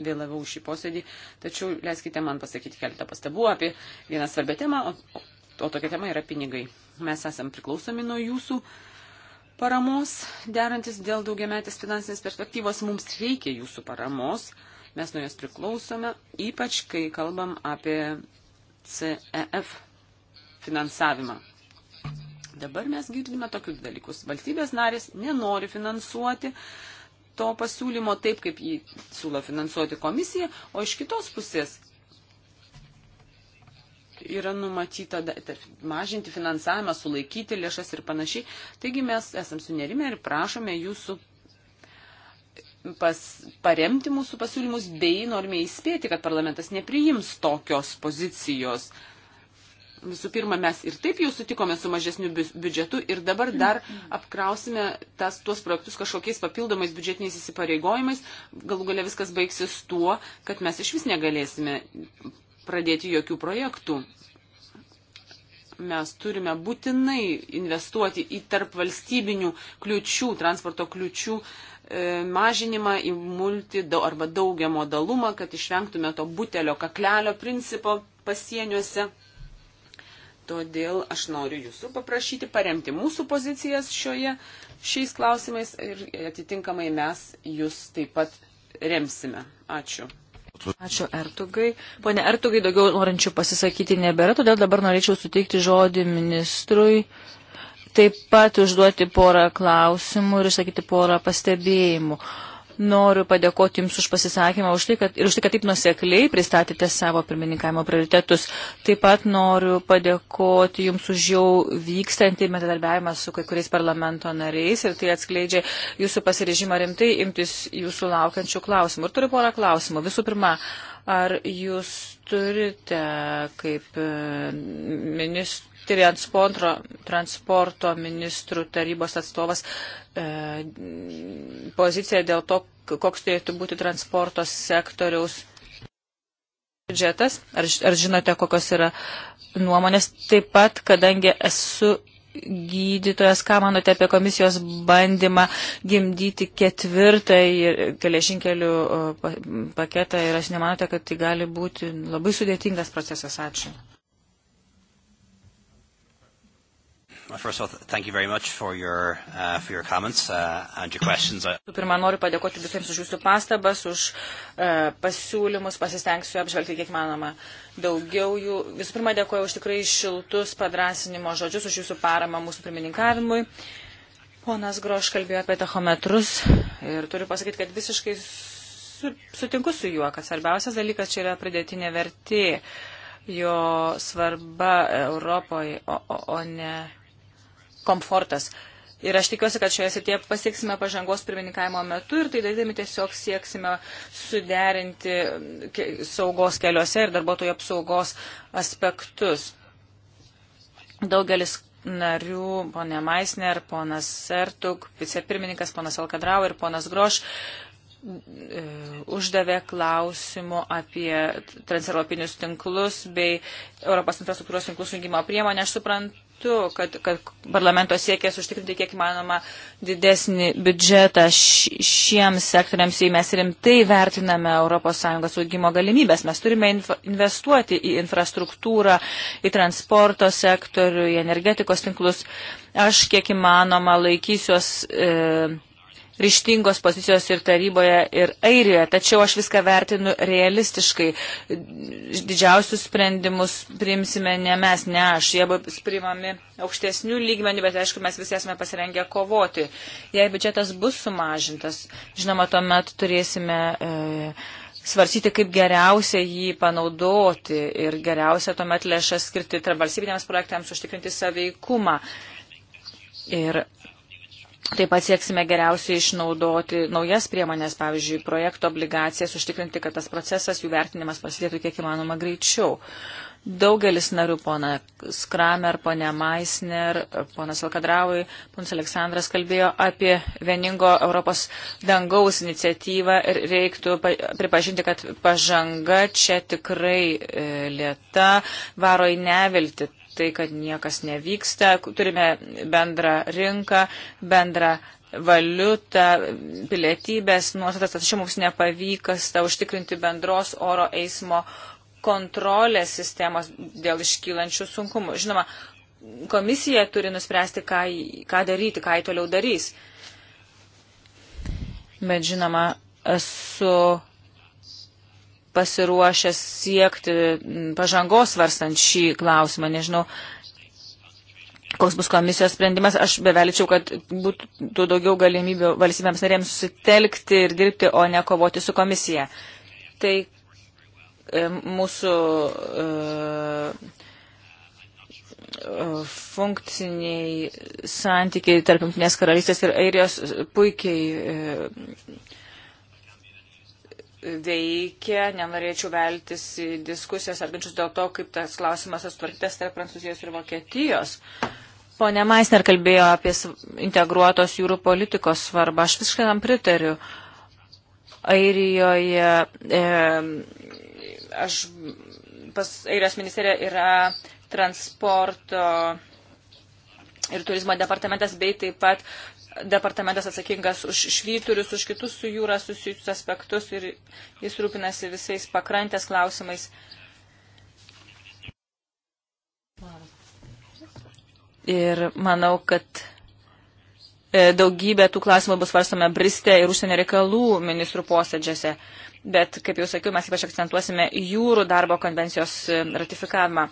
vėlavau šį posėdį, tačiau leiskite man pasakyti keletą pastabų apie vieną svarbę temą, o o tokia tema yra pinigai. Mes esam priklausomi nuo jūsų paramos, derantis dėl daugiametės finansinės perspektyvos, mums reikia jūsų paramos, mes nuo jos priklausome, ypač kai kalbam apie CEF finansavimą. Dabar mes girdime tokius dalykus. Valstybės narės nenori finansuoti to pasiūlymo taip, kaip jį siūlo finansuoti komisija, o iš kitos pusės yra numatyta mažinti finansavimą, sulaikyti lėšas ir panašiai. Taigi mes esam sunerimę ir prašome jūsų pas, paremti mūsų pasiūlymus, bei norime įspėti, kad parlamentas nepriims tokios pozicijos. Visų pirma, mes ir taip jau sutikome su mažesniu biudžetu ir dabar dar apkrausime tas, tuos projektus kažkokiais papildomais biudžetiniais įsipareigojimais. Galų galia viskas baigsis tuo, kad mes iš vis negalėsime pradėti jokių projektų mes turime būtinai investuoti į tarp valstybinių kliučių, transporto kliučių e, mažinimą, į multi arba daugia modalumą, kad išvengtume to butelio kaklelio principo pasieniuose. Todėl aš noriu jūsų paprašyti paremti mūsų pozicijas šioje, šiais klausimais ir atitinkamai mes jūs taip pat remsime. Ačiū. Ačiū Ertugai. Pone Ertugai, daugiau norinčių pasisakyti nebėra, todėl dabar norėčiau suteikti žodį ministrui, taip pat užduoti porą klausimų ir išsakyti porą pastebėjimų. Uh, Noriu padėkoti Jums už pasisakymą už tai, kad, ir už tai, kad taip nusekliai pristatėte savo pirmininkavimo prioritetus. Taip pat noriu padėkoti Jums už jau vykstantį metadarbiavimą su kai kuriais parlamento nariais ir tai atskleidžia Jūsų pasirežimą rimtai imtis Jūsų laukiančių klausimų. Ir turiu porą klausimų. Visų pirma, ar Jūs turite kaip e, ministras transporto, transporto ministrų tarybos atstovas e, poziciją dėl to, koks turėtų būti transporto sektoriaus biudžetas. Ar, ar žinote, kokios yra nuomonės? Taip pat, kadangi esu gydytojas, ką manote apie komisijos bandymą gimdyti ketvirtąjį geležinkelių paketą ir aš nemanote, kad tai gali būti labai sudėtingas procesas. Ačiū. First of all, thank you very much for your, uh, for your comments uh, and your questions. Uh, Pirmą noriu padėkoti visiems už jūsų pastabas, už uh, pasiūlymus, pasistengsiu apžvelgti kiek manoma daugiau jų. Visų pirma, dėkuoju už tikrai šiltus padrasinimo žodžius, už jūsų paramą mūsų pirmininkavimui. Ponas Groš kalbėjo apie tachometrus ir turiu pasakyti, kad visiškai su, sutinku su juo, kad svarbiausias dalykas čia yra pridėtinė vertė jo svarba Europoje, o, o, o ne komfortas. Ir aš tikiuosi, kad šioje srityje pasieksime pažangos pirmininkavimo metu ir tai darydami tiesiog sieksime suderinti saugos keliuose ir darbuotojų apsaugos aspektus. Daugelis narių, ponė Maisner, ponas Sertuk, vicepirmininkas, ponas Alkadrau ir ponas Groš e, uždavė klausimų apie transeuropinius tinklus bei Europos infrastruktūros tinklų sujungimo priemonę. Aš suprantu, mastu, kad, kad parlamento siekės užtikrinti kiek įmanoma didesnį biudžetą šiems sektoriams, jei mes rimtai vertiname ES augimo galimybės. Mes turime investuoti į infrastruktūrą, į transporto sektorių, į energetikos tinklus. Aš kiek įmanoma laikysiuos. E, ryštingos pozicijos ir taryboje, ir Airijoje, tačiau aš viską vertinu realistiškai. Didžiausius sprendimus priimsime ne mes, ne aš, jie bus priimami aukštesnių lygmenių, bet aišku, mes visi esame pasirengę kovoti. Jei biudžetas bus sumažintas, žinoma, tuomet turėsime. E, svarsyti, kaip geriausia jį panaudoti ir geriausia tuomet lėšas skirti tarp valstybinėms projektams užtikrinti saveikumą. Ir Taip pat sieksime geriausiai išnaudoti naujas priemonės, pavyzdžiui, projektų obligacijas, užtikrinti, kad tas procesas, jų vertinimas prasidėtų kiek įmanoma greičiau. Daugelis narių, pona Skramer, pone Maisner, ponas Alkadravai, ponas Aleksandras kalbėjo apie vieningo Europos dangaus iniciatyvą ir reiktų pripažinti, kad pažanga čia tikrai e, lieta varo į nevilti tai, kad niekas nevyksta, turime bendrą rinką, bendrą valiutą, pilietybės nuostatas, tačiau mums nepavyksta užtikrinti bendros oro eismo kontrolės sistemos dėl iškylančių sunkumų. Žinoma, komisija turi nuspręsti, ką, ką daryti, ką jį toliau darys. Bet žinoma, esu pasiruošęs siekti pažangos varstant šį klausimą. Nežinau, koks bus komisijos sprendimas. Aš beveličiau, kad būtų daugiau galimybių valstybėms narėms susitelkti ir dirbti, o ne kovoti su komisija. Tai e, mūsų uh, funkciniai santykiai tarp Junktinės karalystės ir Airijos puikiai uh, veikia, nenorėčiau veltis į diskusijas ar ginčius dėl to, kaip tas klausimas atvarkytas tarp Prancūzijos ir Vokietijos. Pone Maisner kalbėjo apie integruotos jūrų politikos svarbą. Aš visiškai tam pritariu. Airijoje, e, aš, pas Airijos ministerija yra transporto ir turizmo departamentas, bei taip pat departamentas atsakingas už švyturius, už kitus su jūra susijusius aspektus ir jis rūpinasi visais pakrantės klausimais. Ir manau, kad e, daugybė tų klausimų bus svarstome Briste ir užsienio reikalų ministrų posėdžiuose. Bet, kaip jau sakiau, mes ypač akcentuosime jūrų darbo konvencijos e, ratifikavimą.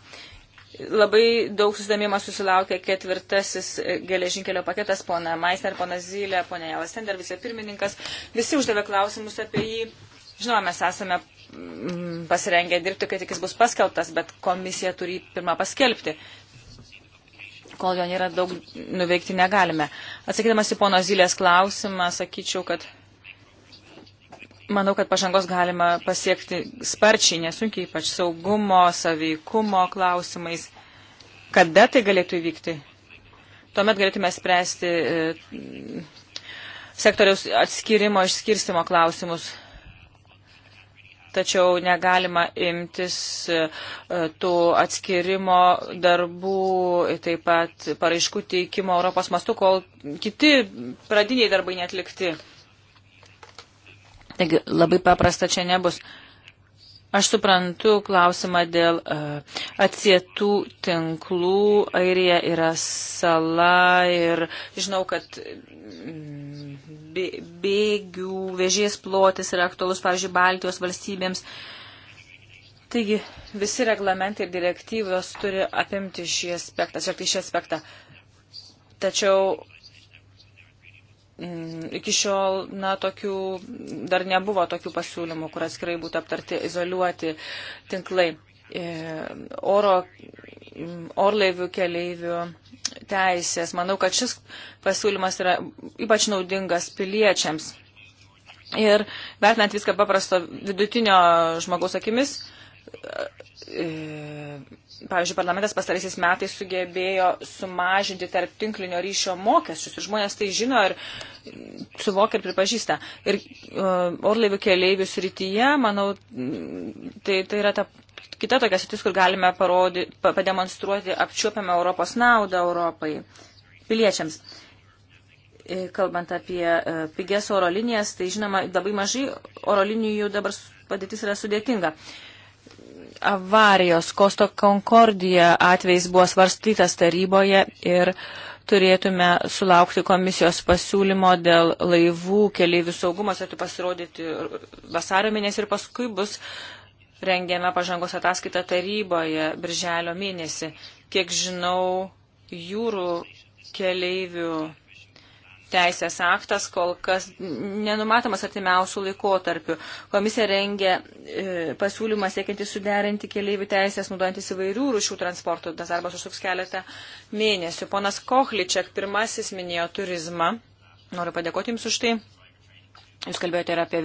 Labai daug susidomimo susilaukė ketvirtasis geležinkelio paketas, pona Maisner, pona Zylė, pona Javastender, visi pirmininkas. Visi uždavė klausimus apie jį. Žinoma, mes esame mm, pasirengę dirbti, kai tik jis bus paskelbtas, bet komisija turi pirmą paskelbti. Kol jo nėra daug nuveikti negalime. Atsakydamas į pono Zylės klausimą, sakyčiau, kad Manau, kad pažangos galima pasiekti sparčiai, nesunkiai, ypač saugumo, saveikumo klausimais. Kada tai galėtų įvykti? Tuomet galėtume spręsti e, sektoriaus atskirimo, išskirstimo klausimus. Tačiau negalima imtis e, tų atskirimo darbų, taip pat paraiškų teikimo Europos mastu, kol kiti pradiniai darbai netlikti. Taigi labai paprasta čia nebus. Aš suprantu klausimą dėl uh, atsietų tinklų. Airija yra sala ir žinau, kad mm, bėgių vežės plotis yra aktualus, pavyzdžiui, Baltijos valstybėms. Taigi visi reglamentai ir direktyvos turi apimti šį aspektą, šiek tiek šį aspektą. Tačiau Mm, iki šiol, na, tokių, dar nebuvo tokių pasiūlymų, kur atskirai būtų aptarti izoliuoti tinklai e, oro, mm, orlaivių keleivių teisės. Manau, kad šis pasiūlymas yra ypač naudingas piliečiams. Ir vertinant viską paprasto vidutinio žmogaus akimis, e, pavyzdžiui, parlamentas pastaraisiais metais sugebėjo sumažinti tarp tinklinio ryšio mokesčius ir žmonės tai žino ir suvokia ir pripažįsta. Ir uh, orlaivių keleivių srityje, manau, tai, tai yra ta kita tokia sritis, kur galime parodi, pa, pademonstruoti apčiuopiamą Europos naudą Europai piliečiams. E, kalbant apie uh, pigias oro linijas, tai žinoma, labai mažai oro linijų dabar padėtis yra sudėtinga. Uh, avarijos Kosto Konkordija atvejs buvo svarstytas taryboje ir turėtume sulaukti komisijos pasiūlymo dėl laivų keliaivių saugumo, turėtų pasirodyti vasario mėnesį ir paskui bus rengiama pažangos ataskaita taryboje birželio mėnesį. Kiek žinau, jūrų keliaivių teisės aktas kol kas nenumatomas artimiausių laikotarpių. Komisija rengia e, pasiūlymą siekianti suderinti keliaivių teisės, naudojantis įvairių rūšių transportų. Tas darbas užtruks keletą mėnesių. Ponas Kohličiak pirmasis minėjo turizmą. Noriu padėkoti Jums už tai. Jūs kalbėjote ir apie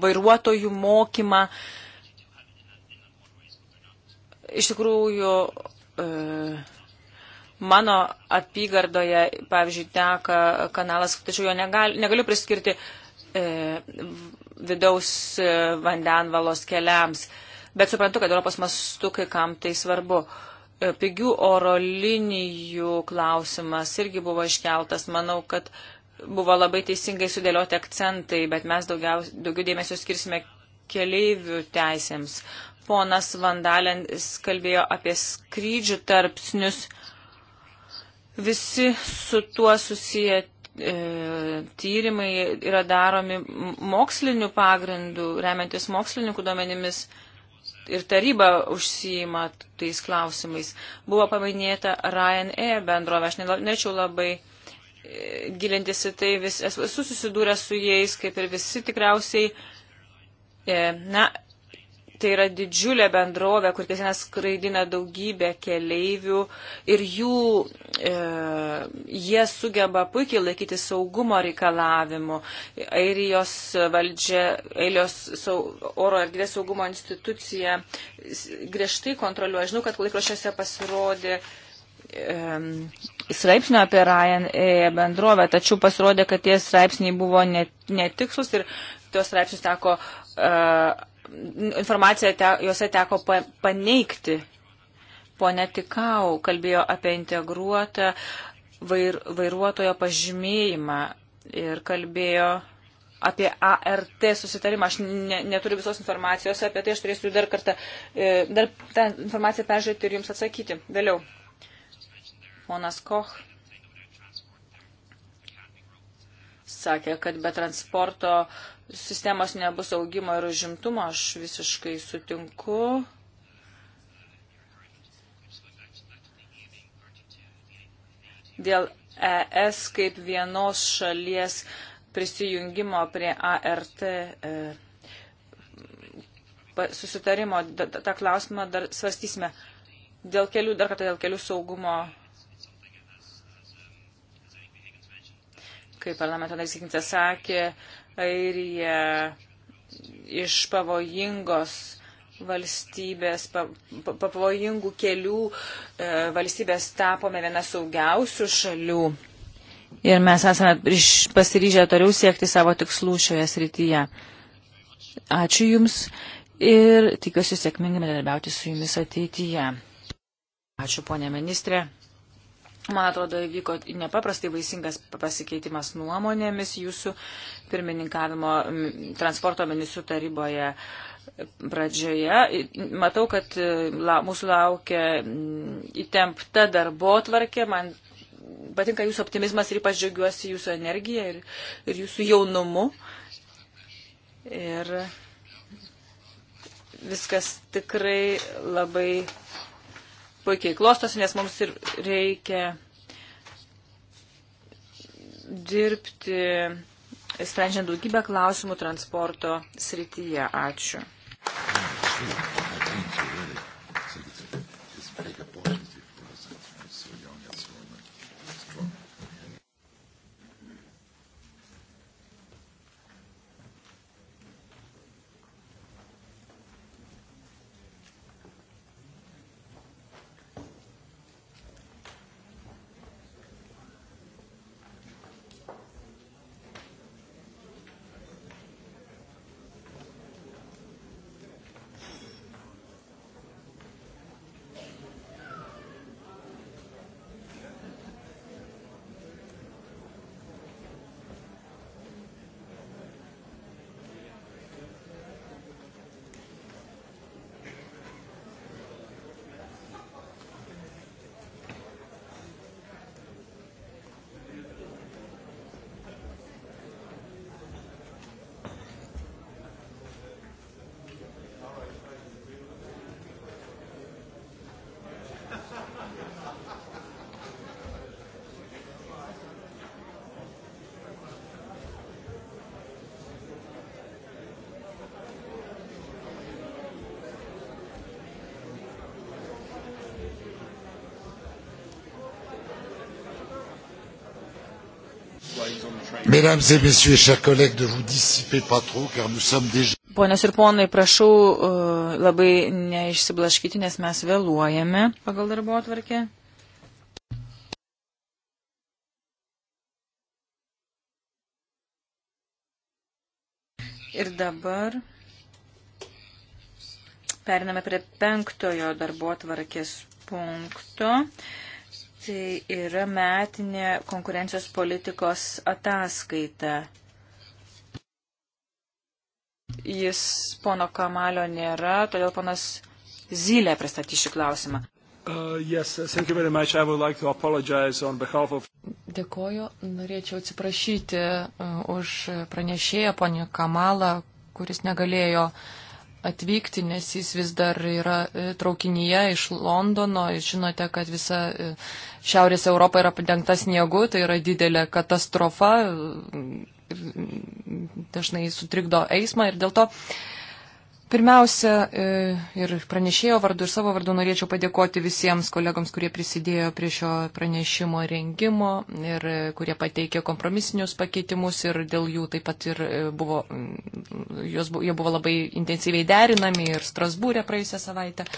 vairuotojų mokymą. Iš tikrųjų, e, Mano apygardoje, pavyzdžiui, teka kanalas, tačiau jo negal, negaliu priskirti e, vidaus e, vandenvalos keliams. Bet suprantu, kad Europos mastu kai kam tai svarbu. E, pigių oro linijų klausimas irgi buvo iškeltas. Manau, kad buvo labai teisingai sudėlioti akcentai, bet mes daugiau, daugiau dėmesio skirsime keleivių teisėms. Ponas Vandalens kalbėjo apie skrydžių tarpsnius Visi su tuo susiję e, tyrimai yra daromi mokslinių pagrindų, remiantis mokslininkų duomenimis ir taryba užsijima tais klausimais. Buvo paminėta Ryanair bendrovė, aš nenorėčiau labai e, gilintis į tai, vis, esu susidūręs su jais, kaip ir visi tikriausiai, e, na, tai yra didžiulė bendrovė, kur kasdien skraidina daugybę keleivių ir jų, e, jie sugeba puikiai laikyti saugumo reikalavimų. Airijos valdžia, Airijos sau, oro erdvės saugumo institucija griežtai kontroliuoja. Žinau, kad laikrašiuose pasirodė straipsnio apie Ryanair e, bendrovę, tačiau pasirodė, kad tie straipsniai buvo net, netikslus ir tuos straipsnius teko uh, informaciją te, juose teko pa, paneigti. Pone Tikau kalbėjo apie integruotą vair, vairuotojo pažymėjimą ir kalbėjo apie ART susitarimą. Aš ne, neturiu visos informacijos apie tai, aš turėsiu dar kartą e, dar tą informaciją peržiūrėti ir jums atsakyti vėliau. Ponas Koch sakė, kad be transporto uh, sistemos nebus augimo ir užimtumo, aš visiškai sutinku. Dėl ES kaip vienos šalies prisijungimo prie ART e, susitarimo, tą klausimą dar svarstysime. Dėl kelių, dar kartą dėl kelių saugumo Kaip parlamento narys Kintas sakė, Airija iš pavojingos valstybės, pavojingų pa, pa, kelių e, valstybės tapome viena saugiausių šalių. Ir mes esame pasiryžę toliau siekti savo tikslų šioje srityje. Ačiū Jums ir tikiuosi sėkmingai bendradarbiauti su Jumis ateityje. Ačiū, ponė ministrė. Man atrodo, įvyko nepaprastai vaisingas pasikeitimas nuomonėmis jūsų pirmininkavimo transporto ministrų taryboje pradžioje. Matau, kad e, la, mūsų laukia įtempta darbo tvarkė. Man patinka jūsų optimizmas ir ypač džiaugiuosi jūsų energija ir, ir jūsų jaunumu. Ir viskas tikrai labai puikiai klostosi, nes mums ir reikia dirbti, sprendžiant daugybę klausimų transporto srityje. Ačiū. Ačiū. Mesdames et messieurs, chers collègues, ne vous dissipez pas trop, car nous sommes déjà. Ponios ir ponai, prašau uh, labai neišsiblaškyti, nes mes vėluojame pagal darbo atvarkę. Ir dabar periname prie penktojo darbo atvarkės punkto. Uh, Tai yra metinė konkurencijos politikos ataskaita. Jis pono Kamalio nėra, todėl ponas Zylė pristatys šį klausimą. Uh, yes, like of... Dėkoju, norėčiau atsiprašyti uh, už pranešėją ponį Kamalą, kuris negalėjo uh, atvykti, nes jis vis dar yra e, traukinyje iš Londono. Žinote, kad visa e, Šiaurės Europa yra padengta sniegu, tai yra didelė katastrofa, dažnai sutrikdo eismą ir dėl to uh, Pirmiausia, e, ir pranešėjo vardu, ir savo vardu norėčiau padėkoti visiems kolegams, kurie prisidėjo prie šio pranešimo rengimo ir e, kurie pateikė kompromisinius pakeitimus ir dėl jų taip pat ir e, buvo, mm, jos, jie buvo labai intensyviai derinami ir Strasbūrė praėjusią savaitę.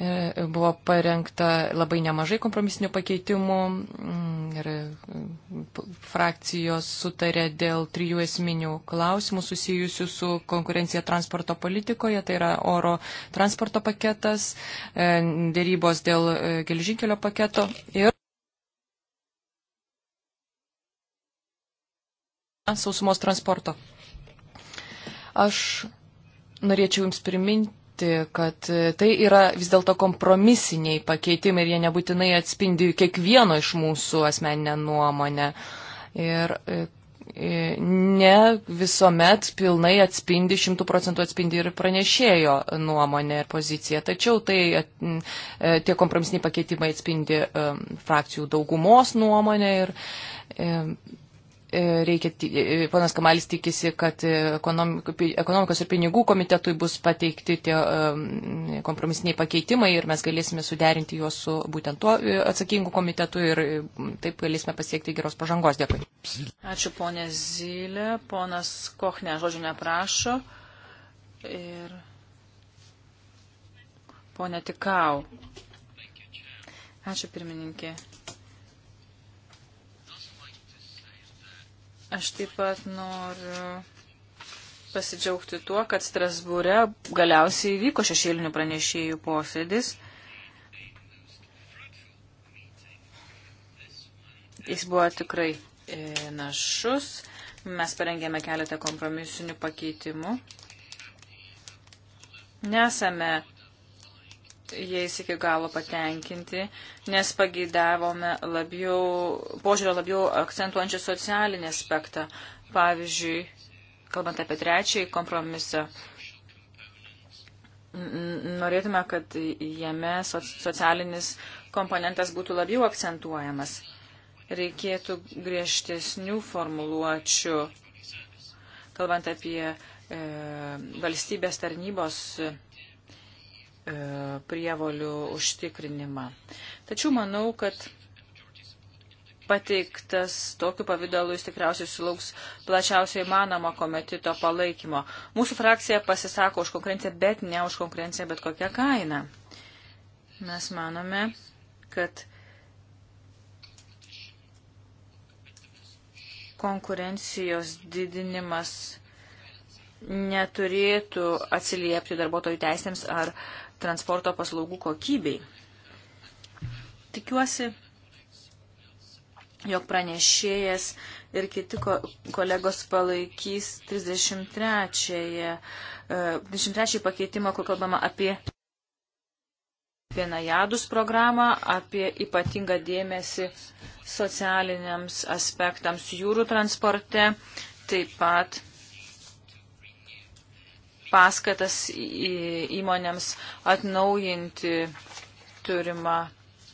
E, buvo parengta labai nemažai kompromisinių pakeitimų mm, ir e, frakcijos sutarė dėl trijų esminių klausimų susijusių su konkurencija transporto politikoje, tai yra oro transporto paketas, e, dėrybos dėl gelžinkelio paketo ir sausumos transporto. Aš norėčiau Jums priminti, pasakyti, kad e, tai yra vis dėlto kompromisiniai pakeitimai ir jie nebūtinai atspindi kiekvieno iš mūsų asmeninę nuomonę. Ir e, e, ne visuomet pilnai atspindi, šimtų procentų atspindi ir pranešėjo nuomonę ir poziciją. Tačiau tai, tie kompromisiniai pakeitimai atspindi frakcijų daugumos nuomonę ir E, reikia, e, ponas Kamalis tikisi, kad ekonomikos ir pinigų komitetui bus pateikti tie e, kompromisiniai pakeitimai ir mes galėsime suderinti juos su būtent tuo atsakingu komitetu ir taip galėsime pasiekti geros pažangos. Dėkui. Ačiū ponė Zylė, ponas Kochne žodžiu neprašo ir ponė Tikau. Ačiū pirmininkė. Aš taip pat noriu pasidžiaugti tuo, kad Strasbūre galiausiai vyko šešėlinių pranešėjų posėdis. Jis buvo tikrai e, našus. Mes parengėme keletą kompromisinių pakeitimų. Nesame jais iki galo patenkinti, nes pageidavome labiau, požiūrio labiau akcentuojančią socialinį aspektą. Pavyzdžiui, kalbant apie trečiąjį kompromisą, norėtume, kad jame socialinis komponentas būtų labiau akcentuojamas. Reikėtų griežtesnių formuluočių, kalbant apie e, valstybės tarnybos E, prievolių užtikrinimą. Tačiau manau, kad pateiktas tokiu pavydalu jis tikriausiai sulauks plačiausiai manoma kometito palaikymo. Mūsų frakcija pasisako už konkurenciją, bet ne už konkurenciją, bet kokią kainą. Mes manome, kad konkurencijos didinimas neturėtų atsiliepti darbuotojų teisėms ar uh, transporto paslaugų kokybei. Tikiuosi, jog pranešėjas ir kiti ko, kolegos palaikys 33, 33 e, pakeitimą, kur kalbama apie apie najadus programą, apie ypatingą dėmesį socialiniams aspektams jūrų transporte, taip pat paskatas įmonėms atnaujinti turimą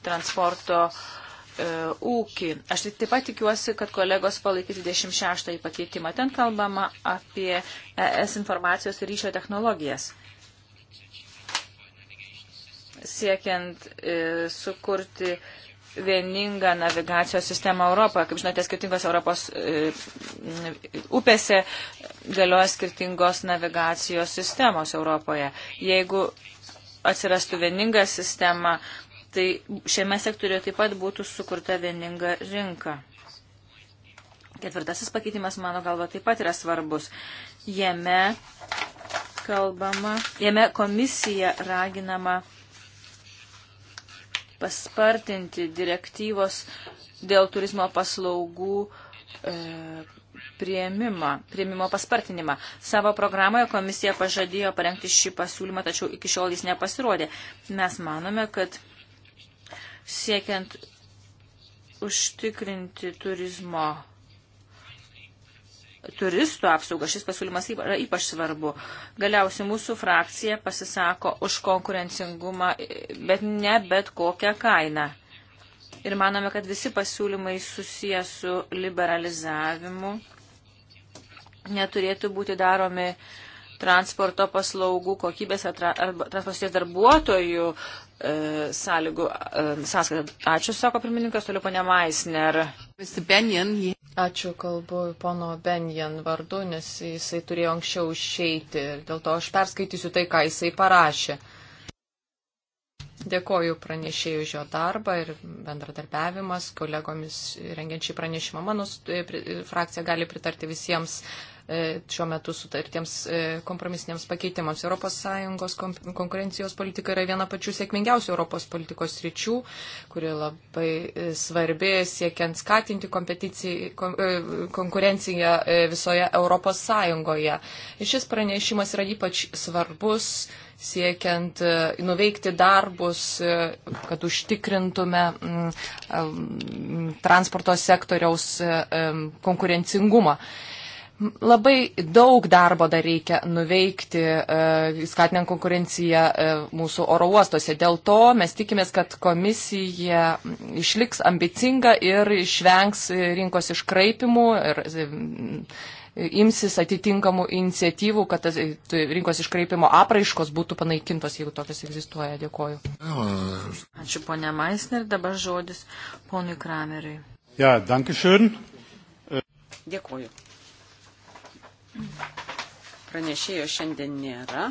transporto e, ūkį. Aš tai taip pat tikiuosi, kad kolegos palaikys 26 pakeitimą. Ten kalbama apie ES informacijos ir ryšio technologijas. Siekiant e, sukurti e, vieningą navigacijos sistemą Europoje. Kaip žinote, skirtingos Europos e, upėse galioja skirtingos navigacijos sistemos Europoje. Jeigu atsirastų vieninga sistema, tai šiame sektoriuje taip pat būtų sukurta vieninga rinka. Ketvirtasis pakeitimas, mano galva, taip pat yra svarbus. Jame kalbama, jame komisija raginama paspartinti direktyvos dėl turizmo paslaugų e, prieimimą, prieimimo paspartinimą. Savo programoje komisija pažadėjo parengti šį pasiūlymą, tačiau iki šiol jis nepasirodė. Mes manome, kad siekiant užtikrinti turizmo turistų apsaugą. Šis pasiūlymas yra ypač svarbu. Galiausiai mūsų frakcija pasisako už konkurencingumą, e, bet ne bet kokią kainą. Ir manome, kad visi pasiūlymai susijęs su liberalizavimu neturėtų būti daromi transporto paslaugų kokybės ar transportės darbuotojų E, sąlygų e, sąskaitą. Ačiū, sako pirmininkas, toliau ponė Maisner. Ačiū, kalbu pono Benjen vardu, nes jisai turėjo anksčiau išeiti ir dėl to aš perskaitysiu tai, ką jisai parašė. Dėkoju pranešėjų už jo darbą ir bendradarbiavimas kolegomis rengiant šį pranešimą. Mano frakcija gali pritarti visiems E, šiuo metu sutartiems e, kompromisiniams pakeitimams. ES konkurencijos politika yra viena pačių sėkmingiausių Europos politikos ryčių, kuri labai e, svarbi siekiant skatinti konkurenciją visoje ES. Šis pranešimas yra ypač svarbus siekiant nuveikti darbus, kad užtikrintume mm, mm, transporto sektoriaus konkurencingumą. Labai daug darbo dar reikia nuveikti, e, skatinant konkurenciją e, mūsų oro uostuose. Dėl to mes tikimės, kad komisija išliks ambicinga ir išvengs rinkos iškraipimų ir e, imsis atitinkamų iniciatyvų, kad tas rinkos iškraipimo apraiškos būtų panaikintos, jeigu tokios egzistuoja. Dėkoju. Ačiū ponia Maisner, dabar žodis ponui Krameriui. Ja, dankeschön. Dėkoju. Pranešėjo šiandien nėra,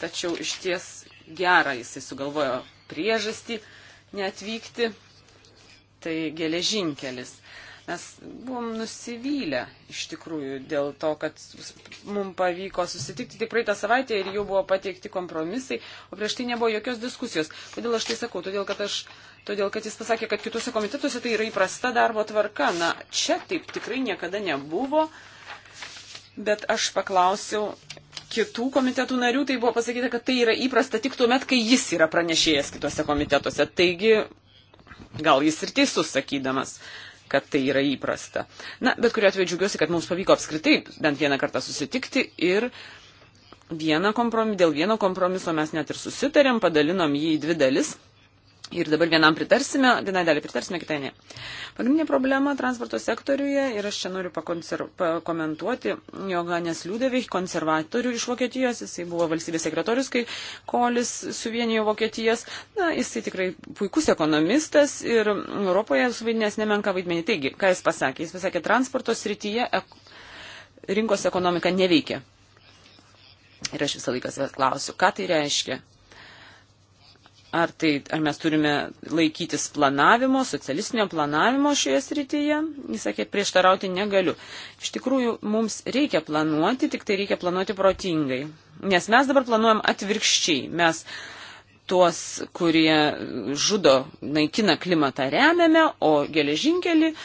tačiau iš ties gerą jisai sugalvojo priežastį neatvykti. Tai geležinkelis. Mes buvom nusivylę iš tikrųjų dėl to, kad mums pavyko susitikti tik praeitą savaitę ir jau buvo pateikti kompromisai, o prieš tai nebuvo jokios diskusijos. Kodėl aš tai sakau? Todėl, kad aš Todėl, kad jis pasakė, kad kitose komitetuose tai yra įprasta darbo tvarka. Na, čia taip tikrai niekada nebuvo bet aš paklausiau kitų komitetų narių, tai buvo pasakyta, kad tai yra įprasta tik tuo met, kai jis yra pranešėjęs kitose komitetuose. Taigi, gal jis ir teisus sakydamas kad tai yra įprasta. Na, bet kuriuo atveju džiugiuosi, kad mums pavyko apskritai bent vieną kartą susitikti ir vieną kompromis, dėl vieno kompromiso mes net ir susitarėm, padalinom jį į dvi dalis. Ir dabar vienam pritarsime, vienai dalį pritarsime, kitai ne. Pagrindinė problema transporto sektoriuje, ir aš čia noriu pakomentuoti, Joganės Liudevich, konservatorių iš Vokietijos, jisai buvo valstybės sekretorius, kai Kolis suvienijo Vokietijas. Na, jisai tikrai puikus ekonomistas ir Europoje suvaidinės nemenka vaidmenį. Taigi, ką jis pasakė? Jis pasakė, transporto srityje ek... rinkos ekonomika neveikia. Ir aš visą laiką savęs klausiu, ką tai reiškia? ar, tai, ar mes turime laikytis planavimo, socialistinio planavimo šioje srityje. Jis sakė, prieštarauti negaliu. Iš tikrųjų, mums reikia planuoti, tik tai reikia planuoti protingai. Nes mes dabar planuojam atvirkščiai. Mes tuos, kurie žudo, naikina klimatą remiame, o geležinkelį uh,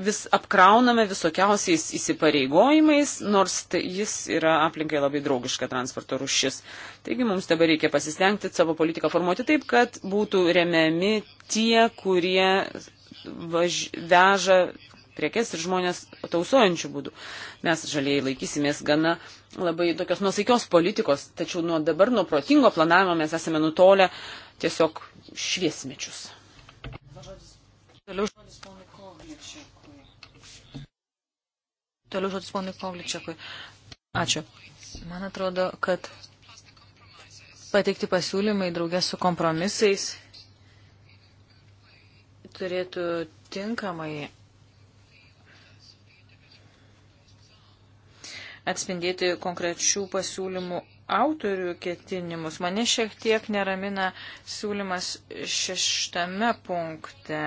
vis apkrauname visokiausiais įsipareigojimais, nors tai jis yra aplinkai labai draugiška transporto rušis. Taigi mums dabar reikia pasistengti savo politiką formuoti taip, kad būtų remiami tie, kurie važ... veža priekes ir žmonės tausojančių būdų. Mes žalieji laikysimės gana labai tokios nusaikios politikos, tačiau nuo dabar, nuo protingo planavimo mes esame nutolę tiesiog šviesmečius. Toliau žodis ponas. Toliau žodis ponui Pavličiakui. Ačiū. Man atrodo, kad pateikti pasiūlymai draugės su kompromisais turėtų tinkamai atspindėti konkrečių pasiūlymų autorių ketinimus. Mane šiek tiek neramina siūlymas šeštame punkte.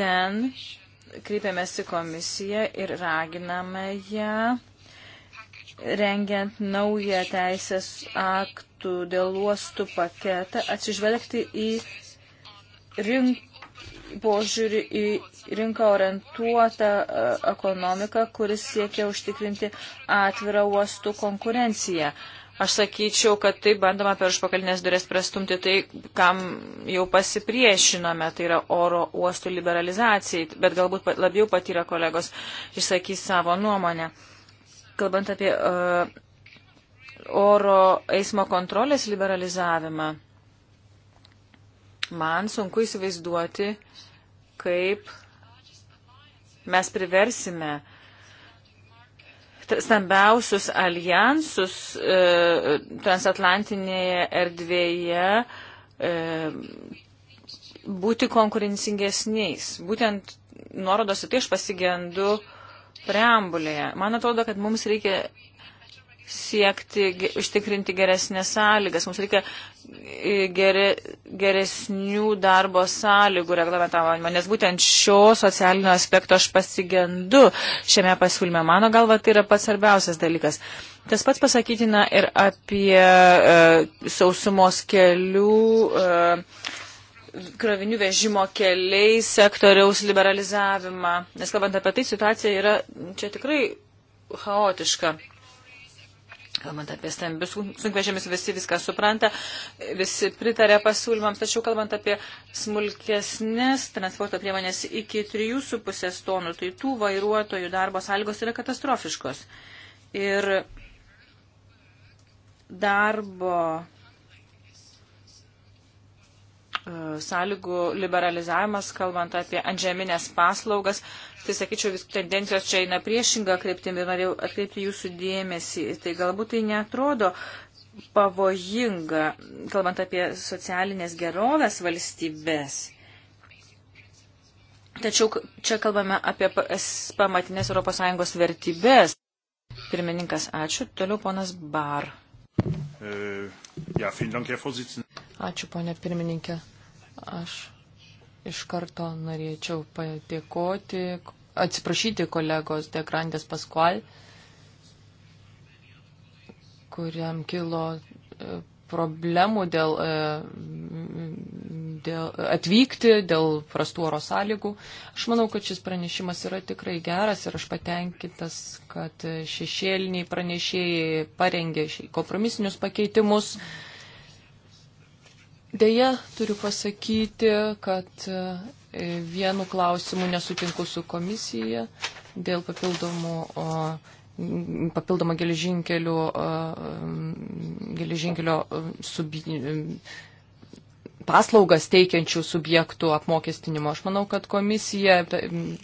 Ten kreipiamės į komisiją ir raginame ją, rengiant naują teisės aktų dėl uostų paketą, atsižvelgti į rink, požiūrį į rinką orientuotą e, ekonomiką, kuris siekia užtikrinti atvirą uostų konkurenciją. Aš sakyčiau, kad tai bandoma per užpakalinės durės prastumti tai, kam jau pasipriešinome, tai yra oro uostų liberalizacijai, bet galbūt labiau patyrę kolegos išsakys savo nuomonę. Kalbant apie uh, oro eismo kontrolės liberalizavimą, man sunku įsivaizduoti, kaip mes priversime stambiausius alijansus e, transatlantinėje erdvėje e, būti konkurencingesniais. Būtent nuorodos į tai aš pasigendu preambulėje. Man atrodo, kad mums reikia siekti, užtikrinti geresnės sąlygas. Mums reikia e, gere, geresnių darbo sąlygų reglamentavimo, nes būtent šio socialinio aspekto aš pasigendu šiame pasiūlyme. Mano galva, tai yra pats svarbiausias dalykas. Tas pats pasakytina ir apie e, sausumos kelių. E, krovinių vežimo keliai sektoriaus liberalizavimą. Nes kalbant apie tai, situacija yra čia tikrai chaotiška. Kalbant apie stambius sunkvežimius, visi viską supranta, visi pritarė pasiūlymams, tačiau kalbant apie smulkesnės transporto priemonės iki 3,5 tonų, tai tų vairuotojų darbo sąlygos yra katastrofiškos. Ir darbo E, sąlygų liberalizavimas, kalbant apie antžeminės paslaugas. Tai sakyčiau, vis tendencijos čia eina priešinga kryptimi, norėjau atkreipti jūsų dėmesį. Tai galbūt tai netrodo pavojinga, kalbant apie socialinės gerovės valstybės. Tačiau čia kalbame apie pamatinės ES vertybės. Pirmininkas, ačiū. Toliau ponas Bar. Äh, Ačiū, ponė pirmininkė. Aš iš karto norėčiau padėkoti, atsiprašyti kolegos De Grandės Paskual, kuriam kilo e, problemų dėl e, dėl, atvykti dėl prastų oro sąlygų. Aš manau, kad šis pranešimas yra tikrai geras ir aš patenkintas, kad šešėliniai pranešėjai parengė kompromisinius pakeitimus. Deja, turiu pasakyti, kad e, vienu klausimu nesutinku su komisija dėl papildomų. O, papildomą geležinkelio, geležinkelio sub, paslaugas teikiančių subjektų apmokestinimo. Aš manau, kad komisija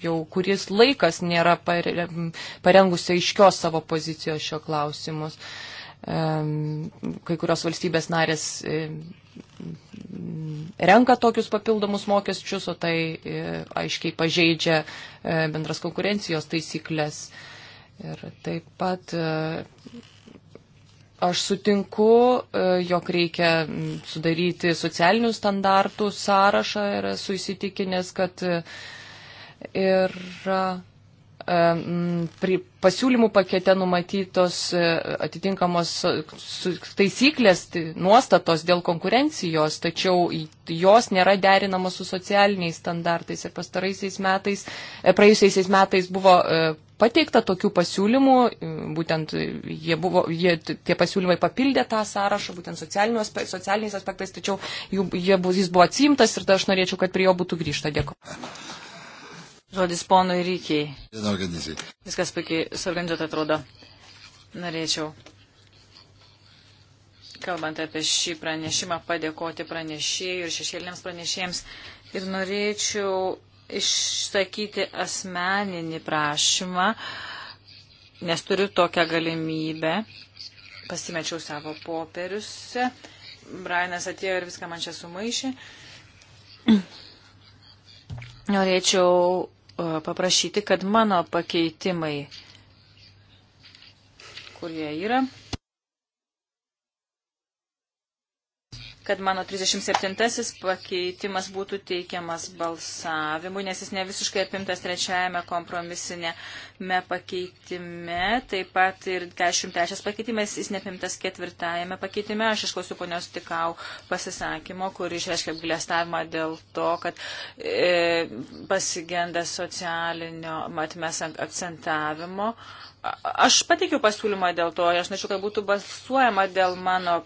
jau kuris laikas nėra parengusi aiškios savo pozicijos šio klausimus. Kai kurios valstybės narės renka tokius papildomus mokesčius, o tai e, aiškiai pažeidžia e, bendras konkurencijos taisyklės. Ir taip pat e, Aš sutinku, e, jog reikia sudaryti socialinių standartų sąrašą ir esu įsitikinęs, kad e, yra e, pasiūlymų pakete numatytos atitinkamos taisyklės, tai nuostatos dėl konkurencijos, tačiau jos nėra derinamos su socialiniais standartais. Ir pastaraisiais metais, praėjusiais metais buvo pateikta tokių pasiūlymų, e, būtent jie buvo, jie, tie pasiūlymai papildė tą sąrašą, būtent aspe, socialiniais aspektais, tačiau jų, jie, jis buvo atsimtas ir tai aš norėčiau, kad prie jo būtų grįžta. Dėkuoju. Žodis ponui Rykiai. Viskas puikiai suorganizuota atrodo. Norėčiau, kalbant apie šį pranešimą, padėkoti pranešėjui ir šešėliniams pranešėjams. Ir norėčiau išsakyti asmeninį prašymą, nes turiu tokią galimybę. Pasimečiau savo popierius. Brainas atėjo ir viską man čia sumaišė. Norėčiau e, paprašyti, kad mano pakeitimai, kurie yra, kad mano 37 pakeitimas būtų teikiamas balsavimui, nes jis ne visiškai apimtas trečiajame kompromisinėme pakeitime, taip pat ir 43 pakeitimas, jis neapimtas ketvirtajame pakeitime. Aš išklausiu ponios Tikau pasisakymo, kur išreiškia apgilėstavimą dėl to, kad e, pasigenda socialinio matmes akcentavimo. Aš pateikiau pasiūlymą dėl to, aš nežinau, kad būtų balsuojama dėl mano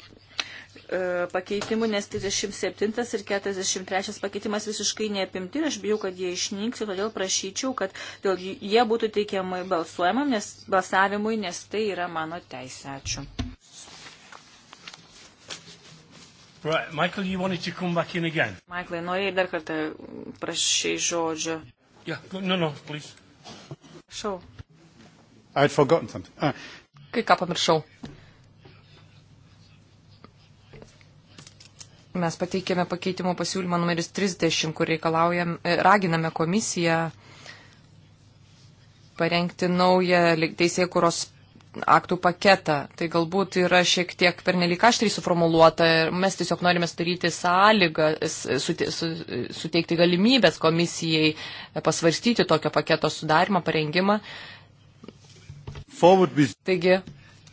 E, pakeitimų, nes 37 ir 43 pakeitimas visiškai neapimti ir aš bijau, kad jie išnyks, todėl prašyčiau, kad dėl jie būtų teikiamai balsuojamam, nes balsavimui, nes tai yra mano teisė. Ačiū. Right, Michael, you wanted to come back in again. Michael, norėjai dar kartą prašai žodžio. Yeah, no, no, please. Prašau. I'd forgotten something. Ah. Kai ką pamiršau. Mes pateikėme pakeitimo pasiūlymą numeris 30, kur e, raginame komisiją parengti naują teisėkuros aktų paketą. Tai galbūt yra šiek tiek pernelyg aštriai suformuoluota ir mes tiesiog norime sudaryti sąlygą, suteikti galimybės komisijai pasvarstyti tokio paketo sudarimą, parengimą. Taigi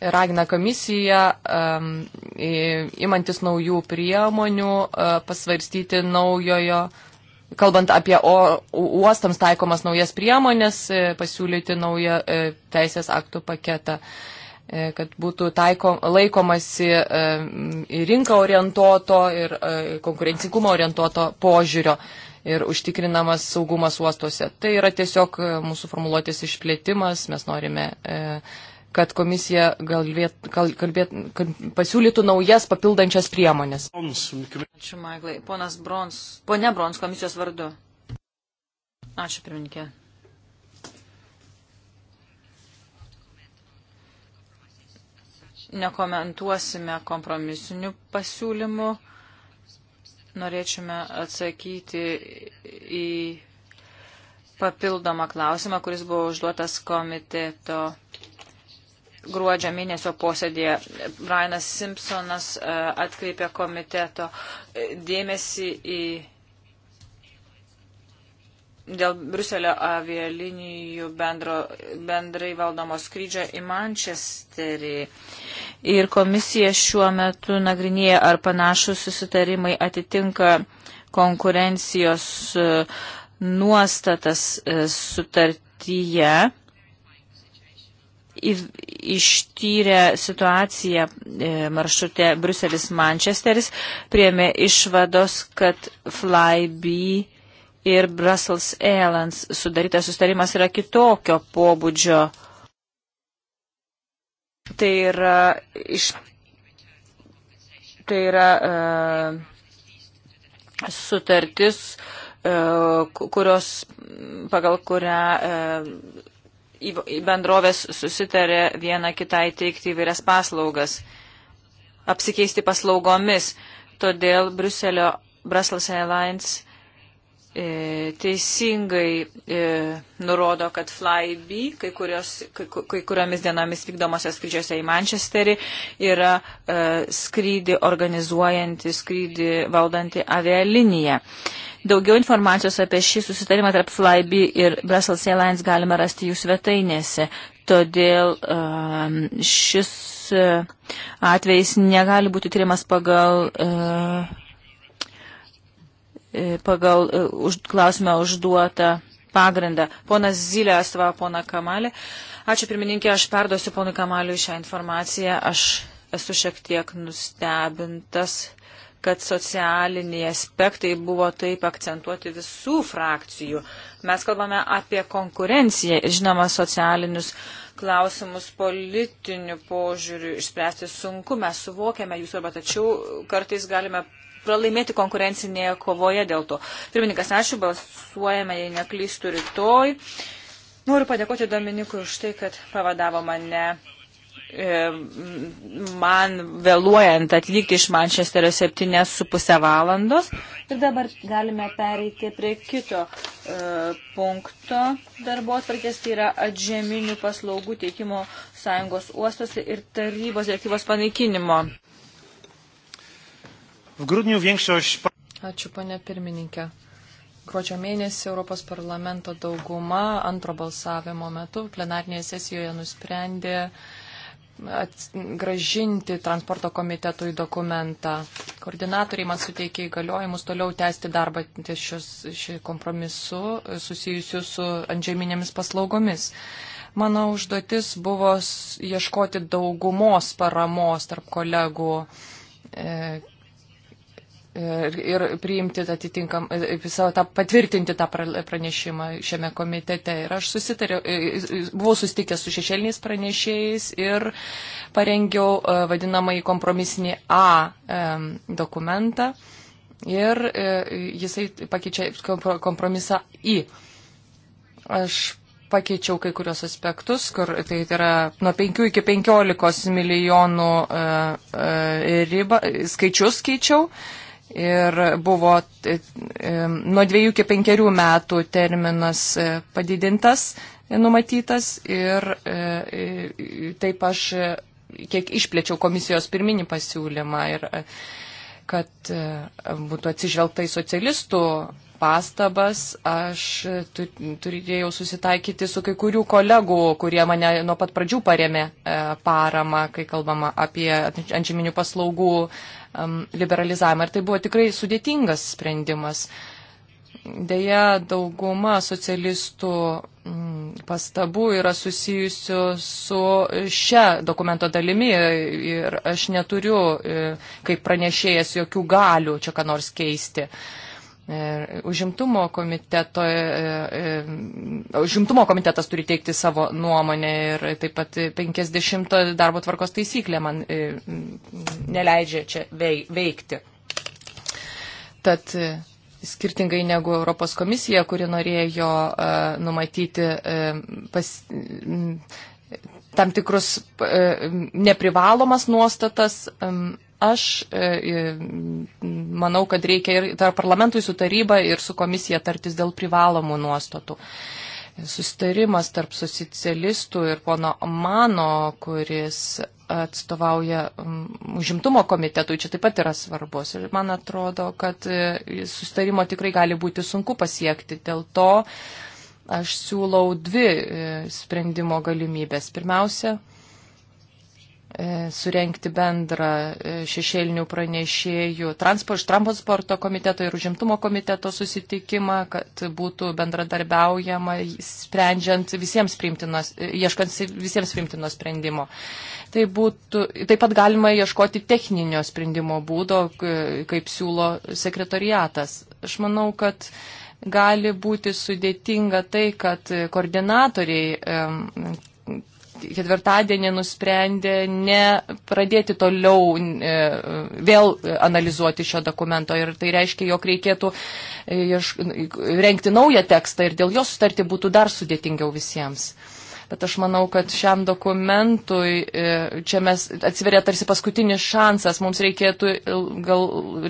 ragina komisiją, imantis naujų priemonių, e, pasvarstyti naujojo, kalbant apie uostams taikomas naujas priemonės, e, pasiūlyti naują e, teisės aktų paketą kad būtų taiko, laikomasi į rinką orientuoto ir konkurencingumo orientuoto požiūrio ir užtikrinamas saugumas uostuose. Tai yra tiesiog mūsų formuluotės išplėtimas, mes norime kad komisija galvėt, kalbėt, kad pasiūlytų naujas papildančias priemonės. Ačiū, Maiklai. Ponas Brons, ponė Brons komisijos vardu. Ačiū, pirmininkė. Nekomentuosime kompromisinių pasiūlymų. Norėčiau atsakyti į papildomą klausimą, kuris buvo užduotas komiteto gruodžio mėnesio posėdėje Brianas Simpsonas e, atkreipė komiteto e, dėmesį į dėl Bruselio avialinijų bendro, bendrai valdomo skrydžio į Mančesterį. Ir komisija šiuo metu nagrinėja, ar panašus susitarimai atitinka konkurencijos e, nuostatas sutartyje ištyrė situaciją e, maršrute Bruselis-Manchesteris, priemė išvados, kad Flybe ir Brussels Airlines sudarytas sustarimas yra kitokio pobūdžio. Tai yra, iš, tai yra e, sutartis, e, kurios pagal kurią e, bendrovės susitarė viena kitai teikti įvairias paslaugas, apsikeisti paslaugomis. Todėl Bruselio Brussels Airlines e, teisingai e, nurodo, kad Flybe, kai, kurios, kai, kai kuriomis dienomis vykdomosios skrydžiuose į Manchesterį, yra e, skrydį organizuojanti, skrydį valdanti avialinija. E, Daugiau informacijos apie šį susitarimą tarp Flybe ir Brussels Airlines galime rasti jų svetainėse. Todėl um, šis uh, atvejs negali būti tyrimas pagal uh, e, pagal uh, už, klausimą užduotą pagrindą. Ponas Zylė atstovauja poną Kamalį. Ačiū pirmininkė, aš perduosiu ponui Kamaliui šią informaciją. Aš esu šiek tiek nustebintas kad socialiniai aspektai buvo taip akcentuoti visų frakcijų. Mes kalbame apie konkurenciją ir žinoma socialinius klausimus politiniu požiūriu išspręsti sunku. Mes suvokiame jūsų arba tačiau kartais galime pralaimėti konkurencinėje kovoje dėl to. Pirmininkas, ačiū, balsuojame, jei neklystų rytoj. Noriu padėkoti Dominikui už tai, kad pavadavo mane man vėluojant atlikti iš Mančesterio 7,5 valandos. Ir dabar galime pereiti prie kito e, punkto darbo atvarkės, tai yra atžeminių paslaugų teikimo sąjungos uostose ir tarybos direktyvos panaikinimo. Ačiū, ponė pirmininkė. Gruodžio mėnesį Europos parlamento dauguma antro balsavimo metu plenarnėje sesijoje nusprendė uh, gražinti transporto komitetui dokumentą. Koordinatoriai man suteikė įgaliojimus toliau tęsti darbą ties šios, šį kompromisu susijusiu su antžeminėmis paslaugomis. Mano užduotis buvo ieškoti daugumos paramos tarp kolegų e, ir, ir priimti atitinkam, savo tą, patvirtinti tą pranešimą šiame komitete. Ir aš susitariau, buvau susitikęs su šešėliniais pranešėjais ir parengiau e, vadinamąjį kompromisinį A e, dokumentą ir e, jisai pakeičia kompromisą į. Aš pakeičiau kai kurios aspektus, kur tai, tai yra nuo 5 iki 15 milijonų riba, skaičius keičiau ir buvo e, e, nuo dviejų iki penkerių metų terminas e, padidintas, numatytas ir taip aš kiek išplėčiau komisijos pirminį pasiūlymą ir kad būtų atsižvelgta į socialistų pastabas. Aš turėjau susitaikyti su kai kurių kolegų, kurie mane nuo pat pradžių paremė e, paramą, kai kalbama apie antžeminių paslaugų liberalizavimą. Ir tai buvo tikrai sudėtingas sprendimas. Deja, dauguma socialistų pastabų yra susijusių su šia dokumento dalimi ir aš neturiu, e, kaip pranešėjas, jokių galių čia ką nors keisti. Uh, Užimtumo, komiteto, e, e, e, užimtumo komitetas turi teikti savo nuomonę ir taip pat 50 darbo tvarkos taisyklė man neleidžia čia veikti. Tad skirtingai negu Europos komisija, kuri norėjo numatyti pas, tam tikrus neprivalomas nuostatas, Aš e, manau, kad reikia ir tarp parlamentui su taryba ir su komisija tartis dėl privalomų nuostatų. Sustarimas tarp socialistų ir pono Mano, kuris atstovauja užimtumo komitetui, čia taip pat yra svarbus. Ir man atrodo, kad e, sustarimo tikrai gali būti sunku pasiekti. Dėl to aš siūlau dvi e, sprendimo galimybės. Pirmiausia, E, surenkti bendrą e, šešėlinių pranešėjų transporto komiteto ir užimtumo komiteto susitikimą, kad būtų bendradarbiaujama, sprendžiant visiems priimtinos, e, ieškant visiems priimtino sprendimo. Tai būtų, taip pat galima ieškoti techninio sprendimo būdo, kaip siūlo sekretariatas. Aš manau, kad gali būti sudėtinga tai, kad koordinatoriai ketvirtadienį nusprendė nepradėti toliau e, vėl analizuoti šio dokumento ir tai reiškia, jog reikėtų e, renkti naują tekstą ir dėl jo sutarti būtų dar sudėtingiau visiems. Bet aš manau, kad šiam dokumentui e, čia mes atsiveria tarsi paskutinis šansas, mums reikėtų gal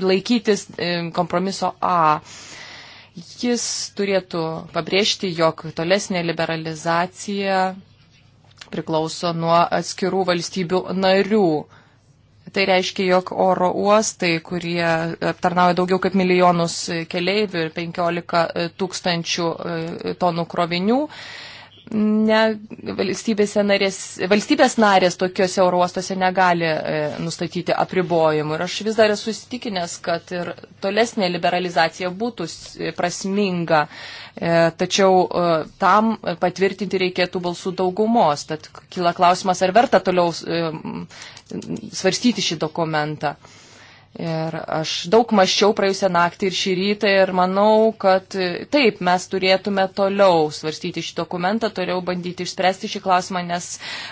laikytis kompromiso A. Jis turėtų pabrėžti, jog tolesnė liberalizacija priklauso nuo atskirų valstybių narių. Tai reiškia, jog oro uostai, kurie aptarnauja daugiau kaip milijonus keleivių ir 15 tūkstančių e, tonų krovinių, ne, narės, valstybės narės tokiuose oruostose negali e, nustatyti apribojimų. Ir aš vis dar esu įsitikinęs, kad ir tolesnė liberalizacija būtų e, prasminga, e, tačiau e, tam patvirtinti reikėtų balsų daugumos. Tad kyla klausimas, ar verta toliau e, svarstyti šį dokumentą. E, Ir aš daug maščiau praėjusią naktį ir šį rytą ir manau, kad e, taip, mes turėtume toliau svarstyti šį dokumentą, toliau bandyti išspręsti šį klausimą, nes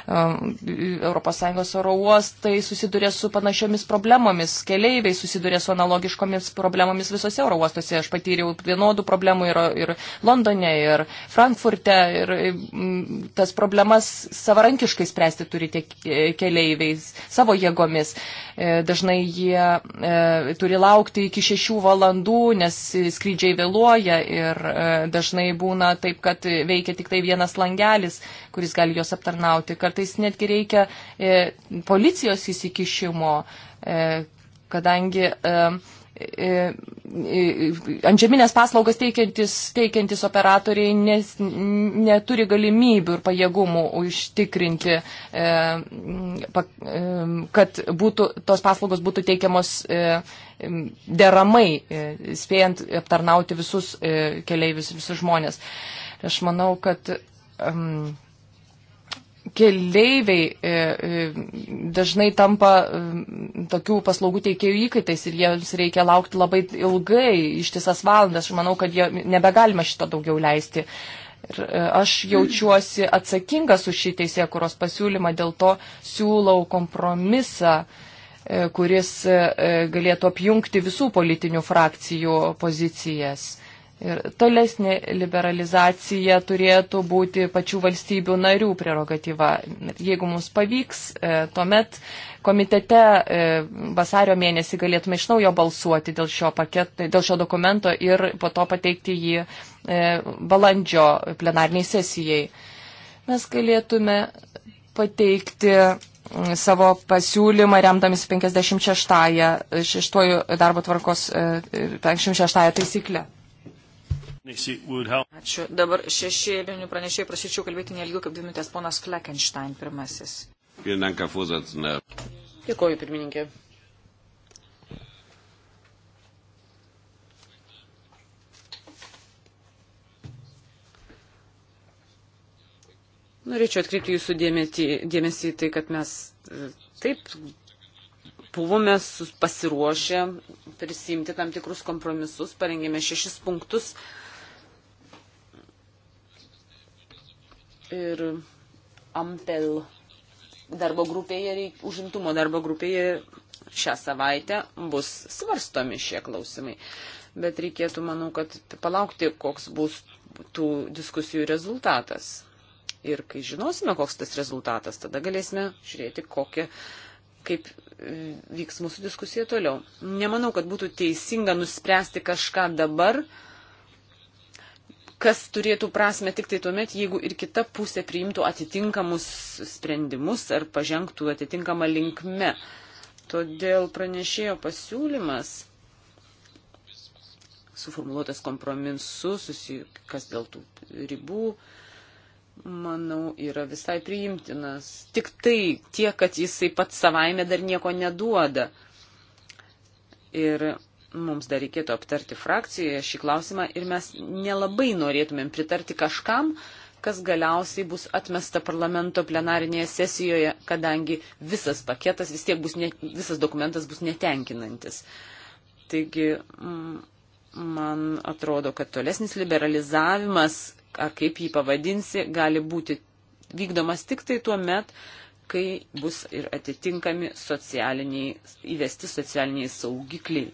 um, ES oro uostai susiduria su panašiomis problemomis, keleiviai susiduria su analogiškomis problemomis visose oro uostuose. Aš patyriau vienodų problemų ir, ir Londone, ir Frankfurte, ir mm, tas problemas savarankiškai spręsti turi tie keleiviai savo jėgomis. Uh, E, dažnai jie e, turi laukti iki šešių valandų, nes skrydžiai vėluoja ir e, dažnai būna taip, kad veikia tik tai vienas langelis, kuris gali juos aptarnauti. Kartais netgi reikia policijos įsikišimo, kadangi uh, E, e, antžeminės paslaugas teikiantis, teikiantis operatoriai nes, neturi galimybių ir pajėgumų užtikrinti, e, kad būtų, tos paslaugos būtų teikiamos deramai, spėjant aptarnauti visus keleivius, visus žmonės. Aš manau, kad um, keleiviai e, e, dažnai tampa e, tokių paslaugų teikėjų įkaitais ir jiems reikia laukti labai ilgai, ištisas valandas. Aš manau, kad jie nebegalima šito daugiau leisti. Ir aš jaučiuosi atsakingas už šį teisėkuros pasiūlymą, dėl to siūlau kompromisą, kuris galėtų apjungti visų politinių frakcijų pozicijas Ir tolesnė liberalizacija turėtų būti pačių valstybių narių prerogatyva. Jeigu mums pavyks, e, tuomet komitete e, vasario mėnesį galėtume iš naujo balsuoti dėl šio, paket, dėl šio dokumento ir po to pateikti jį e, balandžio plenarniai sesijai. Mes galėtume pateikti savo pasiūlymą remdamis 56 darbo tvarkos 56 taisyklę. Ačiū. Dabar šešėlinių pranešėjų prašyčiau kalbėti neilgiau kaip dvi minutės ponas Fleckenstein pirmasis. Dėkoju, pirmininkė. Norėčiau atkreipti jūsų dėmesį, dėmesį tai, kad mes e, taip buvome pasiruošę prisimti tam tikrus kompromisus, parengėme šešis punktus, ir Ampel darbo grupėje, užimtumo darbo grupėje šią savaitę bus svarstomi šie klausimai. Bet reikėtų, manau, kad palaukti, koks bus tų diskusijų rezultatas. Ir kai žinosime, koks tas rezultatas, tada galėsime žiūrėti, kokie, kaip e, vyks mūsų diskusija toliau. Nemanau, kad būtų teisinga nuspręsti kažką dabar, uh, kas turėtų prasme tik tai tuomet, jeigu ir kita pusė priimtų atitinkamus sprendimus ar pažengtų atitinkamą linkme. Todėl pranešėjo pasiūlymas suformuoluotas kompromisu, kas dėl tų ribų, manau, yra visai priimtinas. Tik tai tie, kad jisai pats savaime dar nieko neduoda. Ir mums dar reikėtų aptarti frakcijoje šį klausimą ir mes nelabai norėtumėm pritarti kažkam, kas galiausiai bus atmesta parlamento plenarinėje sesijoje, kadangi visas paketas, vis tiek bus ne, visas dokumentas bus netenkinantis. Taigi, mm, man atrodo, kad tolesnis liberalizavimas, ar kaip jį pavadinsi, gali būti vykdomas tik tai tuo met, kai bus ir atitinkami socialiniai, įvesti socialiniai saugikliai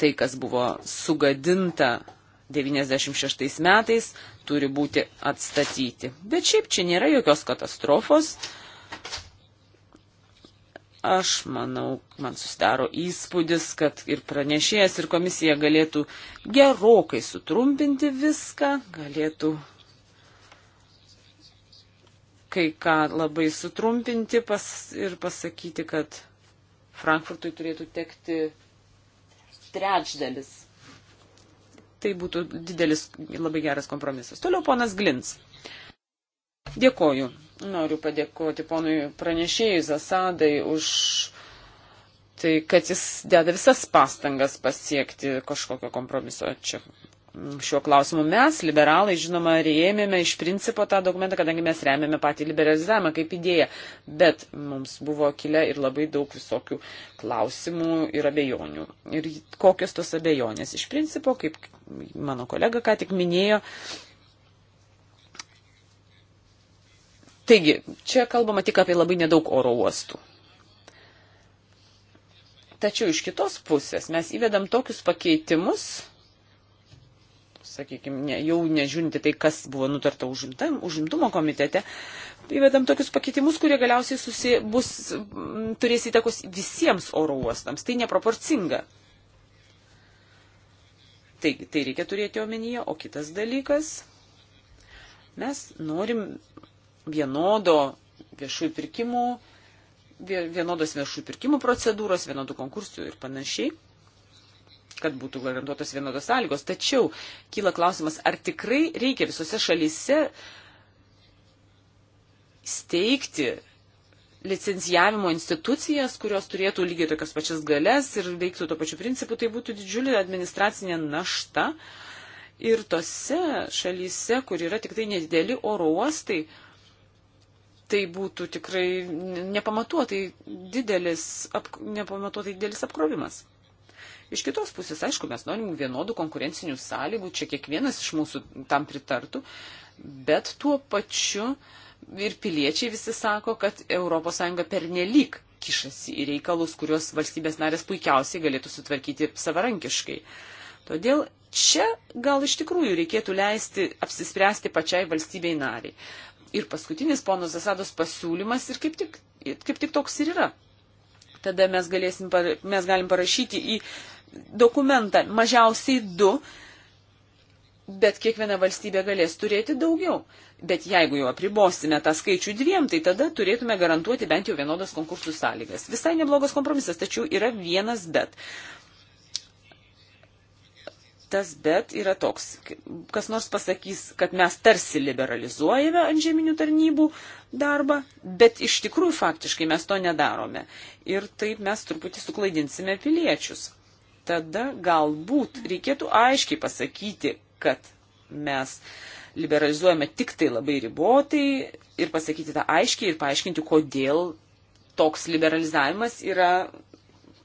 tai, kas buvo sugadinta 96 metais, turi būti atstatyti. Bet šiaip čia nėra jokios katastrofos. Aš manau, man susidaro įspūdis, kad ir pranešėjas, ir komisija galėtų gerokai sutrumpinti viską, galėtų kai ką labai sutrumpinti pas, ir pasakyti, kad Frankfurtui turėtų tekti trečdalis. Tai būtų didelis, labai geras kompromisas. Toliau ponas Glins. Dėkoju. Noriu padėkoti ponui pranešėjui Zasadai už tai, kad jis deda visas pastangas pasiekti kažkokio kompromiso. Čia šiuo klausimu. Mes, liberalai, žinoma, rėmėme iš principo tą dokumentą, kadangi mes rėmėme patį liberalizavimą kaip idėją, bet mums buvo kilę ir labai daug visokių klausimų ir abejonių. Ir kokios tos abejonės? Iš principo, kaip mano kolega ką tik minėjo, Taigi, čia kalbama tik apie labai nedaug oro uostų. Tačiau iš kitos pusės mes įvedam tokius pakeitimus, sakykime, ne, jau nežiūrinti tai, kas buvo nutarta užimtam, užimtumo komitete, įvedam tokius pakeitimus, kurie galiausiai susi, bus, turės įtakos visiems oro uostams. Tai neproporcinga. Taigi, tai reikia turėti omenyje. O kitas dalykas, mes norim vienodo viešųjų pirkimų, vienodos viešųjų pirkimų procedūros, vienodų konkursų ir panašiai kad būtų garantuotos vienodos sąlygos. Tačiau kyla klausimas, ar tikrai reikia visose šalyse steigti licencijavimo institucijas, kurios turėtų lygiai tokias pačias galės ir veiktų to pačiu principu, tai būtų didžiulė administracinė našta. Ir tose šalyse, kur yra tik tai nedideli oro uostai, tai būtų tikrai nepamatuotai didelis, ap, nepamatuotai didelis apkrovimas. Iš kitos pusės, aišku, mes norim vienodų konkurencinių sąlygų, čia kiekvienas iš mūsų tam pritartų, bet tuo pačiu ir piliečiai visi sako, kad ES pernelyg kišasi į reikalus, kuriuos valstybės narės puikiausiai galėtų sutvarkyti savarankiškai. Todėl čia gal iš tikrųjų reikėtų leisti apsispręsti pačiai valstybei nariai. Ir paskutinis ponos Asados pasiūlymas ir kaip tik, kaip tik toks ir yra. Tada mes, galėsim, mes galim parašyti į dokumentą mažiausiai du, bet kiekviena valstybė galės turėti daugiau. Bet jeigu jau apribosime tą skaičių dviem, tai tada turėtume garantuoti bent jau vienodas konkursų sąlygas. Visai neblogas kompromisas, tačiau yra vienas bet. Tas bet yra toks, kas nors pasakys, kad mes tarsi liberalizuojame ant žeminių tarnybų darbą, bet iš tikrųjų faktiškai mes to nedarome. Ir taip mes truputį suklaidinsime piliečius tada galbūt reikėtų aiškiai pasakyti, kad mes liberalizuojame tik tai labai ribotai ir pasakyti tą aiškiai ir paaiškinti, kodėl toks liberalizavimas yra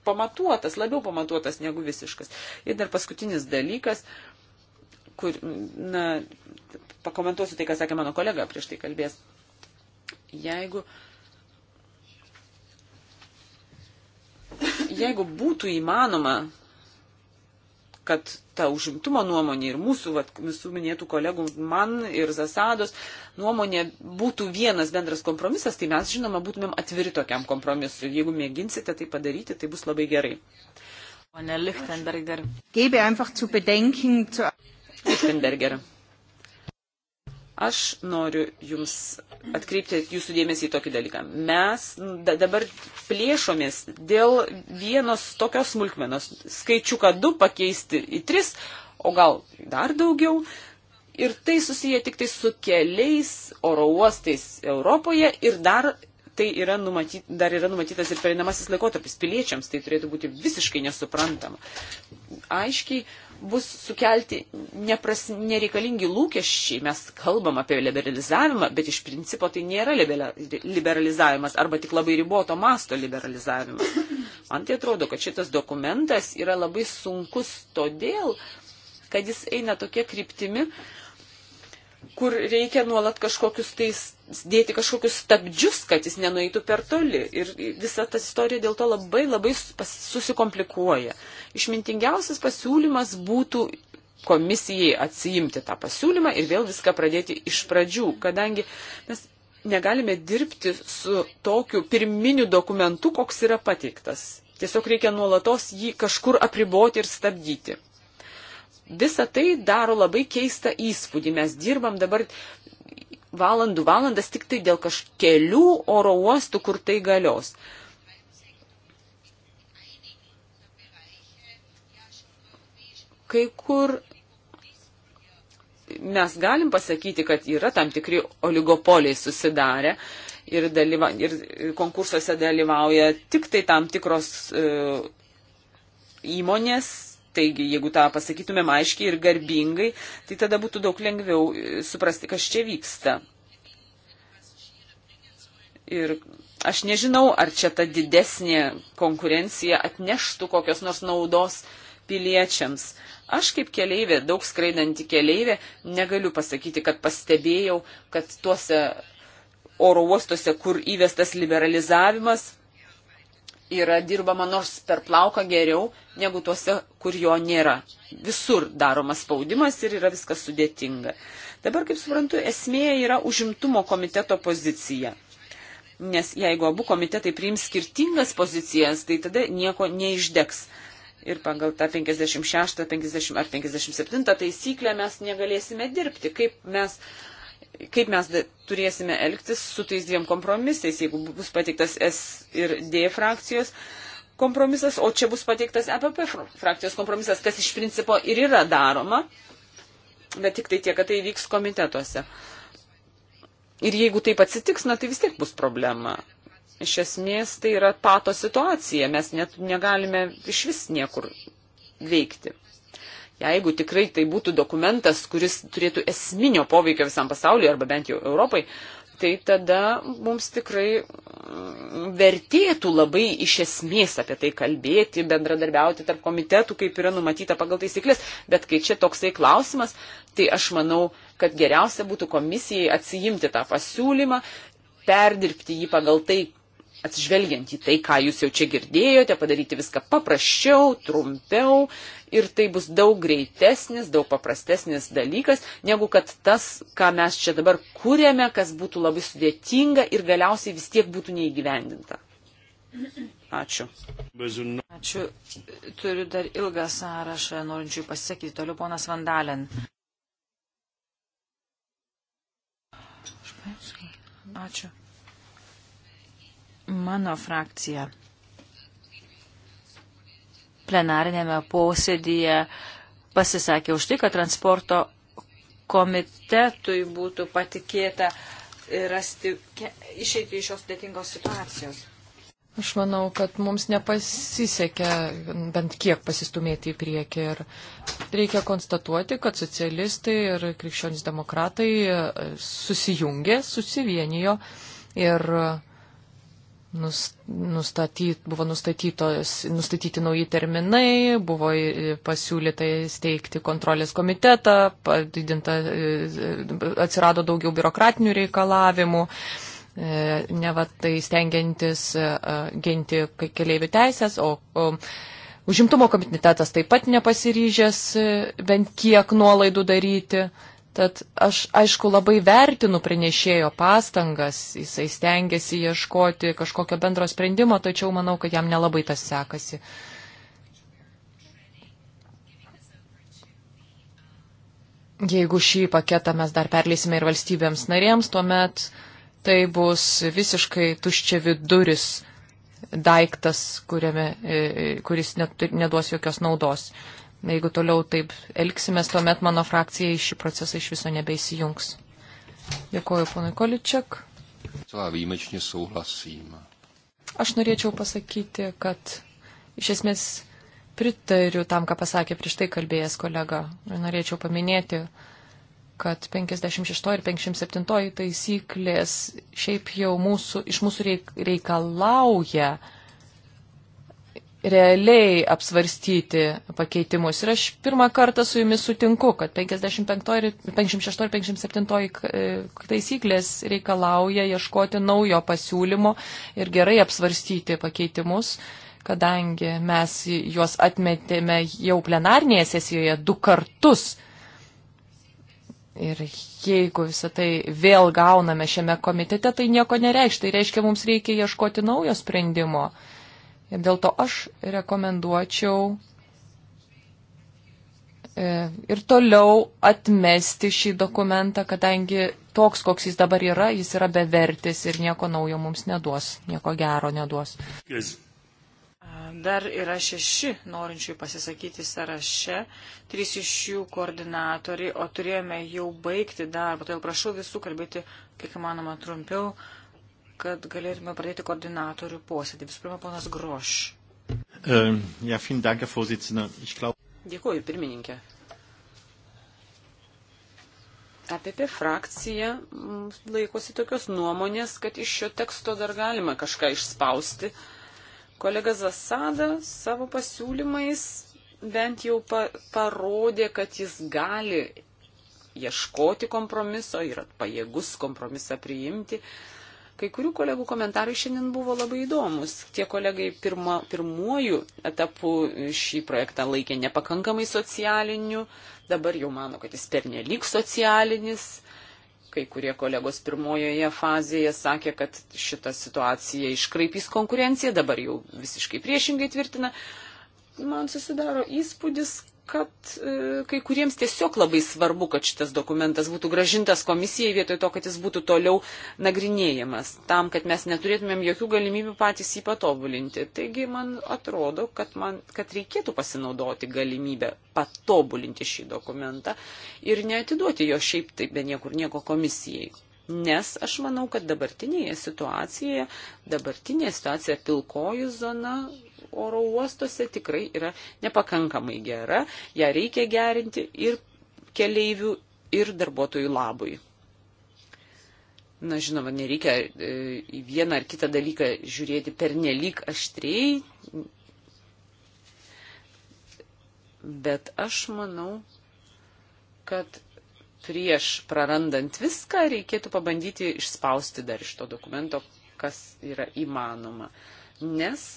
pamatuotas, labiau pamatuotas negu visiškas. Ir dar paskutinis dalykas, kur, na, pakomentuosiu tai, ką sakė mano kolega prieš tai kalbės. Jeigu, jeigu būtų įmanoma kad ta užimtumo nuomonė ir mūsų, vat, visų minėtų kolegų, man ir Zasados nuomonė būtų vienas bendras kompromisas, tai mes, žinoma, būtumėm atviri tokiam kompromisui. Jeigu mėginsite tai padaryti, tai bus labai gerai. Pone Lichtenberger. Lichtenberger. Aš noriu Jums atkreipti Jūsų dėmesį į tokį dalyką. Mes dabar plėšomės dėl vienos tokios smulkmenos. Skaičiuką 2 pakeisti į 3, o gal dar daugiau. Ir tai susiję tik tai su keliais oro uostais Europoje ir dar tai yra, numatyt, dar yra numatytas ir perinamasis laikotarpis piliečiams, tai turėtų būti visiškai nesuprantama. Aiškiai bus sukelti nepras, nereikalingi lūkesčiai. Mes kalbam apie liberalizavimą, bet iš principo tai nėra liberalizavimas arba tik labai riboto masto liberalizavimas. Man tai atrodo, kad šitas dokumentas yra labai sunkus todėl, kad jis eina tokia kryptimi, kur reikia nuolat kažkokius tais dėti kažkokius stabdžius, kad jis nenueitų per toli. Ir visa ta istorija dėl to labai labai susikomplikuoja. Išmintingiausias pasiūlymas būtų komisijai atsiimti tą pasiūlymą ir vėl viską pradėti iš pradžių, kadangi mes negalime dirbti su tokiu pirminiu dokumentu, koks yra pateiktas. Tiesiog reikia nuolatos jį kažkur apriboti ir stabdyti visa tai daro labai keistą įspūdį. Mes dirbam dabar valandų valandas tik tai dėl kažkelių oro uostų, kur tai galios. Kai kur mes galim pasakyti, kad yra tam tikri oligopoliai susidarę ir, dalyva, ir konkursuose dalyvauja tik tai tam tikros e, įmonės, Taigi, jeigu tą pasakytumėm aiškiai ir garbingai, tai tada būtų daug lengviau e, suprasti, kas čia vyksta. Ir aš nežinau, ar čia ta didesnė konkurencija atneštų kokios nors naudos piliečiams. Aš kaip keleivė, daug skraidanti keleivė, negaliu pasakyti, kad pastebėjau, kad tuose oro uostuose, kur įvestas liberalizavimas, yra dirbama nors per plauką geriau negu tuose, kur jo nėra. Visur daromas spaudimas ir yra viskas sudėtinga. Dabar, kaip suprantu, esmė yra užimtumo komiteto pozicija. Nes jeigu abu komitetai priims skirtingas pozicijas, tai tada nieko neišdegs. Ir pagal tą 56, 50 ar 57 taisyklę mes negalėsime dirbti. Kaip mes kaip mes turėsime elgtis su tais dviem kompromisais, jeigu bus pateiktas S ir D frakcijos kompromisas, o čia bus pateiktas EPP frakcijos kompromisas, kas iš principo ir yra daroma, bet tik tai tiek, kad tai vyks komitetuose. Ir jeigu taip atsitiks, na tai vis tiek bus problema. Iš esmės tai yra pato situacija, mes net negalime iš vis niekur veikti. Jeigu tikrai tai būtų dokumentas, kuris turėtų esminio poveikio visam pasauliu arba bent jau Europai, tai tada mums tikrai mm, vertėtų labai iš esmės apie tai kalbėti, bendradarbiauti tarp komitetų, kaip yra numatyta pagal taisyklės. Bet kai čia toksai klausimas, tai aš manau, kad geriausia būtų komisijai atsijimti tą pasiūlymą, perdirbti jį pagal tai, atsižvelgiant į tai, ką jūs jau čia girdėjote, padaryti viską paprasčiau, trumpiau ir tai bus daug greitesnis, daug paprastesnis dalykas, negu kad tas, ką mes čia dabar kūrėme, kas būtų labai sudėtinga ir galiausiai vis tiek būtų neįgyvendinta. Ačiū. Ačiū. Turiu dar ilgą sąrašą, norinčių pasisakyti. Toliau ponas Vandalen. Ačiū. Mano frakcija plenarinėme posėdyje pasisakė už tai, kad transporto komitetui būtų patikėta rasti išeiti iš šios sudėtingos situacijos. Aš manau, kad mums nepasisekė bent kiek pasistumėti į priekį ir reikia konstatuoti, kad socialistai ir krikščionys demokratai susijungė, susivienijo ir uh, nustatyt, buvo nustatyti nauji terminai, buvo pasiūlyta steigti kontrolės komitetą, padidinta, atsirado daugiau biurokratinių reikalavimų, e, ne va tai stengiantis e, ginti keliaivių teisės, o, o užimtumo komitetas taip pat nepasiryžęs e, bent kiek nuolaidų daryti. Tad aš, aišku, labai vertinu pranešėjo pastangas, jisai stengiasi ieškoti kažkokio bendro sprendimo, tačiau manau, kad jam nelabai tas sekasi. Jeigu šį paketą mes dar perleisime ir valstybėms narėms, tuomet tai bus visiškai tuščia viduris daiktas, kuriame, e, e, kuris neduos jokios naudos. Jeigu toliau taip elgsimės, tuomet mano frakcija į šį procesą iš viso nebeįsijungs. Dėkuoju, ponai Količiak. Aš norėčiau pasakyti, kad iš esmės pritariu tam, ką pasakė prieš tai kalbėjęs kolega. Norėčiau paminėti, kad 56 ir 57 taisyklės šiaip jau mūsų, iš mūsų reikalauja realiai apsvarstyti pakeitimus. Ir aš pirmą kartą su jumis sutinku, kad 55, 56 ir 57 e, taisyklės reikalauja ieškoti naujo pasiūlymo ir gerai apsvarstyti pakeitimus, kadangi mes juos atmetėme jau plenarnėje sesijoje du kartus. Ir jeigu visą tai vėl gauname šiame komitete, tai nieko nereiškia. Tai reiškia, mums reikia ieškoti naujo sprendimo. Ir dėl to aš rekomenduočiau e, ir toliau atmesti šį dokumentą, kadangi toks, koks jis dabar yra, jis yra bevertis ir nieko naujo mums neduos, nieko gero neduos. Yes. Dar yra šeši norinčių pasisakyti sąraše, trys iš jų koordinatoriai, o turėjome jau baigti darbą, todėl prašau visų kalbėti, kiek įmanoma, trumpiau, kad galėtume pradėti koordinatorių posėdį. Visų pirma, ponas Groš. Um, ja, danke, glaub... Dėkuoju, pirmininkė. APP frakcija laikosi tokios nuomonės, kad iš šio teksto dar galima kažką išspausti. Kolega Zasada savo pasiūlymais bent jau pa parodė, kad jis gali ieškoti kompromiso ir pajėgus kompromisą priimti. Uh, Kai kurių kolegų komentarai šiandien buvo labai įdomus. Tie kolegai pirma, pirmuoju etapu šį projektą laikė nepakankamai socialiniu, dabar jau mano, kad jis pernelyg socialinis. Kai kurie kolegos pirmojoje fazėje sakė, kad šita situacija iškraipys konkurenciją, dabar jau visiškai priešingai tvirtina. Man susidaro įspūdis, kad e, kai kuriems tiesiog labai svarbu, kad šitas dokumentas būtų gražintas komisijai vietoj to, kad jis būtų toliau nagrinėjamas, tam, kad mes neturėtumėm jokių galimybių patys jį patobulinti. Taigi man atrodo, kad, man, kad reikėtų pasinaudoti galimybę patobulinti šį dokumentą ir neatiduoti jo šiaip taip be niekur nieko komisijai. Nes aš manau, kad dabartinėje situacijoje, dabartinė situacija pilkoji zona oro uostuose tikrai yra nepakankamai gera, ją reikia gerinti ir keleivių, ir darbuotojų labui. Na, žinoma, nereikia e, į vieną ar kitą dalyką žiūrėti per nelik aštriai, bet aš manau, kad prieš prarandant viską reikėtų pabandyti išspausti dar iš to dokumento, kas yra įmanoma. Nes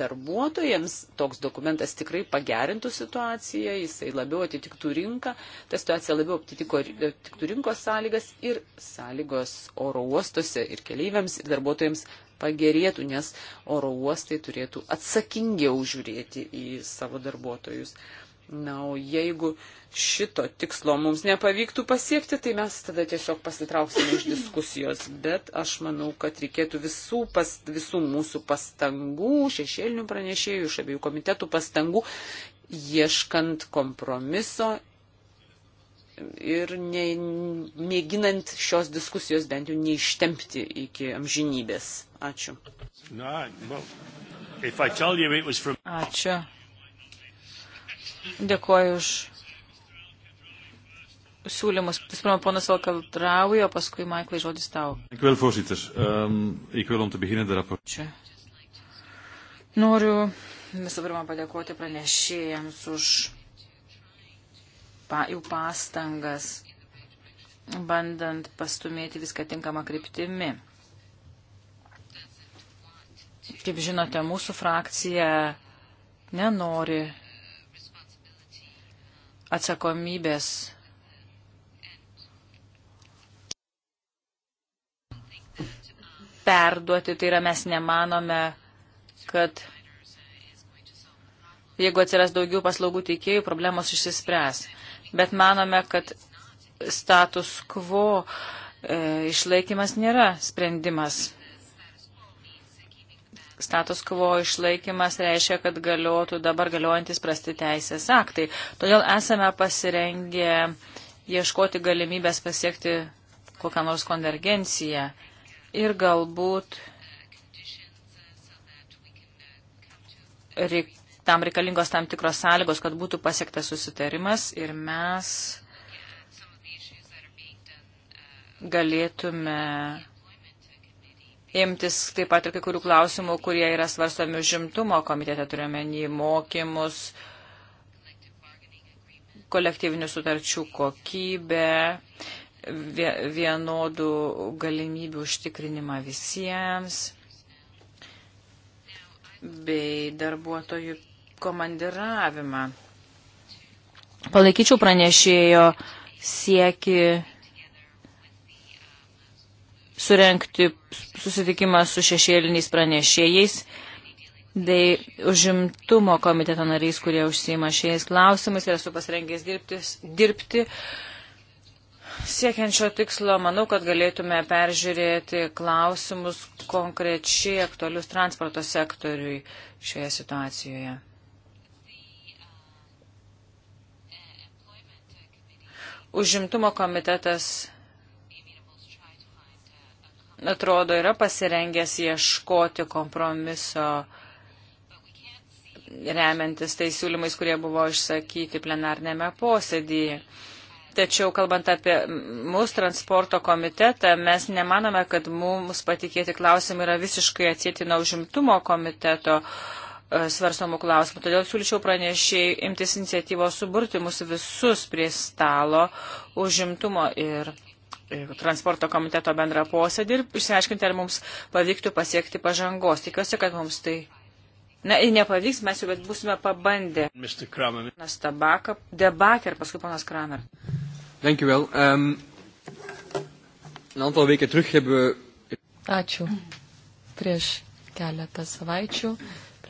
darbuotojams toks dokumentas tikrai pagerintų situaciją, jisai labiau atitiktų rinką, ta situacija labiau atitiko, atitiktų rinkos sąlygas ir sąlygos oro uostuose ir keleiviams ir darbuotojams pagerėtų, nes oro uostai turėtų atsakingiau žiūrėti į savo darbuotojus. Uh, Na, o jeigu šito tikslo mums nepavyktų pasiekti, tai mes tada tiesiog pasitrauksime iš diskusijos. Bet aš manau, kad reikėtų visų, pas, visų mūsų pastangų, šešėlinių pranešėjų, iš abiejų komitetų pastangų, ieškant kompromiso ir ne, mėginant šios diskusijos bent jau neištempti iki amžinybės. Ačiū. Ačiū. Dėkuoju už siūlymus. Visų pirma, ponas Valkaldraui, o paskui, Maiklai, žodis tau. Ehm, Čia. Noriu visų pirma padėkoti pranešėjams už pa, jų pastangas, bandant pastumėti viską tinkamą kryptimi. Kaip žinote, mūsų frakcija nenori atsakomybės. Perduoti, tai yra mes nemanome, kad jeigu atsiras daugiau paslaugų teikėjų, problemos išsispręs. Bet manome, kad status quo e, išlaikymas nėra sprendimas status quo išlaikimas reiškia, kad galiotų dabar galiojantis prasti teisės aktai. Todėl esame pasirengę ieškoti galimybės pasiekti kokią nors konvergenciją ir galbūt reik, tam reikalingos tam tikros sąlygos, kad būtų pasiektas susitarimas ir mes galėtume imtis taip pat ir kai kurių klausimų, kurie yra svarstomi žimtumo komitete, turiuomenį mokymus, kolektyvinių sutarčių kokybę, vienodų galimybių užtikrinimą visiems bei darbuotojų komandiravimą. Palaikyčiau pranešėjo sieki surenkti susitikimą su šešėliniais pranešėjais bei užimtumo komiteto nariais, kurie užsima šiais klausimais ir esu pasirengęs dirbti, dirbti. Siekiant šio tikslo, manau, kad galėtume peržiūrėti klausimus konkrečiai aktualius transporto sektoriui šioje situacijoje. Užimtumo komitetas atrodo, yra pasirengęs ieškoti kompromiso remiantis tais siūlymais, kurie buvo išsakyti plenarnėme posėdyje. Tačiau, kalbant apie mūsų transporto komitetą, mes nemanome, kad mums patikėti klausimai yra visiškai atsėti nuo užimtumo komiteto e, svarstomų klausimų. Todėl siūlyčiau pranešėjai imtis iniciatyvos suburti mus visus prie stalo užimtumo ir transporto komiteto bendrą posėdį ir išsiaiškinti, ar mums pavyktų pasiekti pažangos. Tikiuosi, kad mums tai. Na, nepavyks, mes jau bet būsime pabandę. Mr. Kramer. Ponas Tabaka, Debakė ir paskui ponas Kramer. Dankjewel. Um, een aantal weken terug hebben we. Ačiū. Prieš keletą savaičių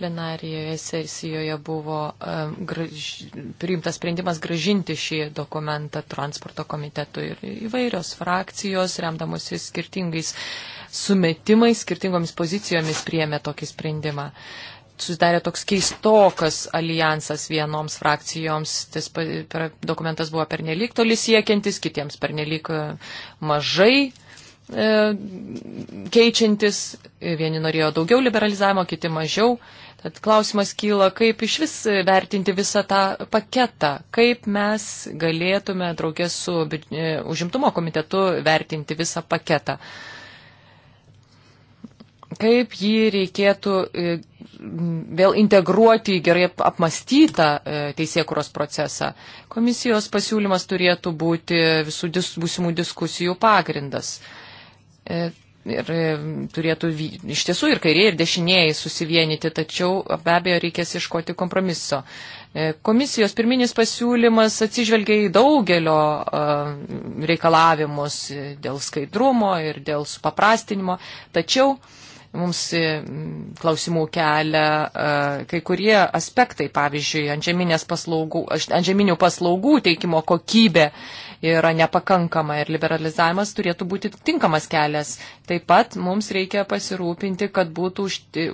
plenarijoje sesijoje buvo um, graž, priimtas sprendimas gražinti šį dokumentą transporto komitetui ir įvairios frakcijos, remdamosi skirtingais sumetimais, skirtingomis pozicijomis priėmė tokį sprendimą. Susidarė toks keistokas alijansas vienoms frakcijoms, tas per, dokumentas buvo pernelyg toli siekiantis, kitiems pernelyg e, mažai e, keičiantis, vieni norėjo daugiau liberalizavimo, kiti mažiau. Tad klausimas kyla, kaip iš vis vertinti visą tą paketą, kaip mes galėtume draugės su e, užimtumo komitetu vertinti visą paketą. Kaip jį reikėtų e, vėl integruoti į gerai apmastytą e, teisėkuros procesą. Komisijos pasiūlymas turėtų būti visų dis, būsimų diskusijų pagrindas ir e, turėtų iš tiesų ir kairieji, ir dešinieji susivienyti, tačiau be abejo reikės iškoti kompromiso. E, komisijos pirminis pasiūlymas atsižvelgia į daugelio e, reikalavimus dėl skaidrumo ir dėl supaprastinimo, tačiau mums klausimų kelia kai kurie aspektai, pavyzdžiui, antžeminių paslaugų, paslaugų teikimo kokybė yra nepakankama ir liberalizavimas turėtų būti tinkamas kelias. Taip pat mums reikia pasirūpinti, kad būtų užti,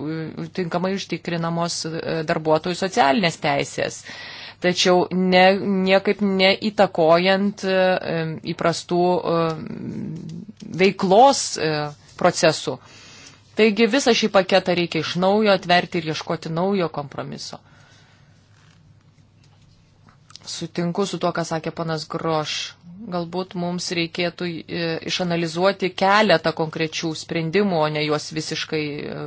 tinkamai užtikrinamos e, darbuotojų socialinės teisės. Tačiau ne, niekaip neįtakojant e, e, įprastų veiklos procesų. Taigi visą šį paketą reikia iš naujo atverti ir ieškoti naujo kompromiso sutinku su tuo, ką sakė panas Groš. Galbūt mums reikėtų e, išanalizuoti keletą konkrečių sprendimų, o ne juos visiškai e,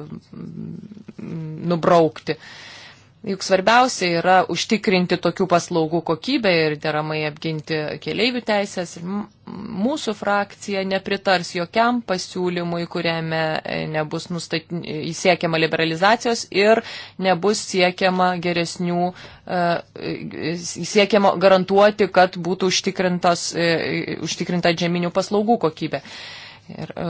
nubraukti. Uh, Juk svarbiausia yra užtikrinti tokių paslaugų kokybę ir deramai apginti keleivių teisės. Mūsų frakcija nepritars jokiam pasiūlymui, kuriame e, nebus nustat... siekiama liberalizacijos ir nebus siekiama geresnių, e, e, siekiama garantuoti, kad būtų užtikrinta žeminių paslaugų kokybė. Ir, e,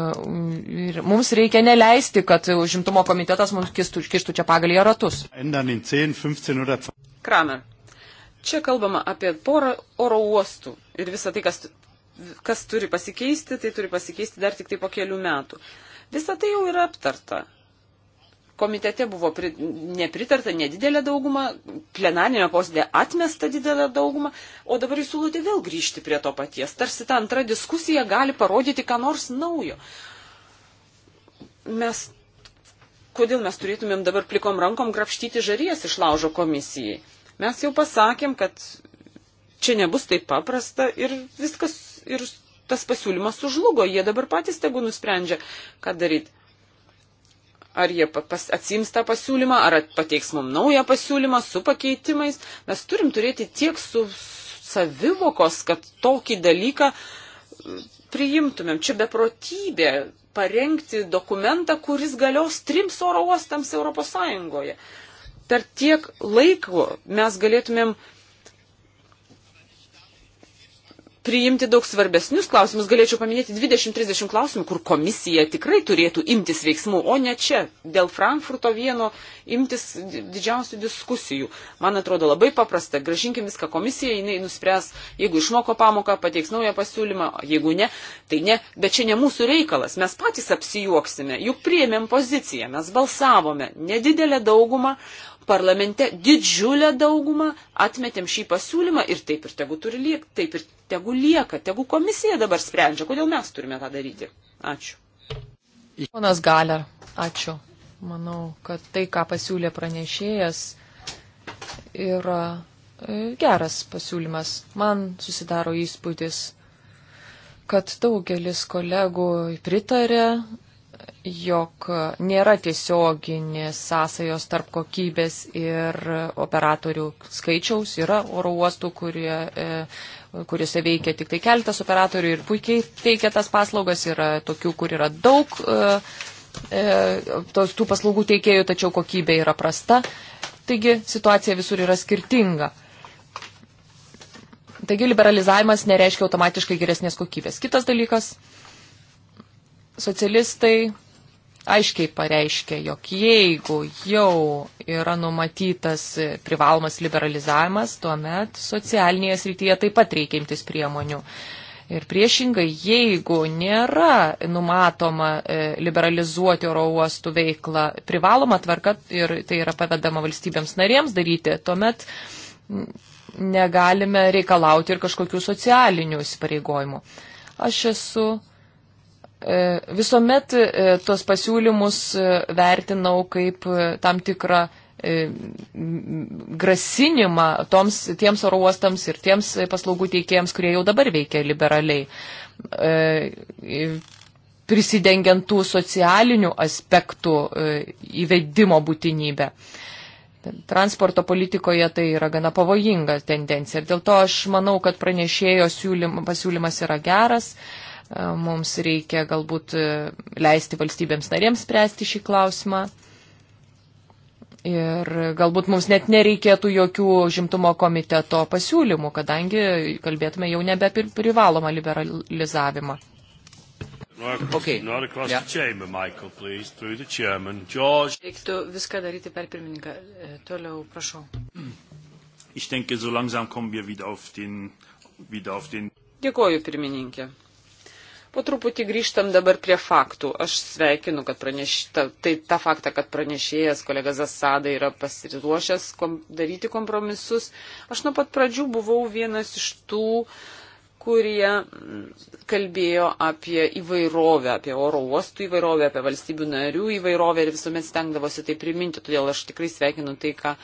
ir mums reikia neleisti, kad užimtumo komitetas mums kištų, kištų čia pagalį į ratus. Kramer. Čia kalbama apie porą oro uostų ir visą tai, kas, kas turi pasikeisti, tai turi pasikeisti dar tik tai po kelių metų. Visą tai jau yra aptarta komitete buvo pri, nepritarta nedidelė dauguma, plenarinėme posėdė atmesta didelė dauguma, o dabar jūs siūlote vėl grįžti prie to paties. Tarsi ta antra diskusija gali parodyti ką nors naujo. Mes, kodėl mes turėtumėm dabar plikom rankom grapštyti žaries iš laužo komisijai? Mes jau pasakėm, kad čia nebus taip paprasta ir viskas, ir tas pasiūlymas sužlugo, jie dabar patys tegu nusprendžia, ką daryti ar jie pas, atsims tą pasiūlymą, ar pateiks mums naują pasiūlymą su pakeitimais. Mes turim turėti tiek su savivokos, kad tokį dalyką priimtumėm. Čia beprotybė parengti dokumentą, kuris galios trims oro uostams Europos Sąjungoje. Per tiek laiko mes galėtumėm uh, priimti daug svarbesnius klausimus. Galėčiau paminėti 20-30 klausimų, kur komisija tikrai turėtų imtis veiksmų, o ne čia dėl Frankfurto vieno imtis didžiausių diskusijų. Man atrodo labai paprasta. Gražinkim viską komisijai, jinai nuspręs, jeigu išmoko pamoką, pateiks naują pasiūlymą, jeigu ne, tai ne. Bet čia ne mūsų reikalas. Mes patys apsijuoksime. Juk priėmėm poziciją, mes balsavome nedidelę daugumą, parlamente didžiulę daugumą atmetėm šį pasiūlymą ir taip ir tegu turi liek, taip ir tegu lieka, tegu komisija dabar sprendžia, kodėl mes turime tą daryti. Ačiū. Ponas Galer, ačiū. Manau, kad tai, ką pasiūlė pranešėjas, yra e, geras pasiūlymas. Man susidaro įspūdis, kad daugelis kolegų pritarė jog nėra tiesioginės sąsajos tarp kokybės ir operatorių skaičiaus. Yra oro uostų, kurie, e, kuriuose veikia tik tai keletas operatorių ir puikiai teikia tas paslaugas. Yra tokių, kur yra daug e, e tos, tų paslaugų teikėjų, tačiau kokybė yra prasta. Taigi situacija visur yra skirtinga. Taigi liberalizavimas nereiškia automatiškai geresnės kokybės. Kitas dalykas. Socialistai aiškiai pareiškė, jog jeigu jau yra numatytas privalomas liberalizavimas, tuomet socialinėje srityje taip pat reikia imtis priemonių. Ir priešingai, jeigu nėra numatoma e, liberalizuoti oro uostų veiklą privaloma tvarka ir tai yra pavedama valstybėms narėms daryti, tuomet negalime reikalauti ir kažkokių socialinių įsipareigojimų. Aš esu E, visuomet e, tuos pasiūlymus e, vertinau kaip tam tikrą grasinimą toms, tiems oro uostams ir tiems paslaugų teikėjams, kurie jau dabar veikia liberaliai, prisidengiant tų socialinių aspektų įvedimo būtinybę. Transporto politikoje tai yra gana pavojinga tendencija ir dėl to aš manau, kad pranešėjo siūlym, pasiūlymas yra geras. E, E, mums reikia galbūt e, leisti valstybėms narėms spręsti šį klausimą. Ir galbūt mums net nereikėtų jokių žimtumo komiteto pasiūlymų, kadangi kalbėtume jau nebe apie privalomą liberalizavimą. Okay. Yeah. Chamber, Michael, please, Reiktų viską daryti per pirmininką. E, toliau, prašau. Ich denke, so langsam kommen wir wieder auf den, wieder auf den... Dėkoju, pirmininkė. Po truputį grįžtam dabar prie faktų. Aš sveikinu, kad praneš, ta, tai tą faktą, kad pranešėjas kolega Zasada yra pasiruošęs kom, daryti kompromisus. Aš nuo pat pradžių buvau vienas iš tų, kurie mm, kalbėjo apie įvairovę, apie oro uostų įvairovę, apie valstybių narių įvairovę ir visuomet stengdavosi tai priminti. Todėl aš tikrai sveikinu tai, ką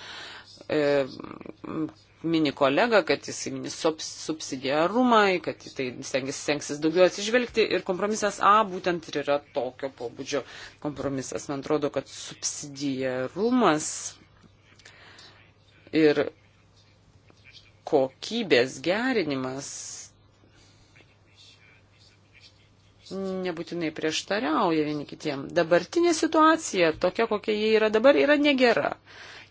e, mini kolega, kad jis mini subsidiarumą, kad tai stengsis, stengsis daugiau atsižvelgti ir kompromisas A būtent ir yra tokio pobūdžio kompromisas. Man atrodo, kad subsidiarumas ir kokybės gerinimas nebūtinai prieštariauja vieni kitiem. Dabartinė situacija, tokia kokia jie yra dabar, yra negera.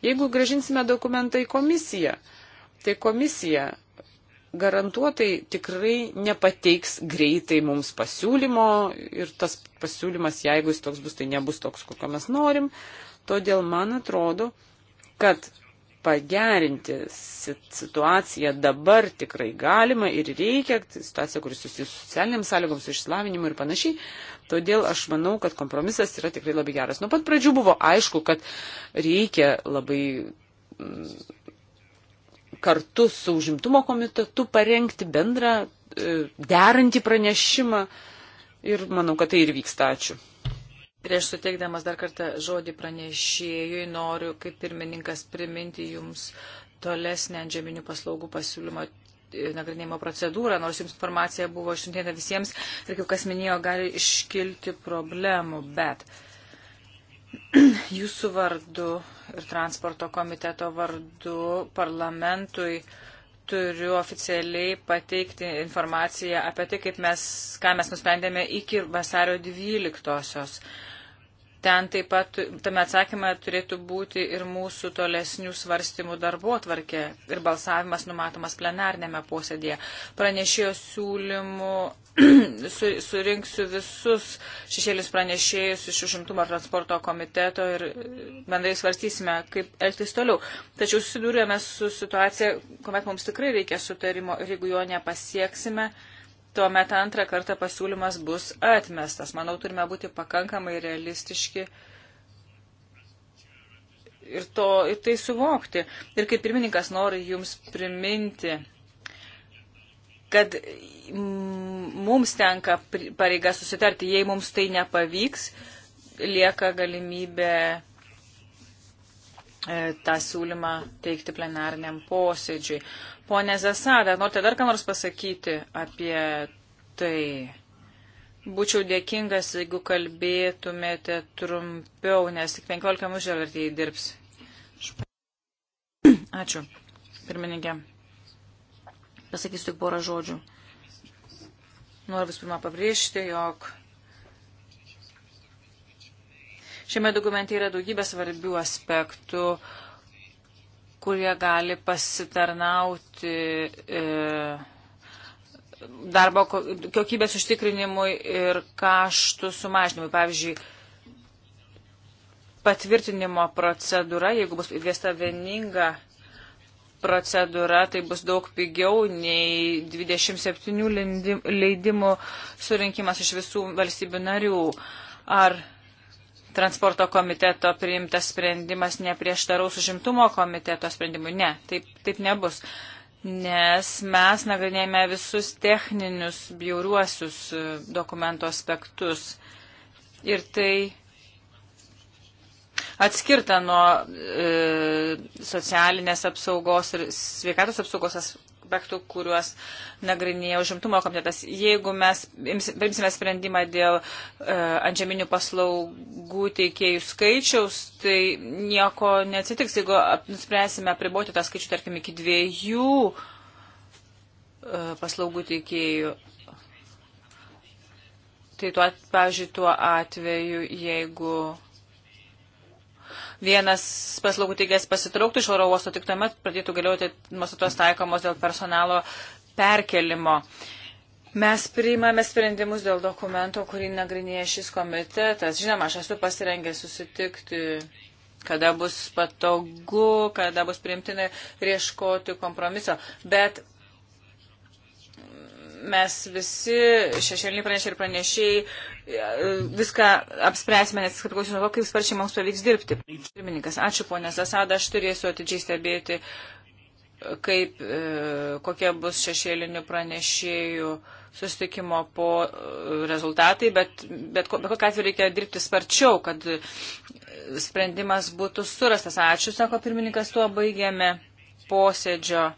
Jeigu gražinsime dokumentą į komisiją, tai komisija garantuotai tikrai nepateiks greitai mums pasiūlymo ir tas pasiūlymas, jeigu jis toks bus, tai nebus toks, kokio mes norim. Todėl man atrodo, kad pagerinti situaciją dabar tikrai galima ir reikia, tai situacija, kuris susijus su socialiniams sąlygoms, išsilavinimu ir panašiai. Todėl aš manau, kad kompromisas yra tikrai labai geras. Nuo pat pradžių buvo aišku, kad reikia labai mm, kartu su užimtumo komitetu parengti bendrą e, derantį pranešimą ir manau, kad tai ir vyksta. Ačiū. Prieš suteikdamas dar kartą žodį pranešėjui noriu, kaip pirmininkas, priminti jums tolesnę antžeminių paslaugų pasiūlymo e, nagrinėjimo procedūrą, nors jums informacija buvo išsiuntėta visiems ir kaip kas minėjo, gali iškilti problemų, bet jūsų vardu ir transporto komiteto vardu parlamentui turiu oficialiai pateikti informaciją apie tai, kaip mes, ką mes nusprendėme iki vasario 12-osios ten taip pat tame atsakyme turėtų būti ir mūsų tolesnių svarstymų darbo atvarkė ir balsavimas numatomas plenarnėme posėdėje. Pranešėjo siūlymų su, surinksiu visus šešėlius pranešėjus iš užimtumo transporto komiteto ir bendrai svarstysime, kaip elgtis toliau. Tačiau susidūrėme su situacija, kuomet mums tikrai reikia sutarimo ir jeigu jo nepasieksime, tuomet antrą kartą pasiūlymas bus atmestas. Manau, turime būti pakankamai realistiški ir, to, ir tai suvokti. Ir kaip pirmininkas nori jums priminti, kad mums tenka pareiga susitarti, jei mums tai nepavyks, lieka galimybė e, tą siūlymą teikti plenariniam posėdžiui. Pone Zesada, norite dar ką nors pasakyti apie tai? Būčiau dėkingas, jeigu kalbėtumėte trumpiau, nes tik 15 minučių vertėjai dirbs. Ačiū, pirmininkė. Pasakysiu tik porą žodžių. Noriu vis pirma pabrėžti, jog šiame dokumente yra daugybė svarbių aspektų, uh, kurie gali pasitarnauti e, darbo kokybės užtikrinimui ir kaštų sumažinimui. Pavyzdžiui, patvirtinimo procedūra, jeigu bus įvesta vieninga procedūra, tai bus daug pigiau nei 27 leidimų surinkimas iš visų valstybių narių. Ar transporto komiteto priimtas sprendimas neprieštaraus užimtumo komiteto sprendimui. Ne, taip, taip nebus. Nes mes nagrinėjame visus techninius, bjauriuosius e, dokumento aspektus. Ir tai atskirta nuo e, socialinės apsaugos ir sveikatos apsaugos aspektų, kuriuos nagrinėjo užimtumo komitetas. Jeigu mes primsime sprendimą dėl e, antžeminių paslaugų teikėjų skaičiaus, tai nieko neatsitiks, jeigu nuspręsime priboti tą skaičių, tarkim, iki dviejų e, paslaugų teikėjų. Tai tuo, pavyzdžiui, tuo atveju, jeigu vienas paslaugų teikėjas pasitrauktų iš oro uosto, tik tuomet pradėtų galioti nuostatos taikomos dėl personalo perkelimo. Mes priimame sprendimus dėl dokumento, kurį nagrinėja šis komitetas. Žinoma, aš esu pasirengęs susitikti, kada bus patogu, kada bus priimtina rieškoti kompromiso. Bet mes visi šešėliniai pranešiai ir pranešiai viską apspręsime, nes priklausys nuo to, kaip sparčiai mums pavyks dirbti. Pirmininkas, ačiū ponė Zasada, aš turėsiu atidžiai stebėti, kaip, e, kokie bus šešėlinių pranešėjų susitikimo po e, rezultatai, bet, bet, bet kokiu atveju reikia dirbti sparčiau, kad sprendimas būtų surastas. Ačiū, sako pirmininkas, tuo baigėme posėdžio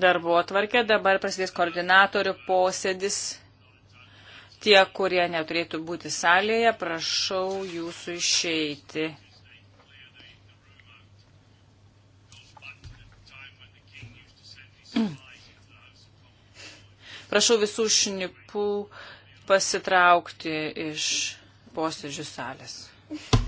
darbo atvarkę. Dabar prasidės koordinatorių posėdis. Tie, kurie neturėtų būti salėje, prašau jūsų išeiti. Prašau visų šnipų pasitraukti iš posėdžių salės.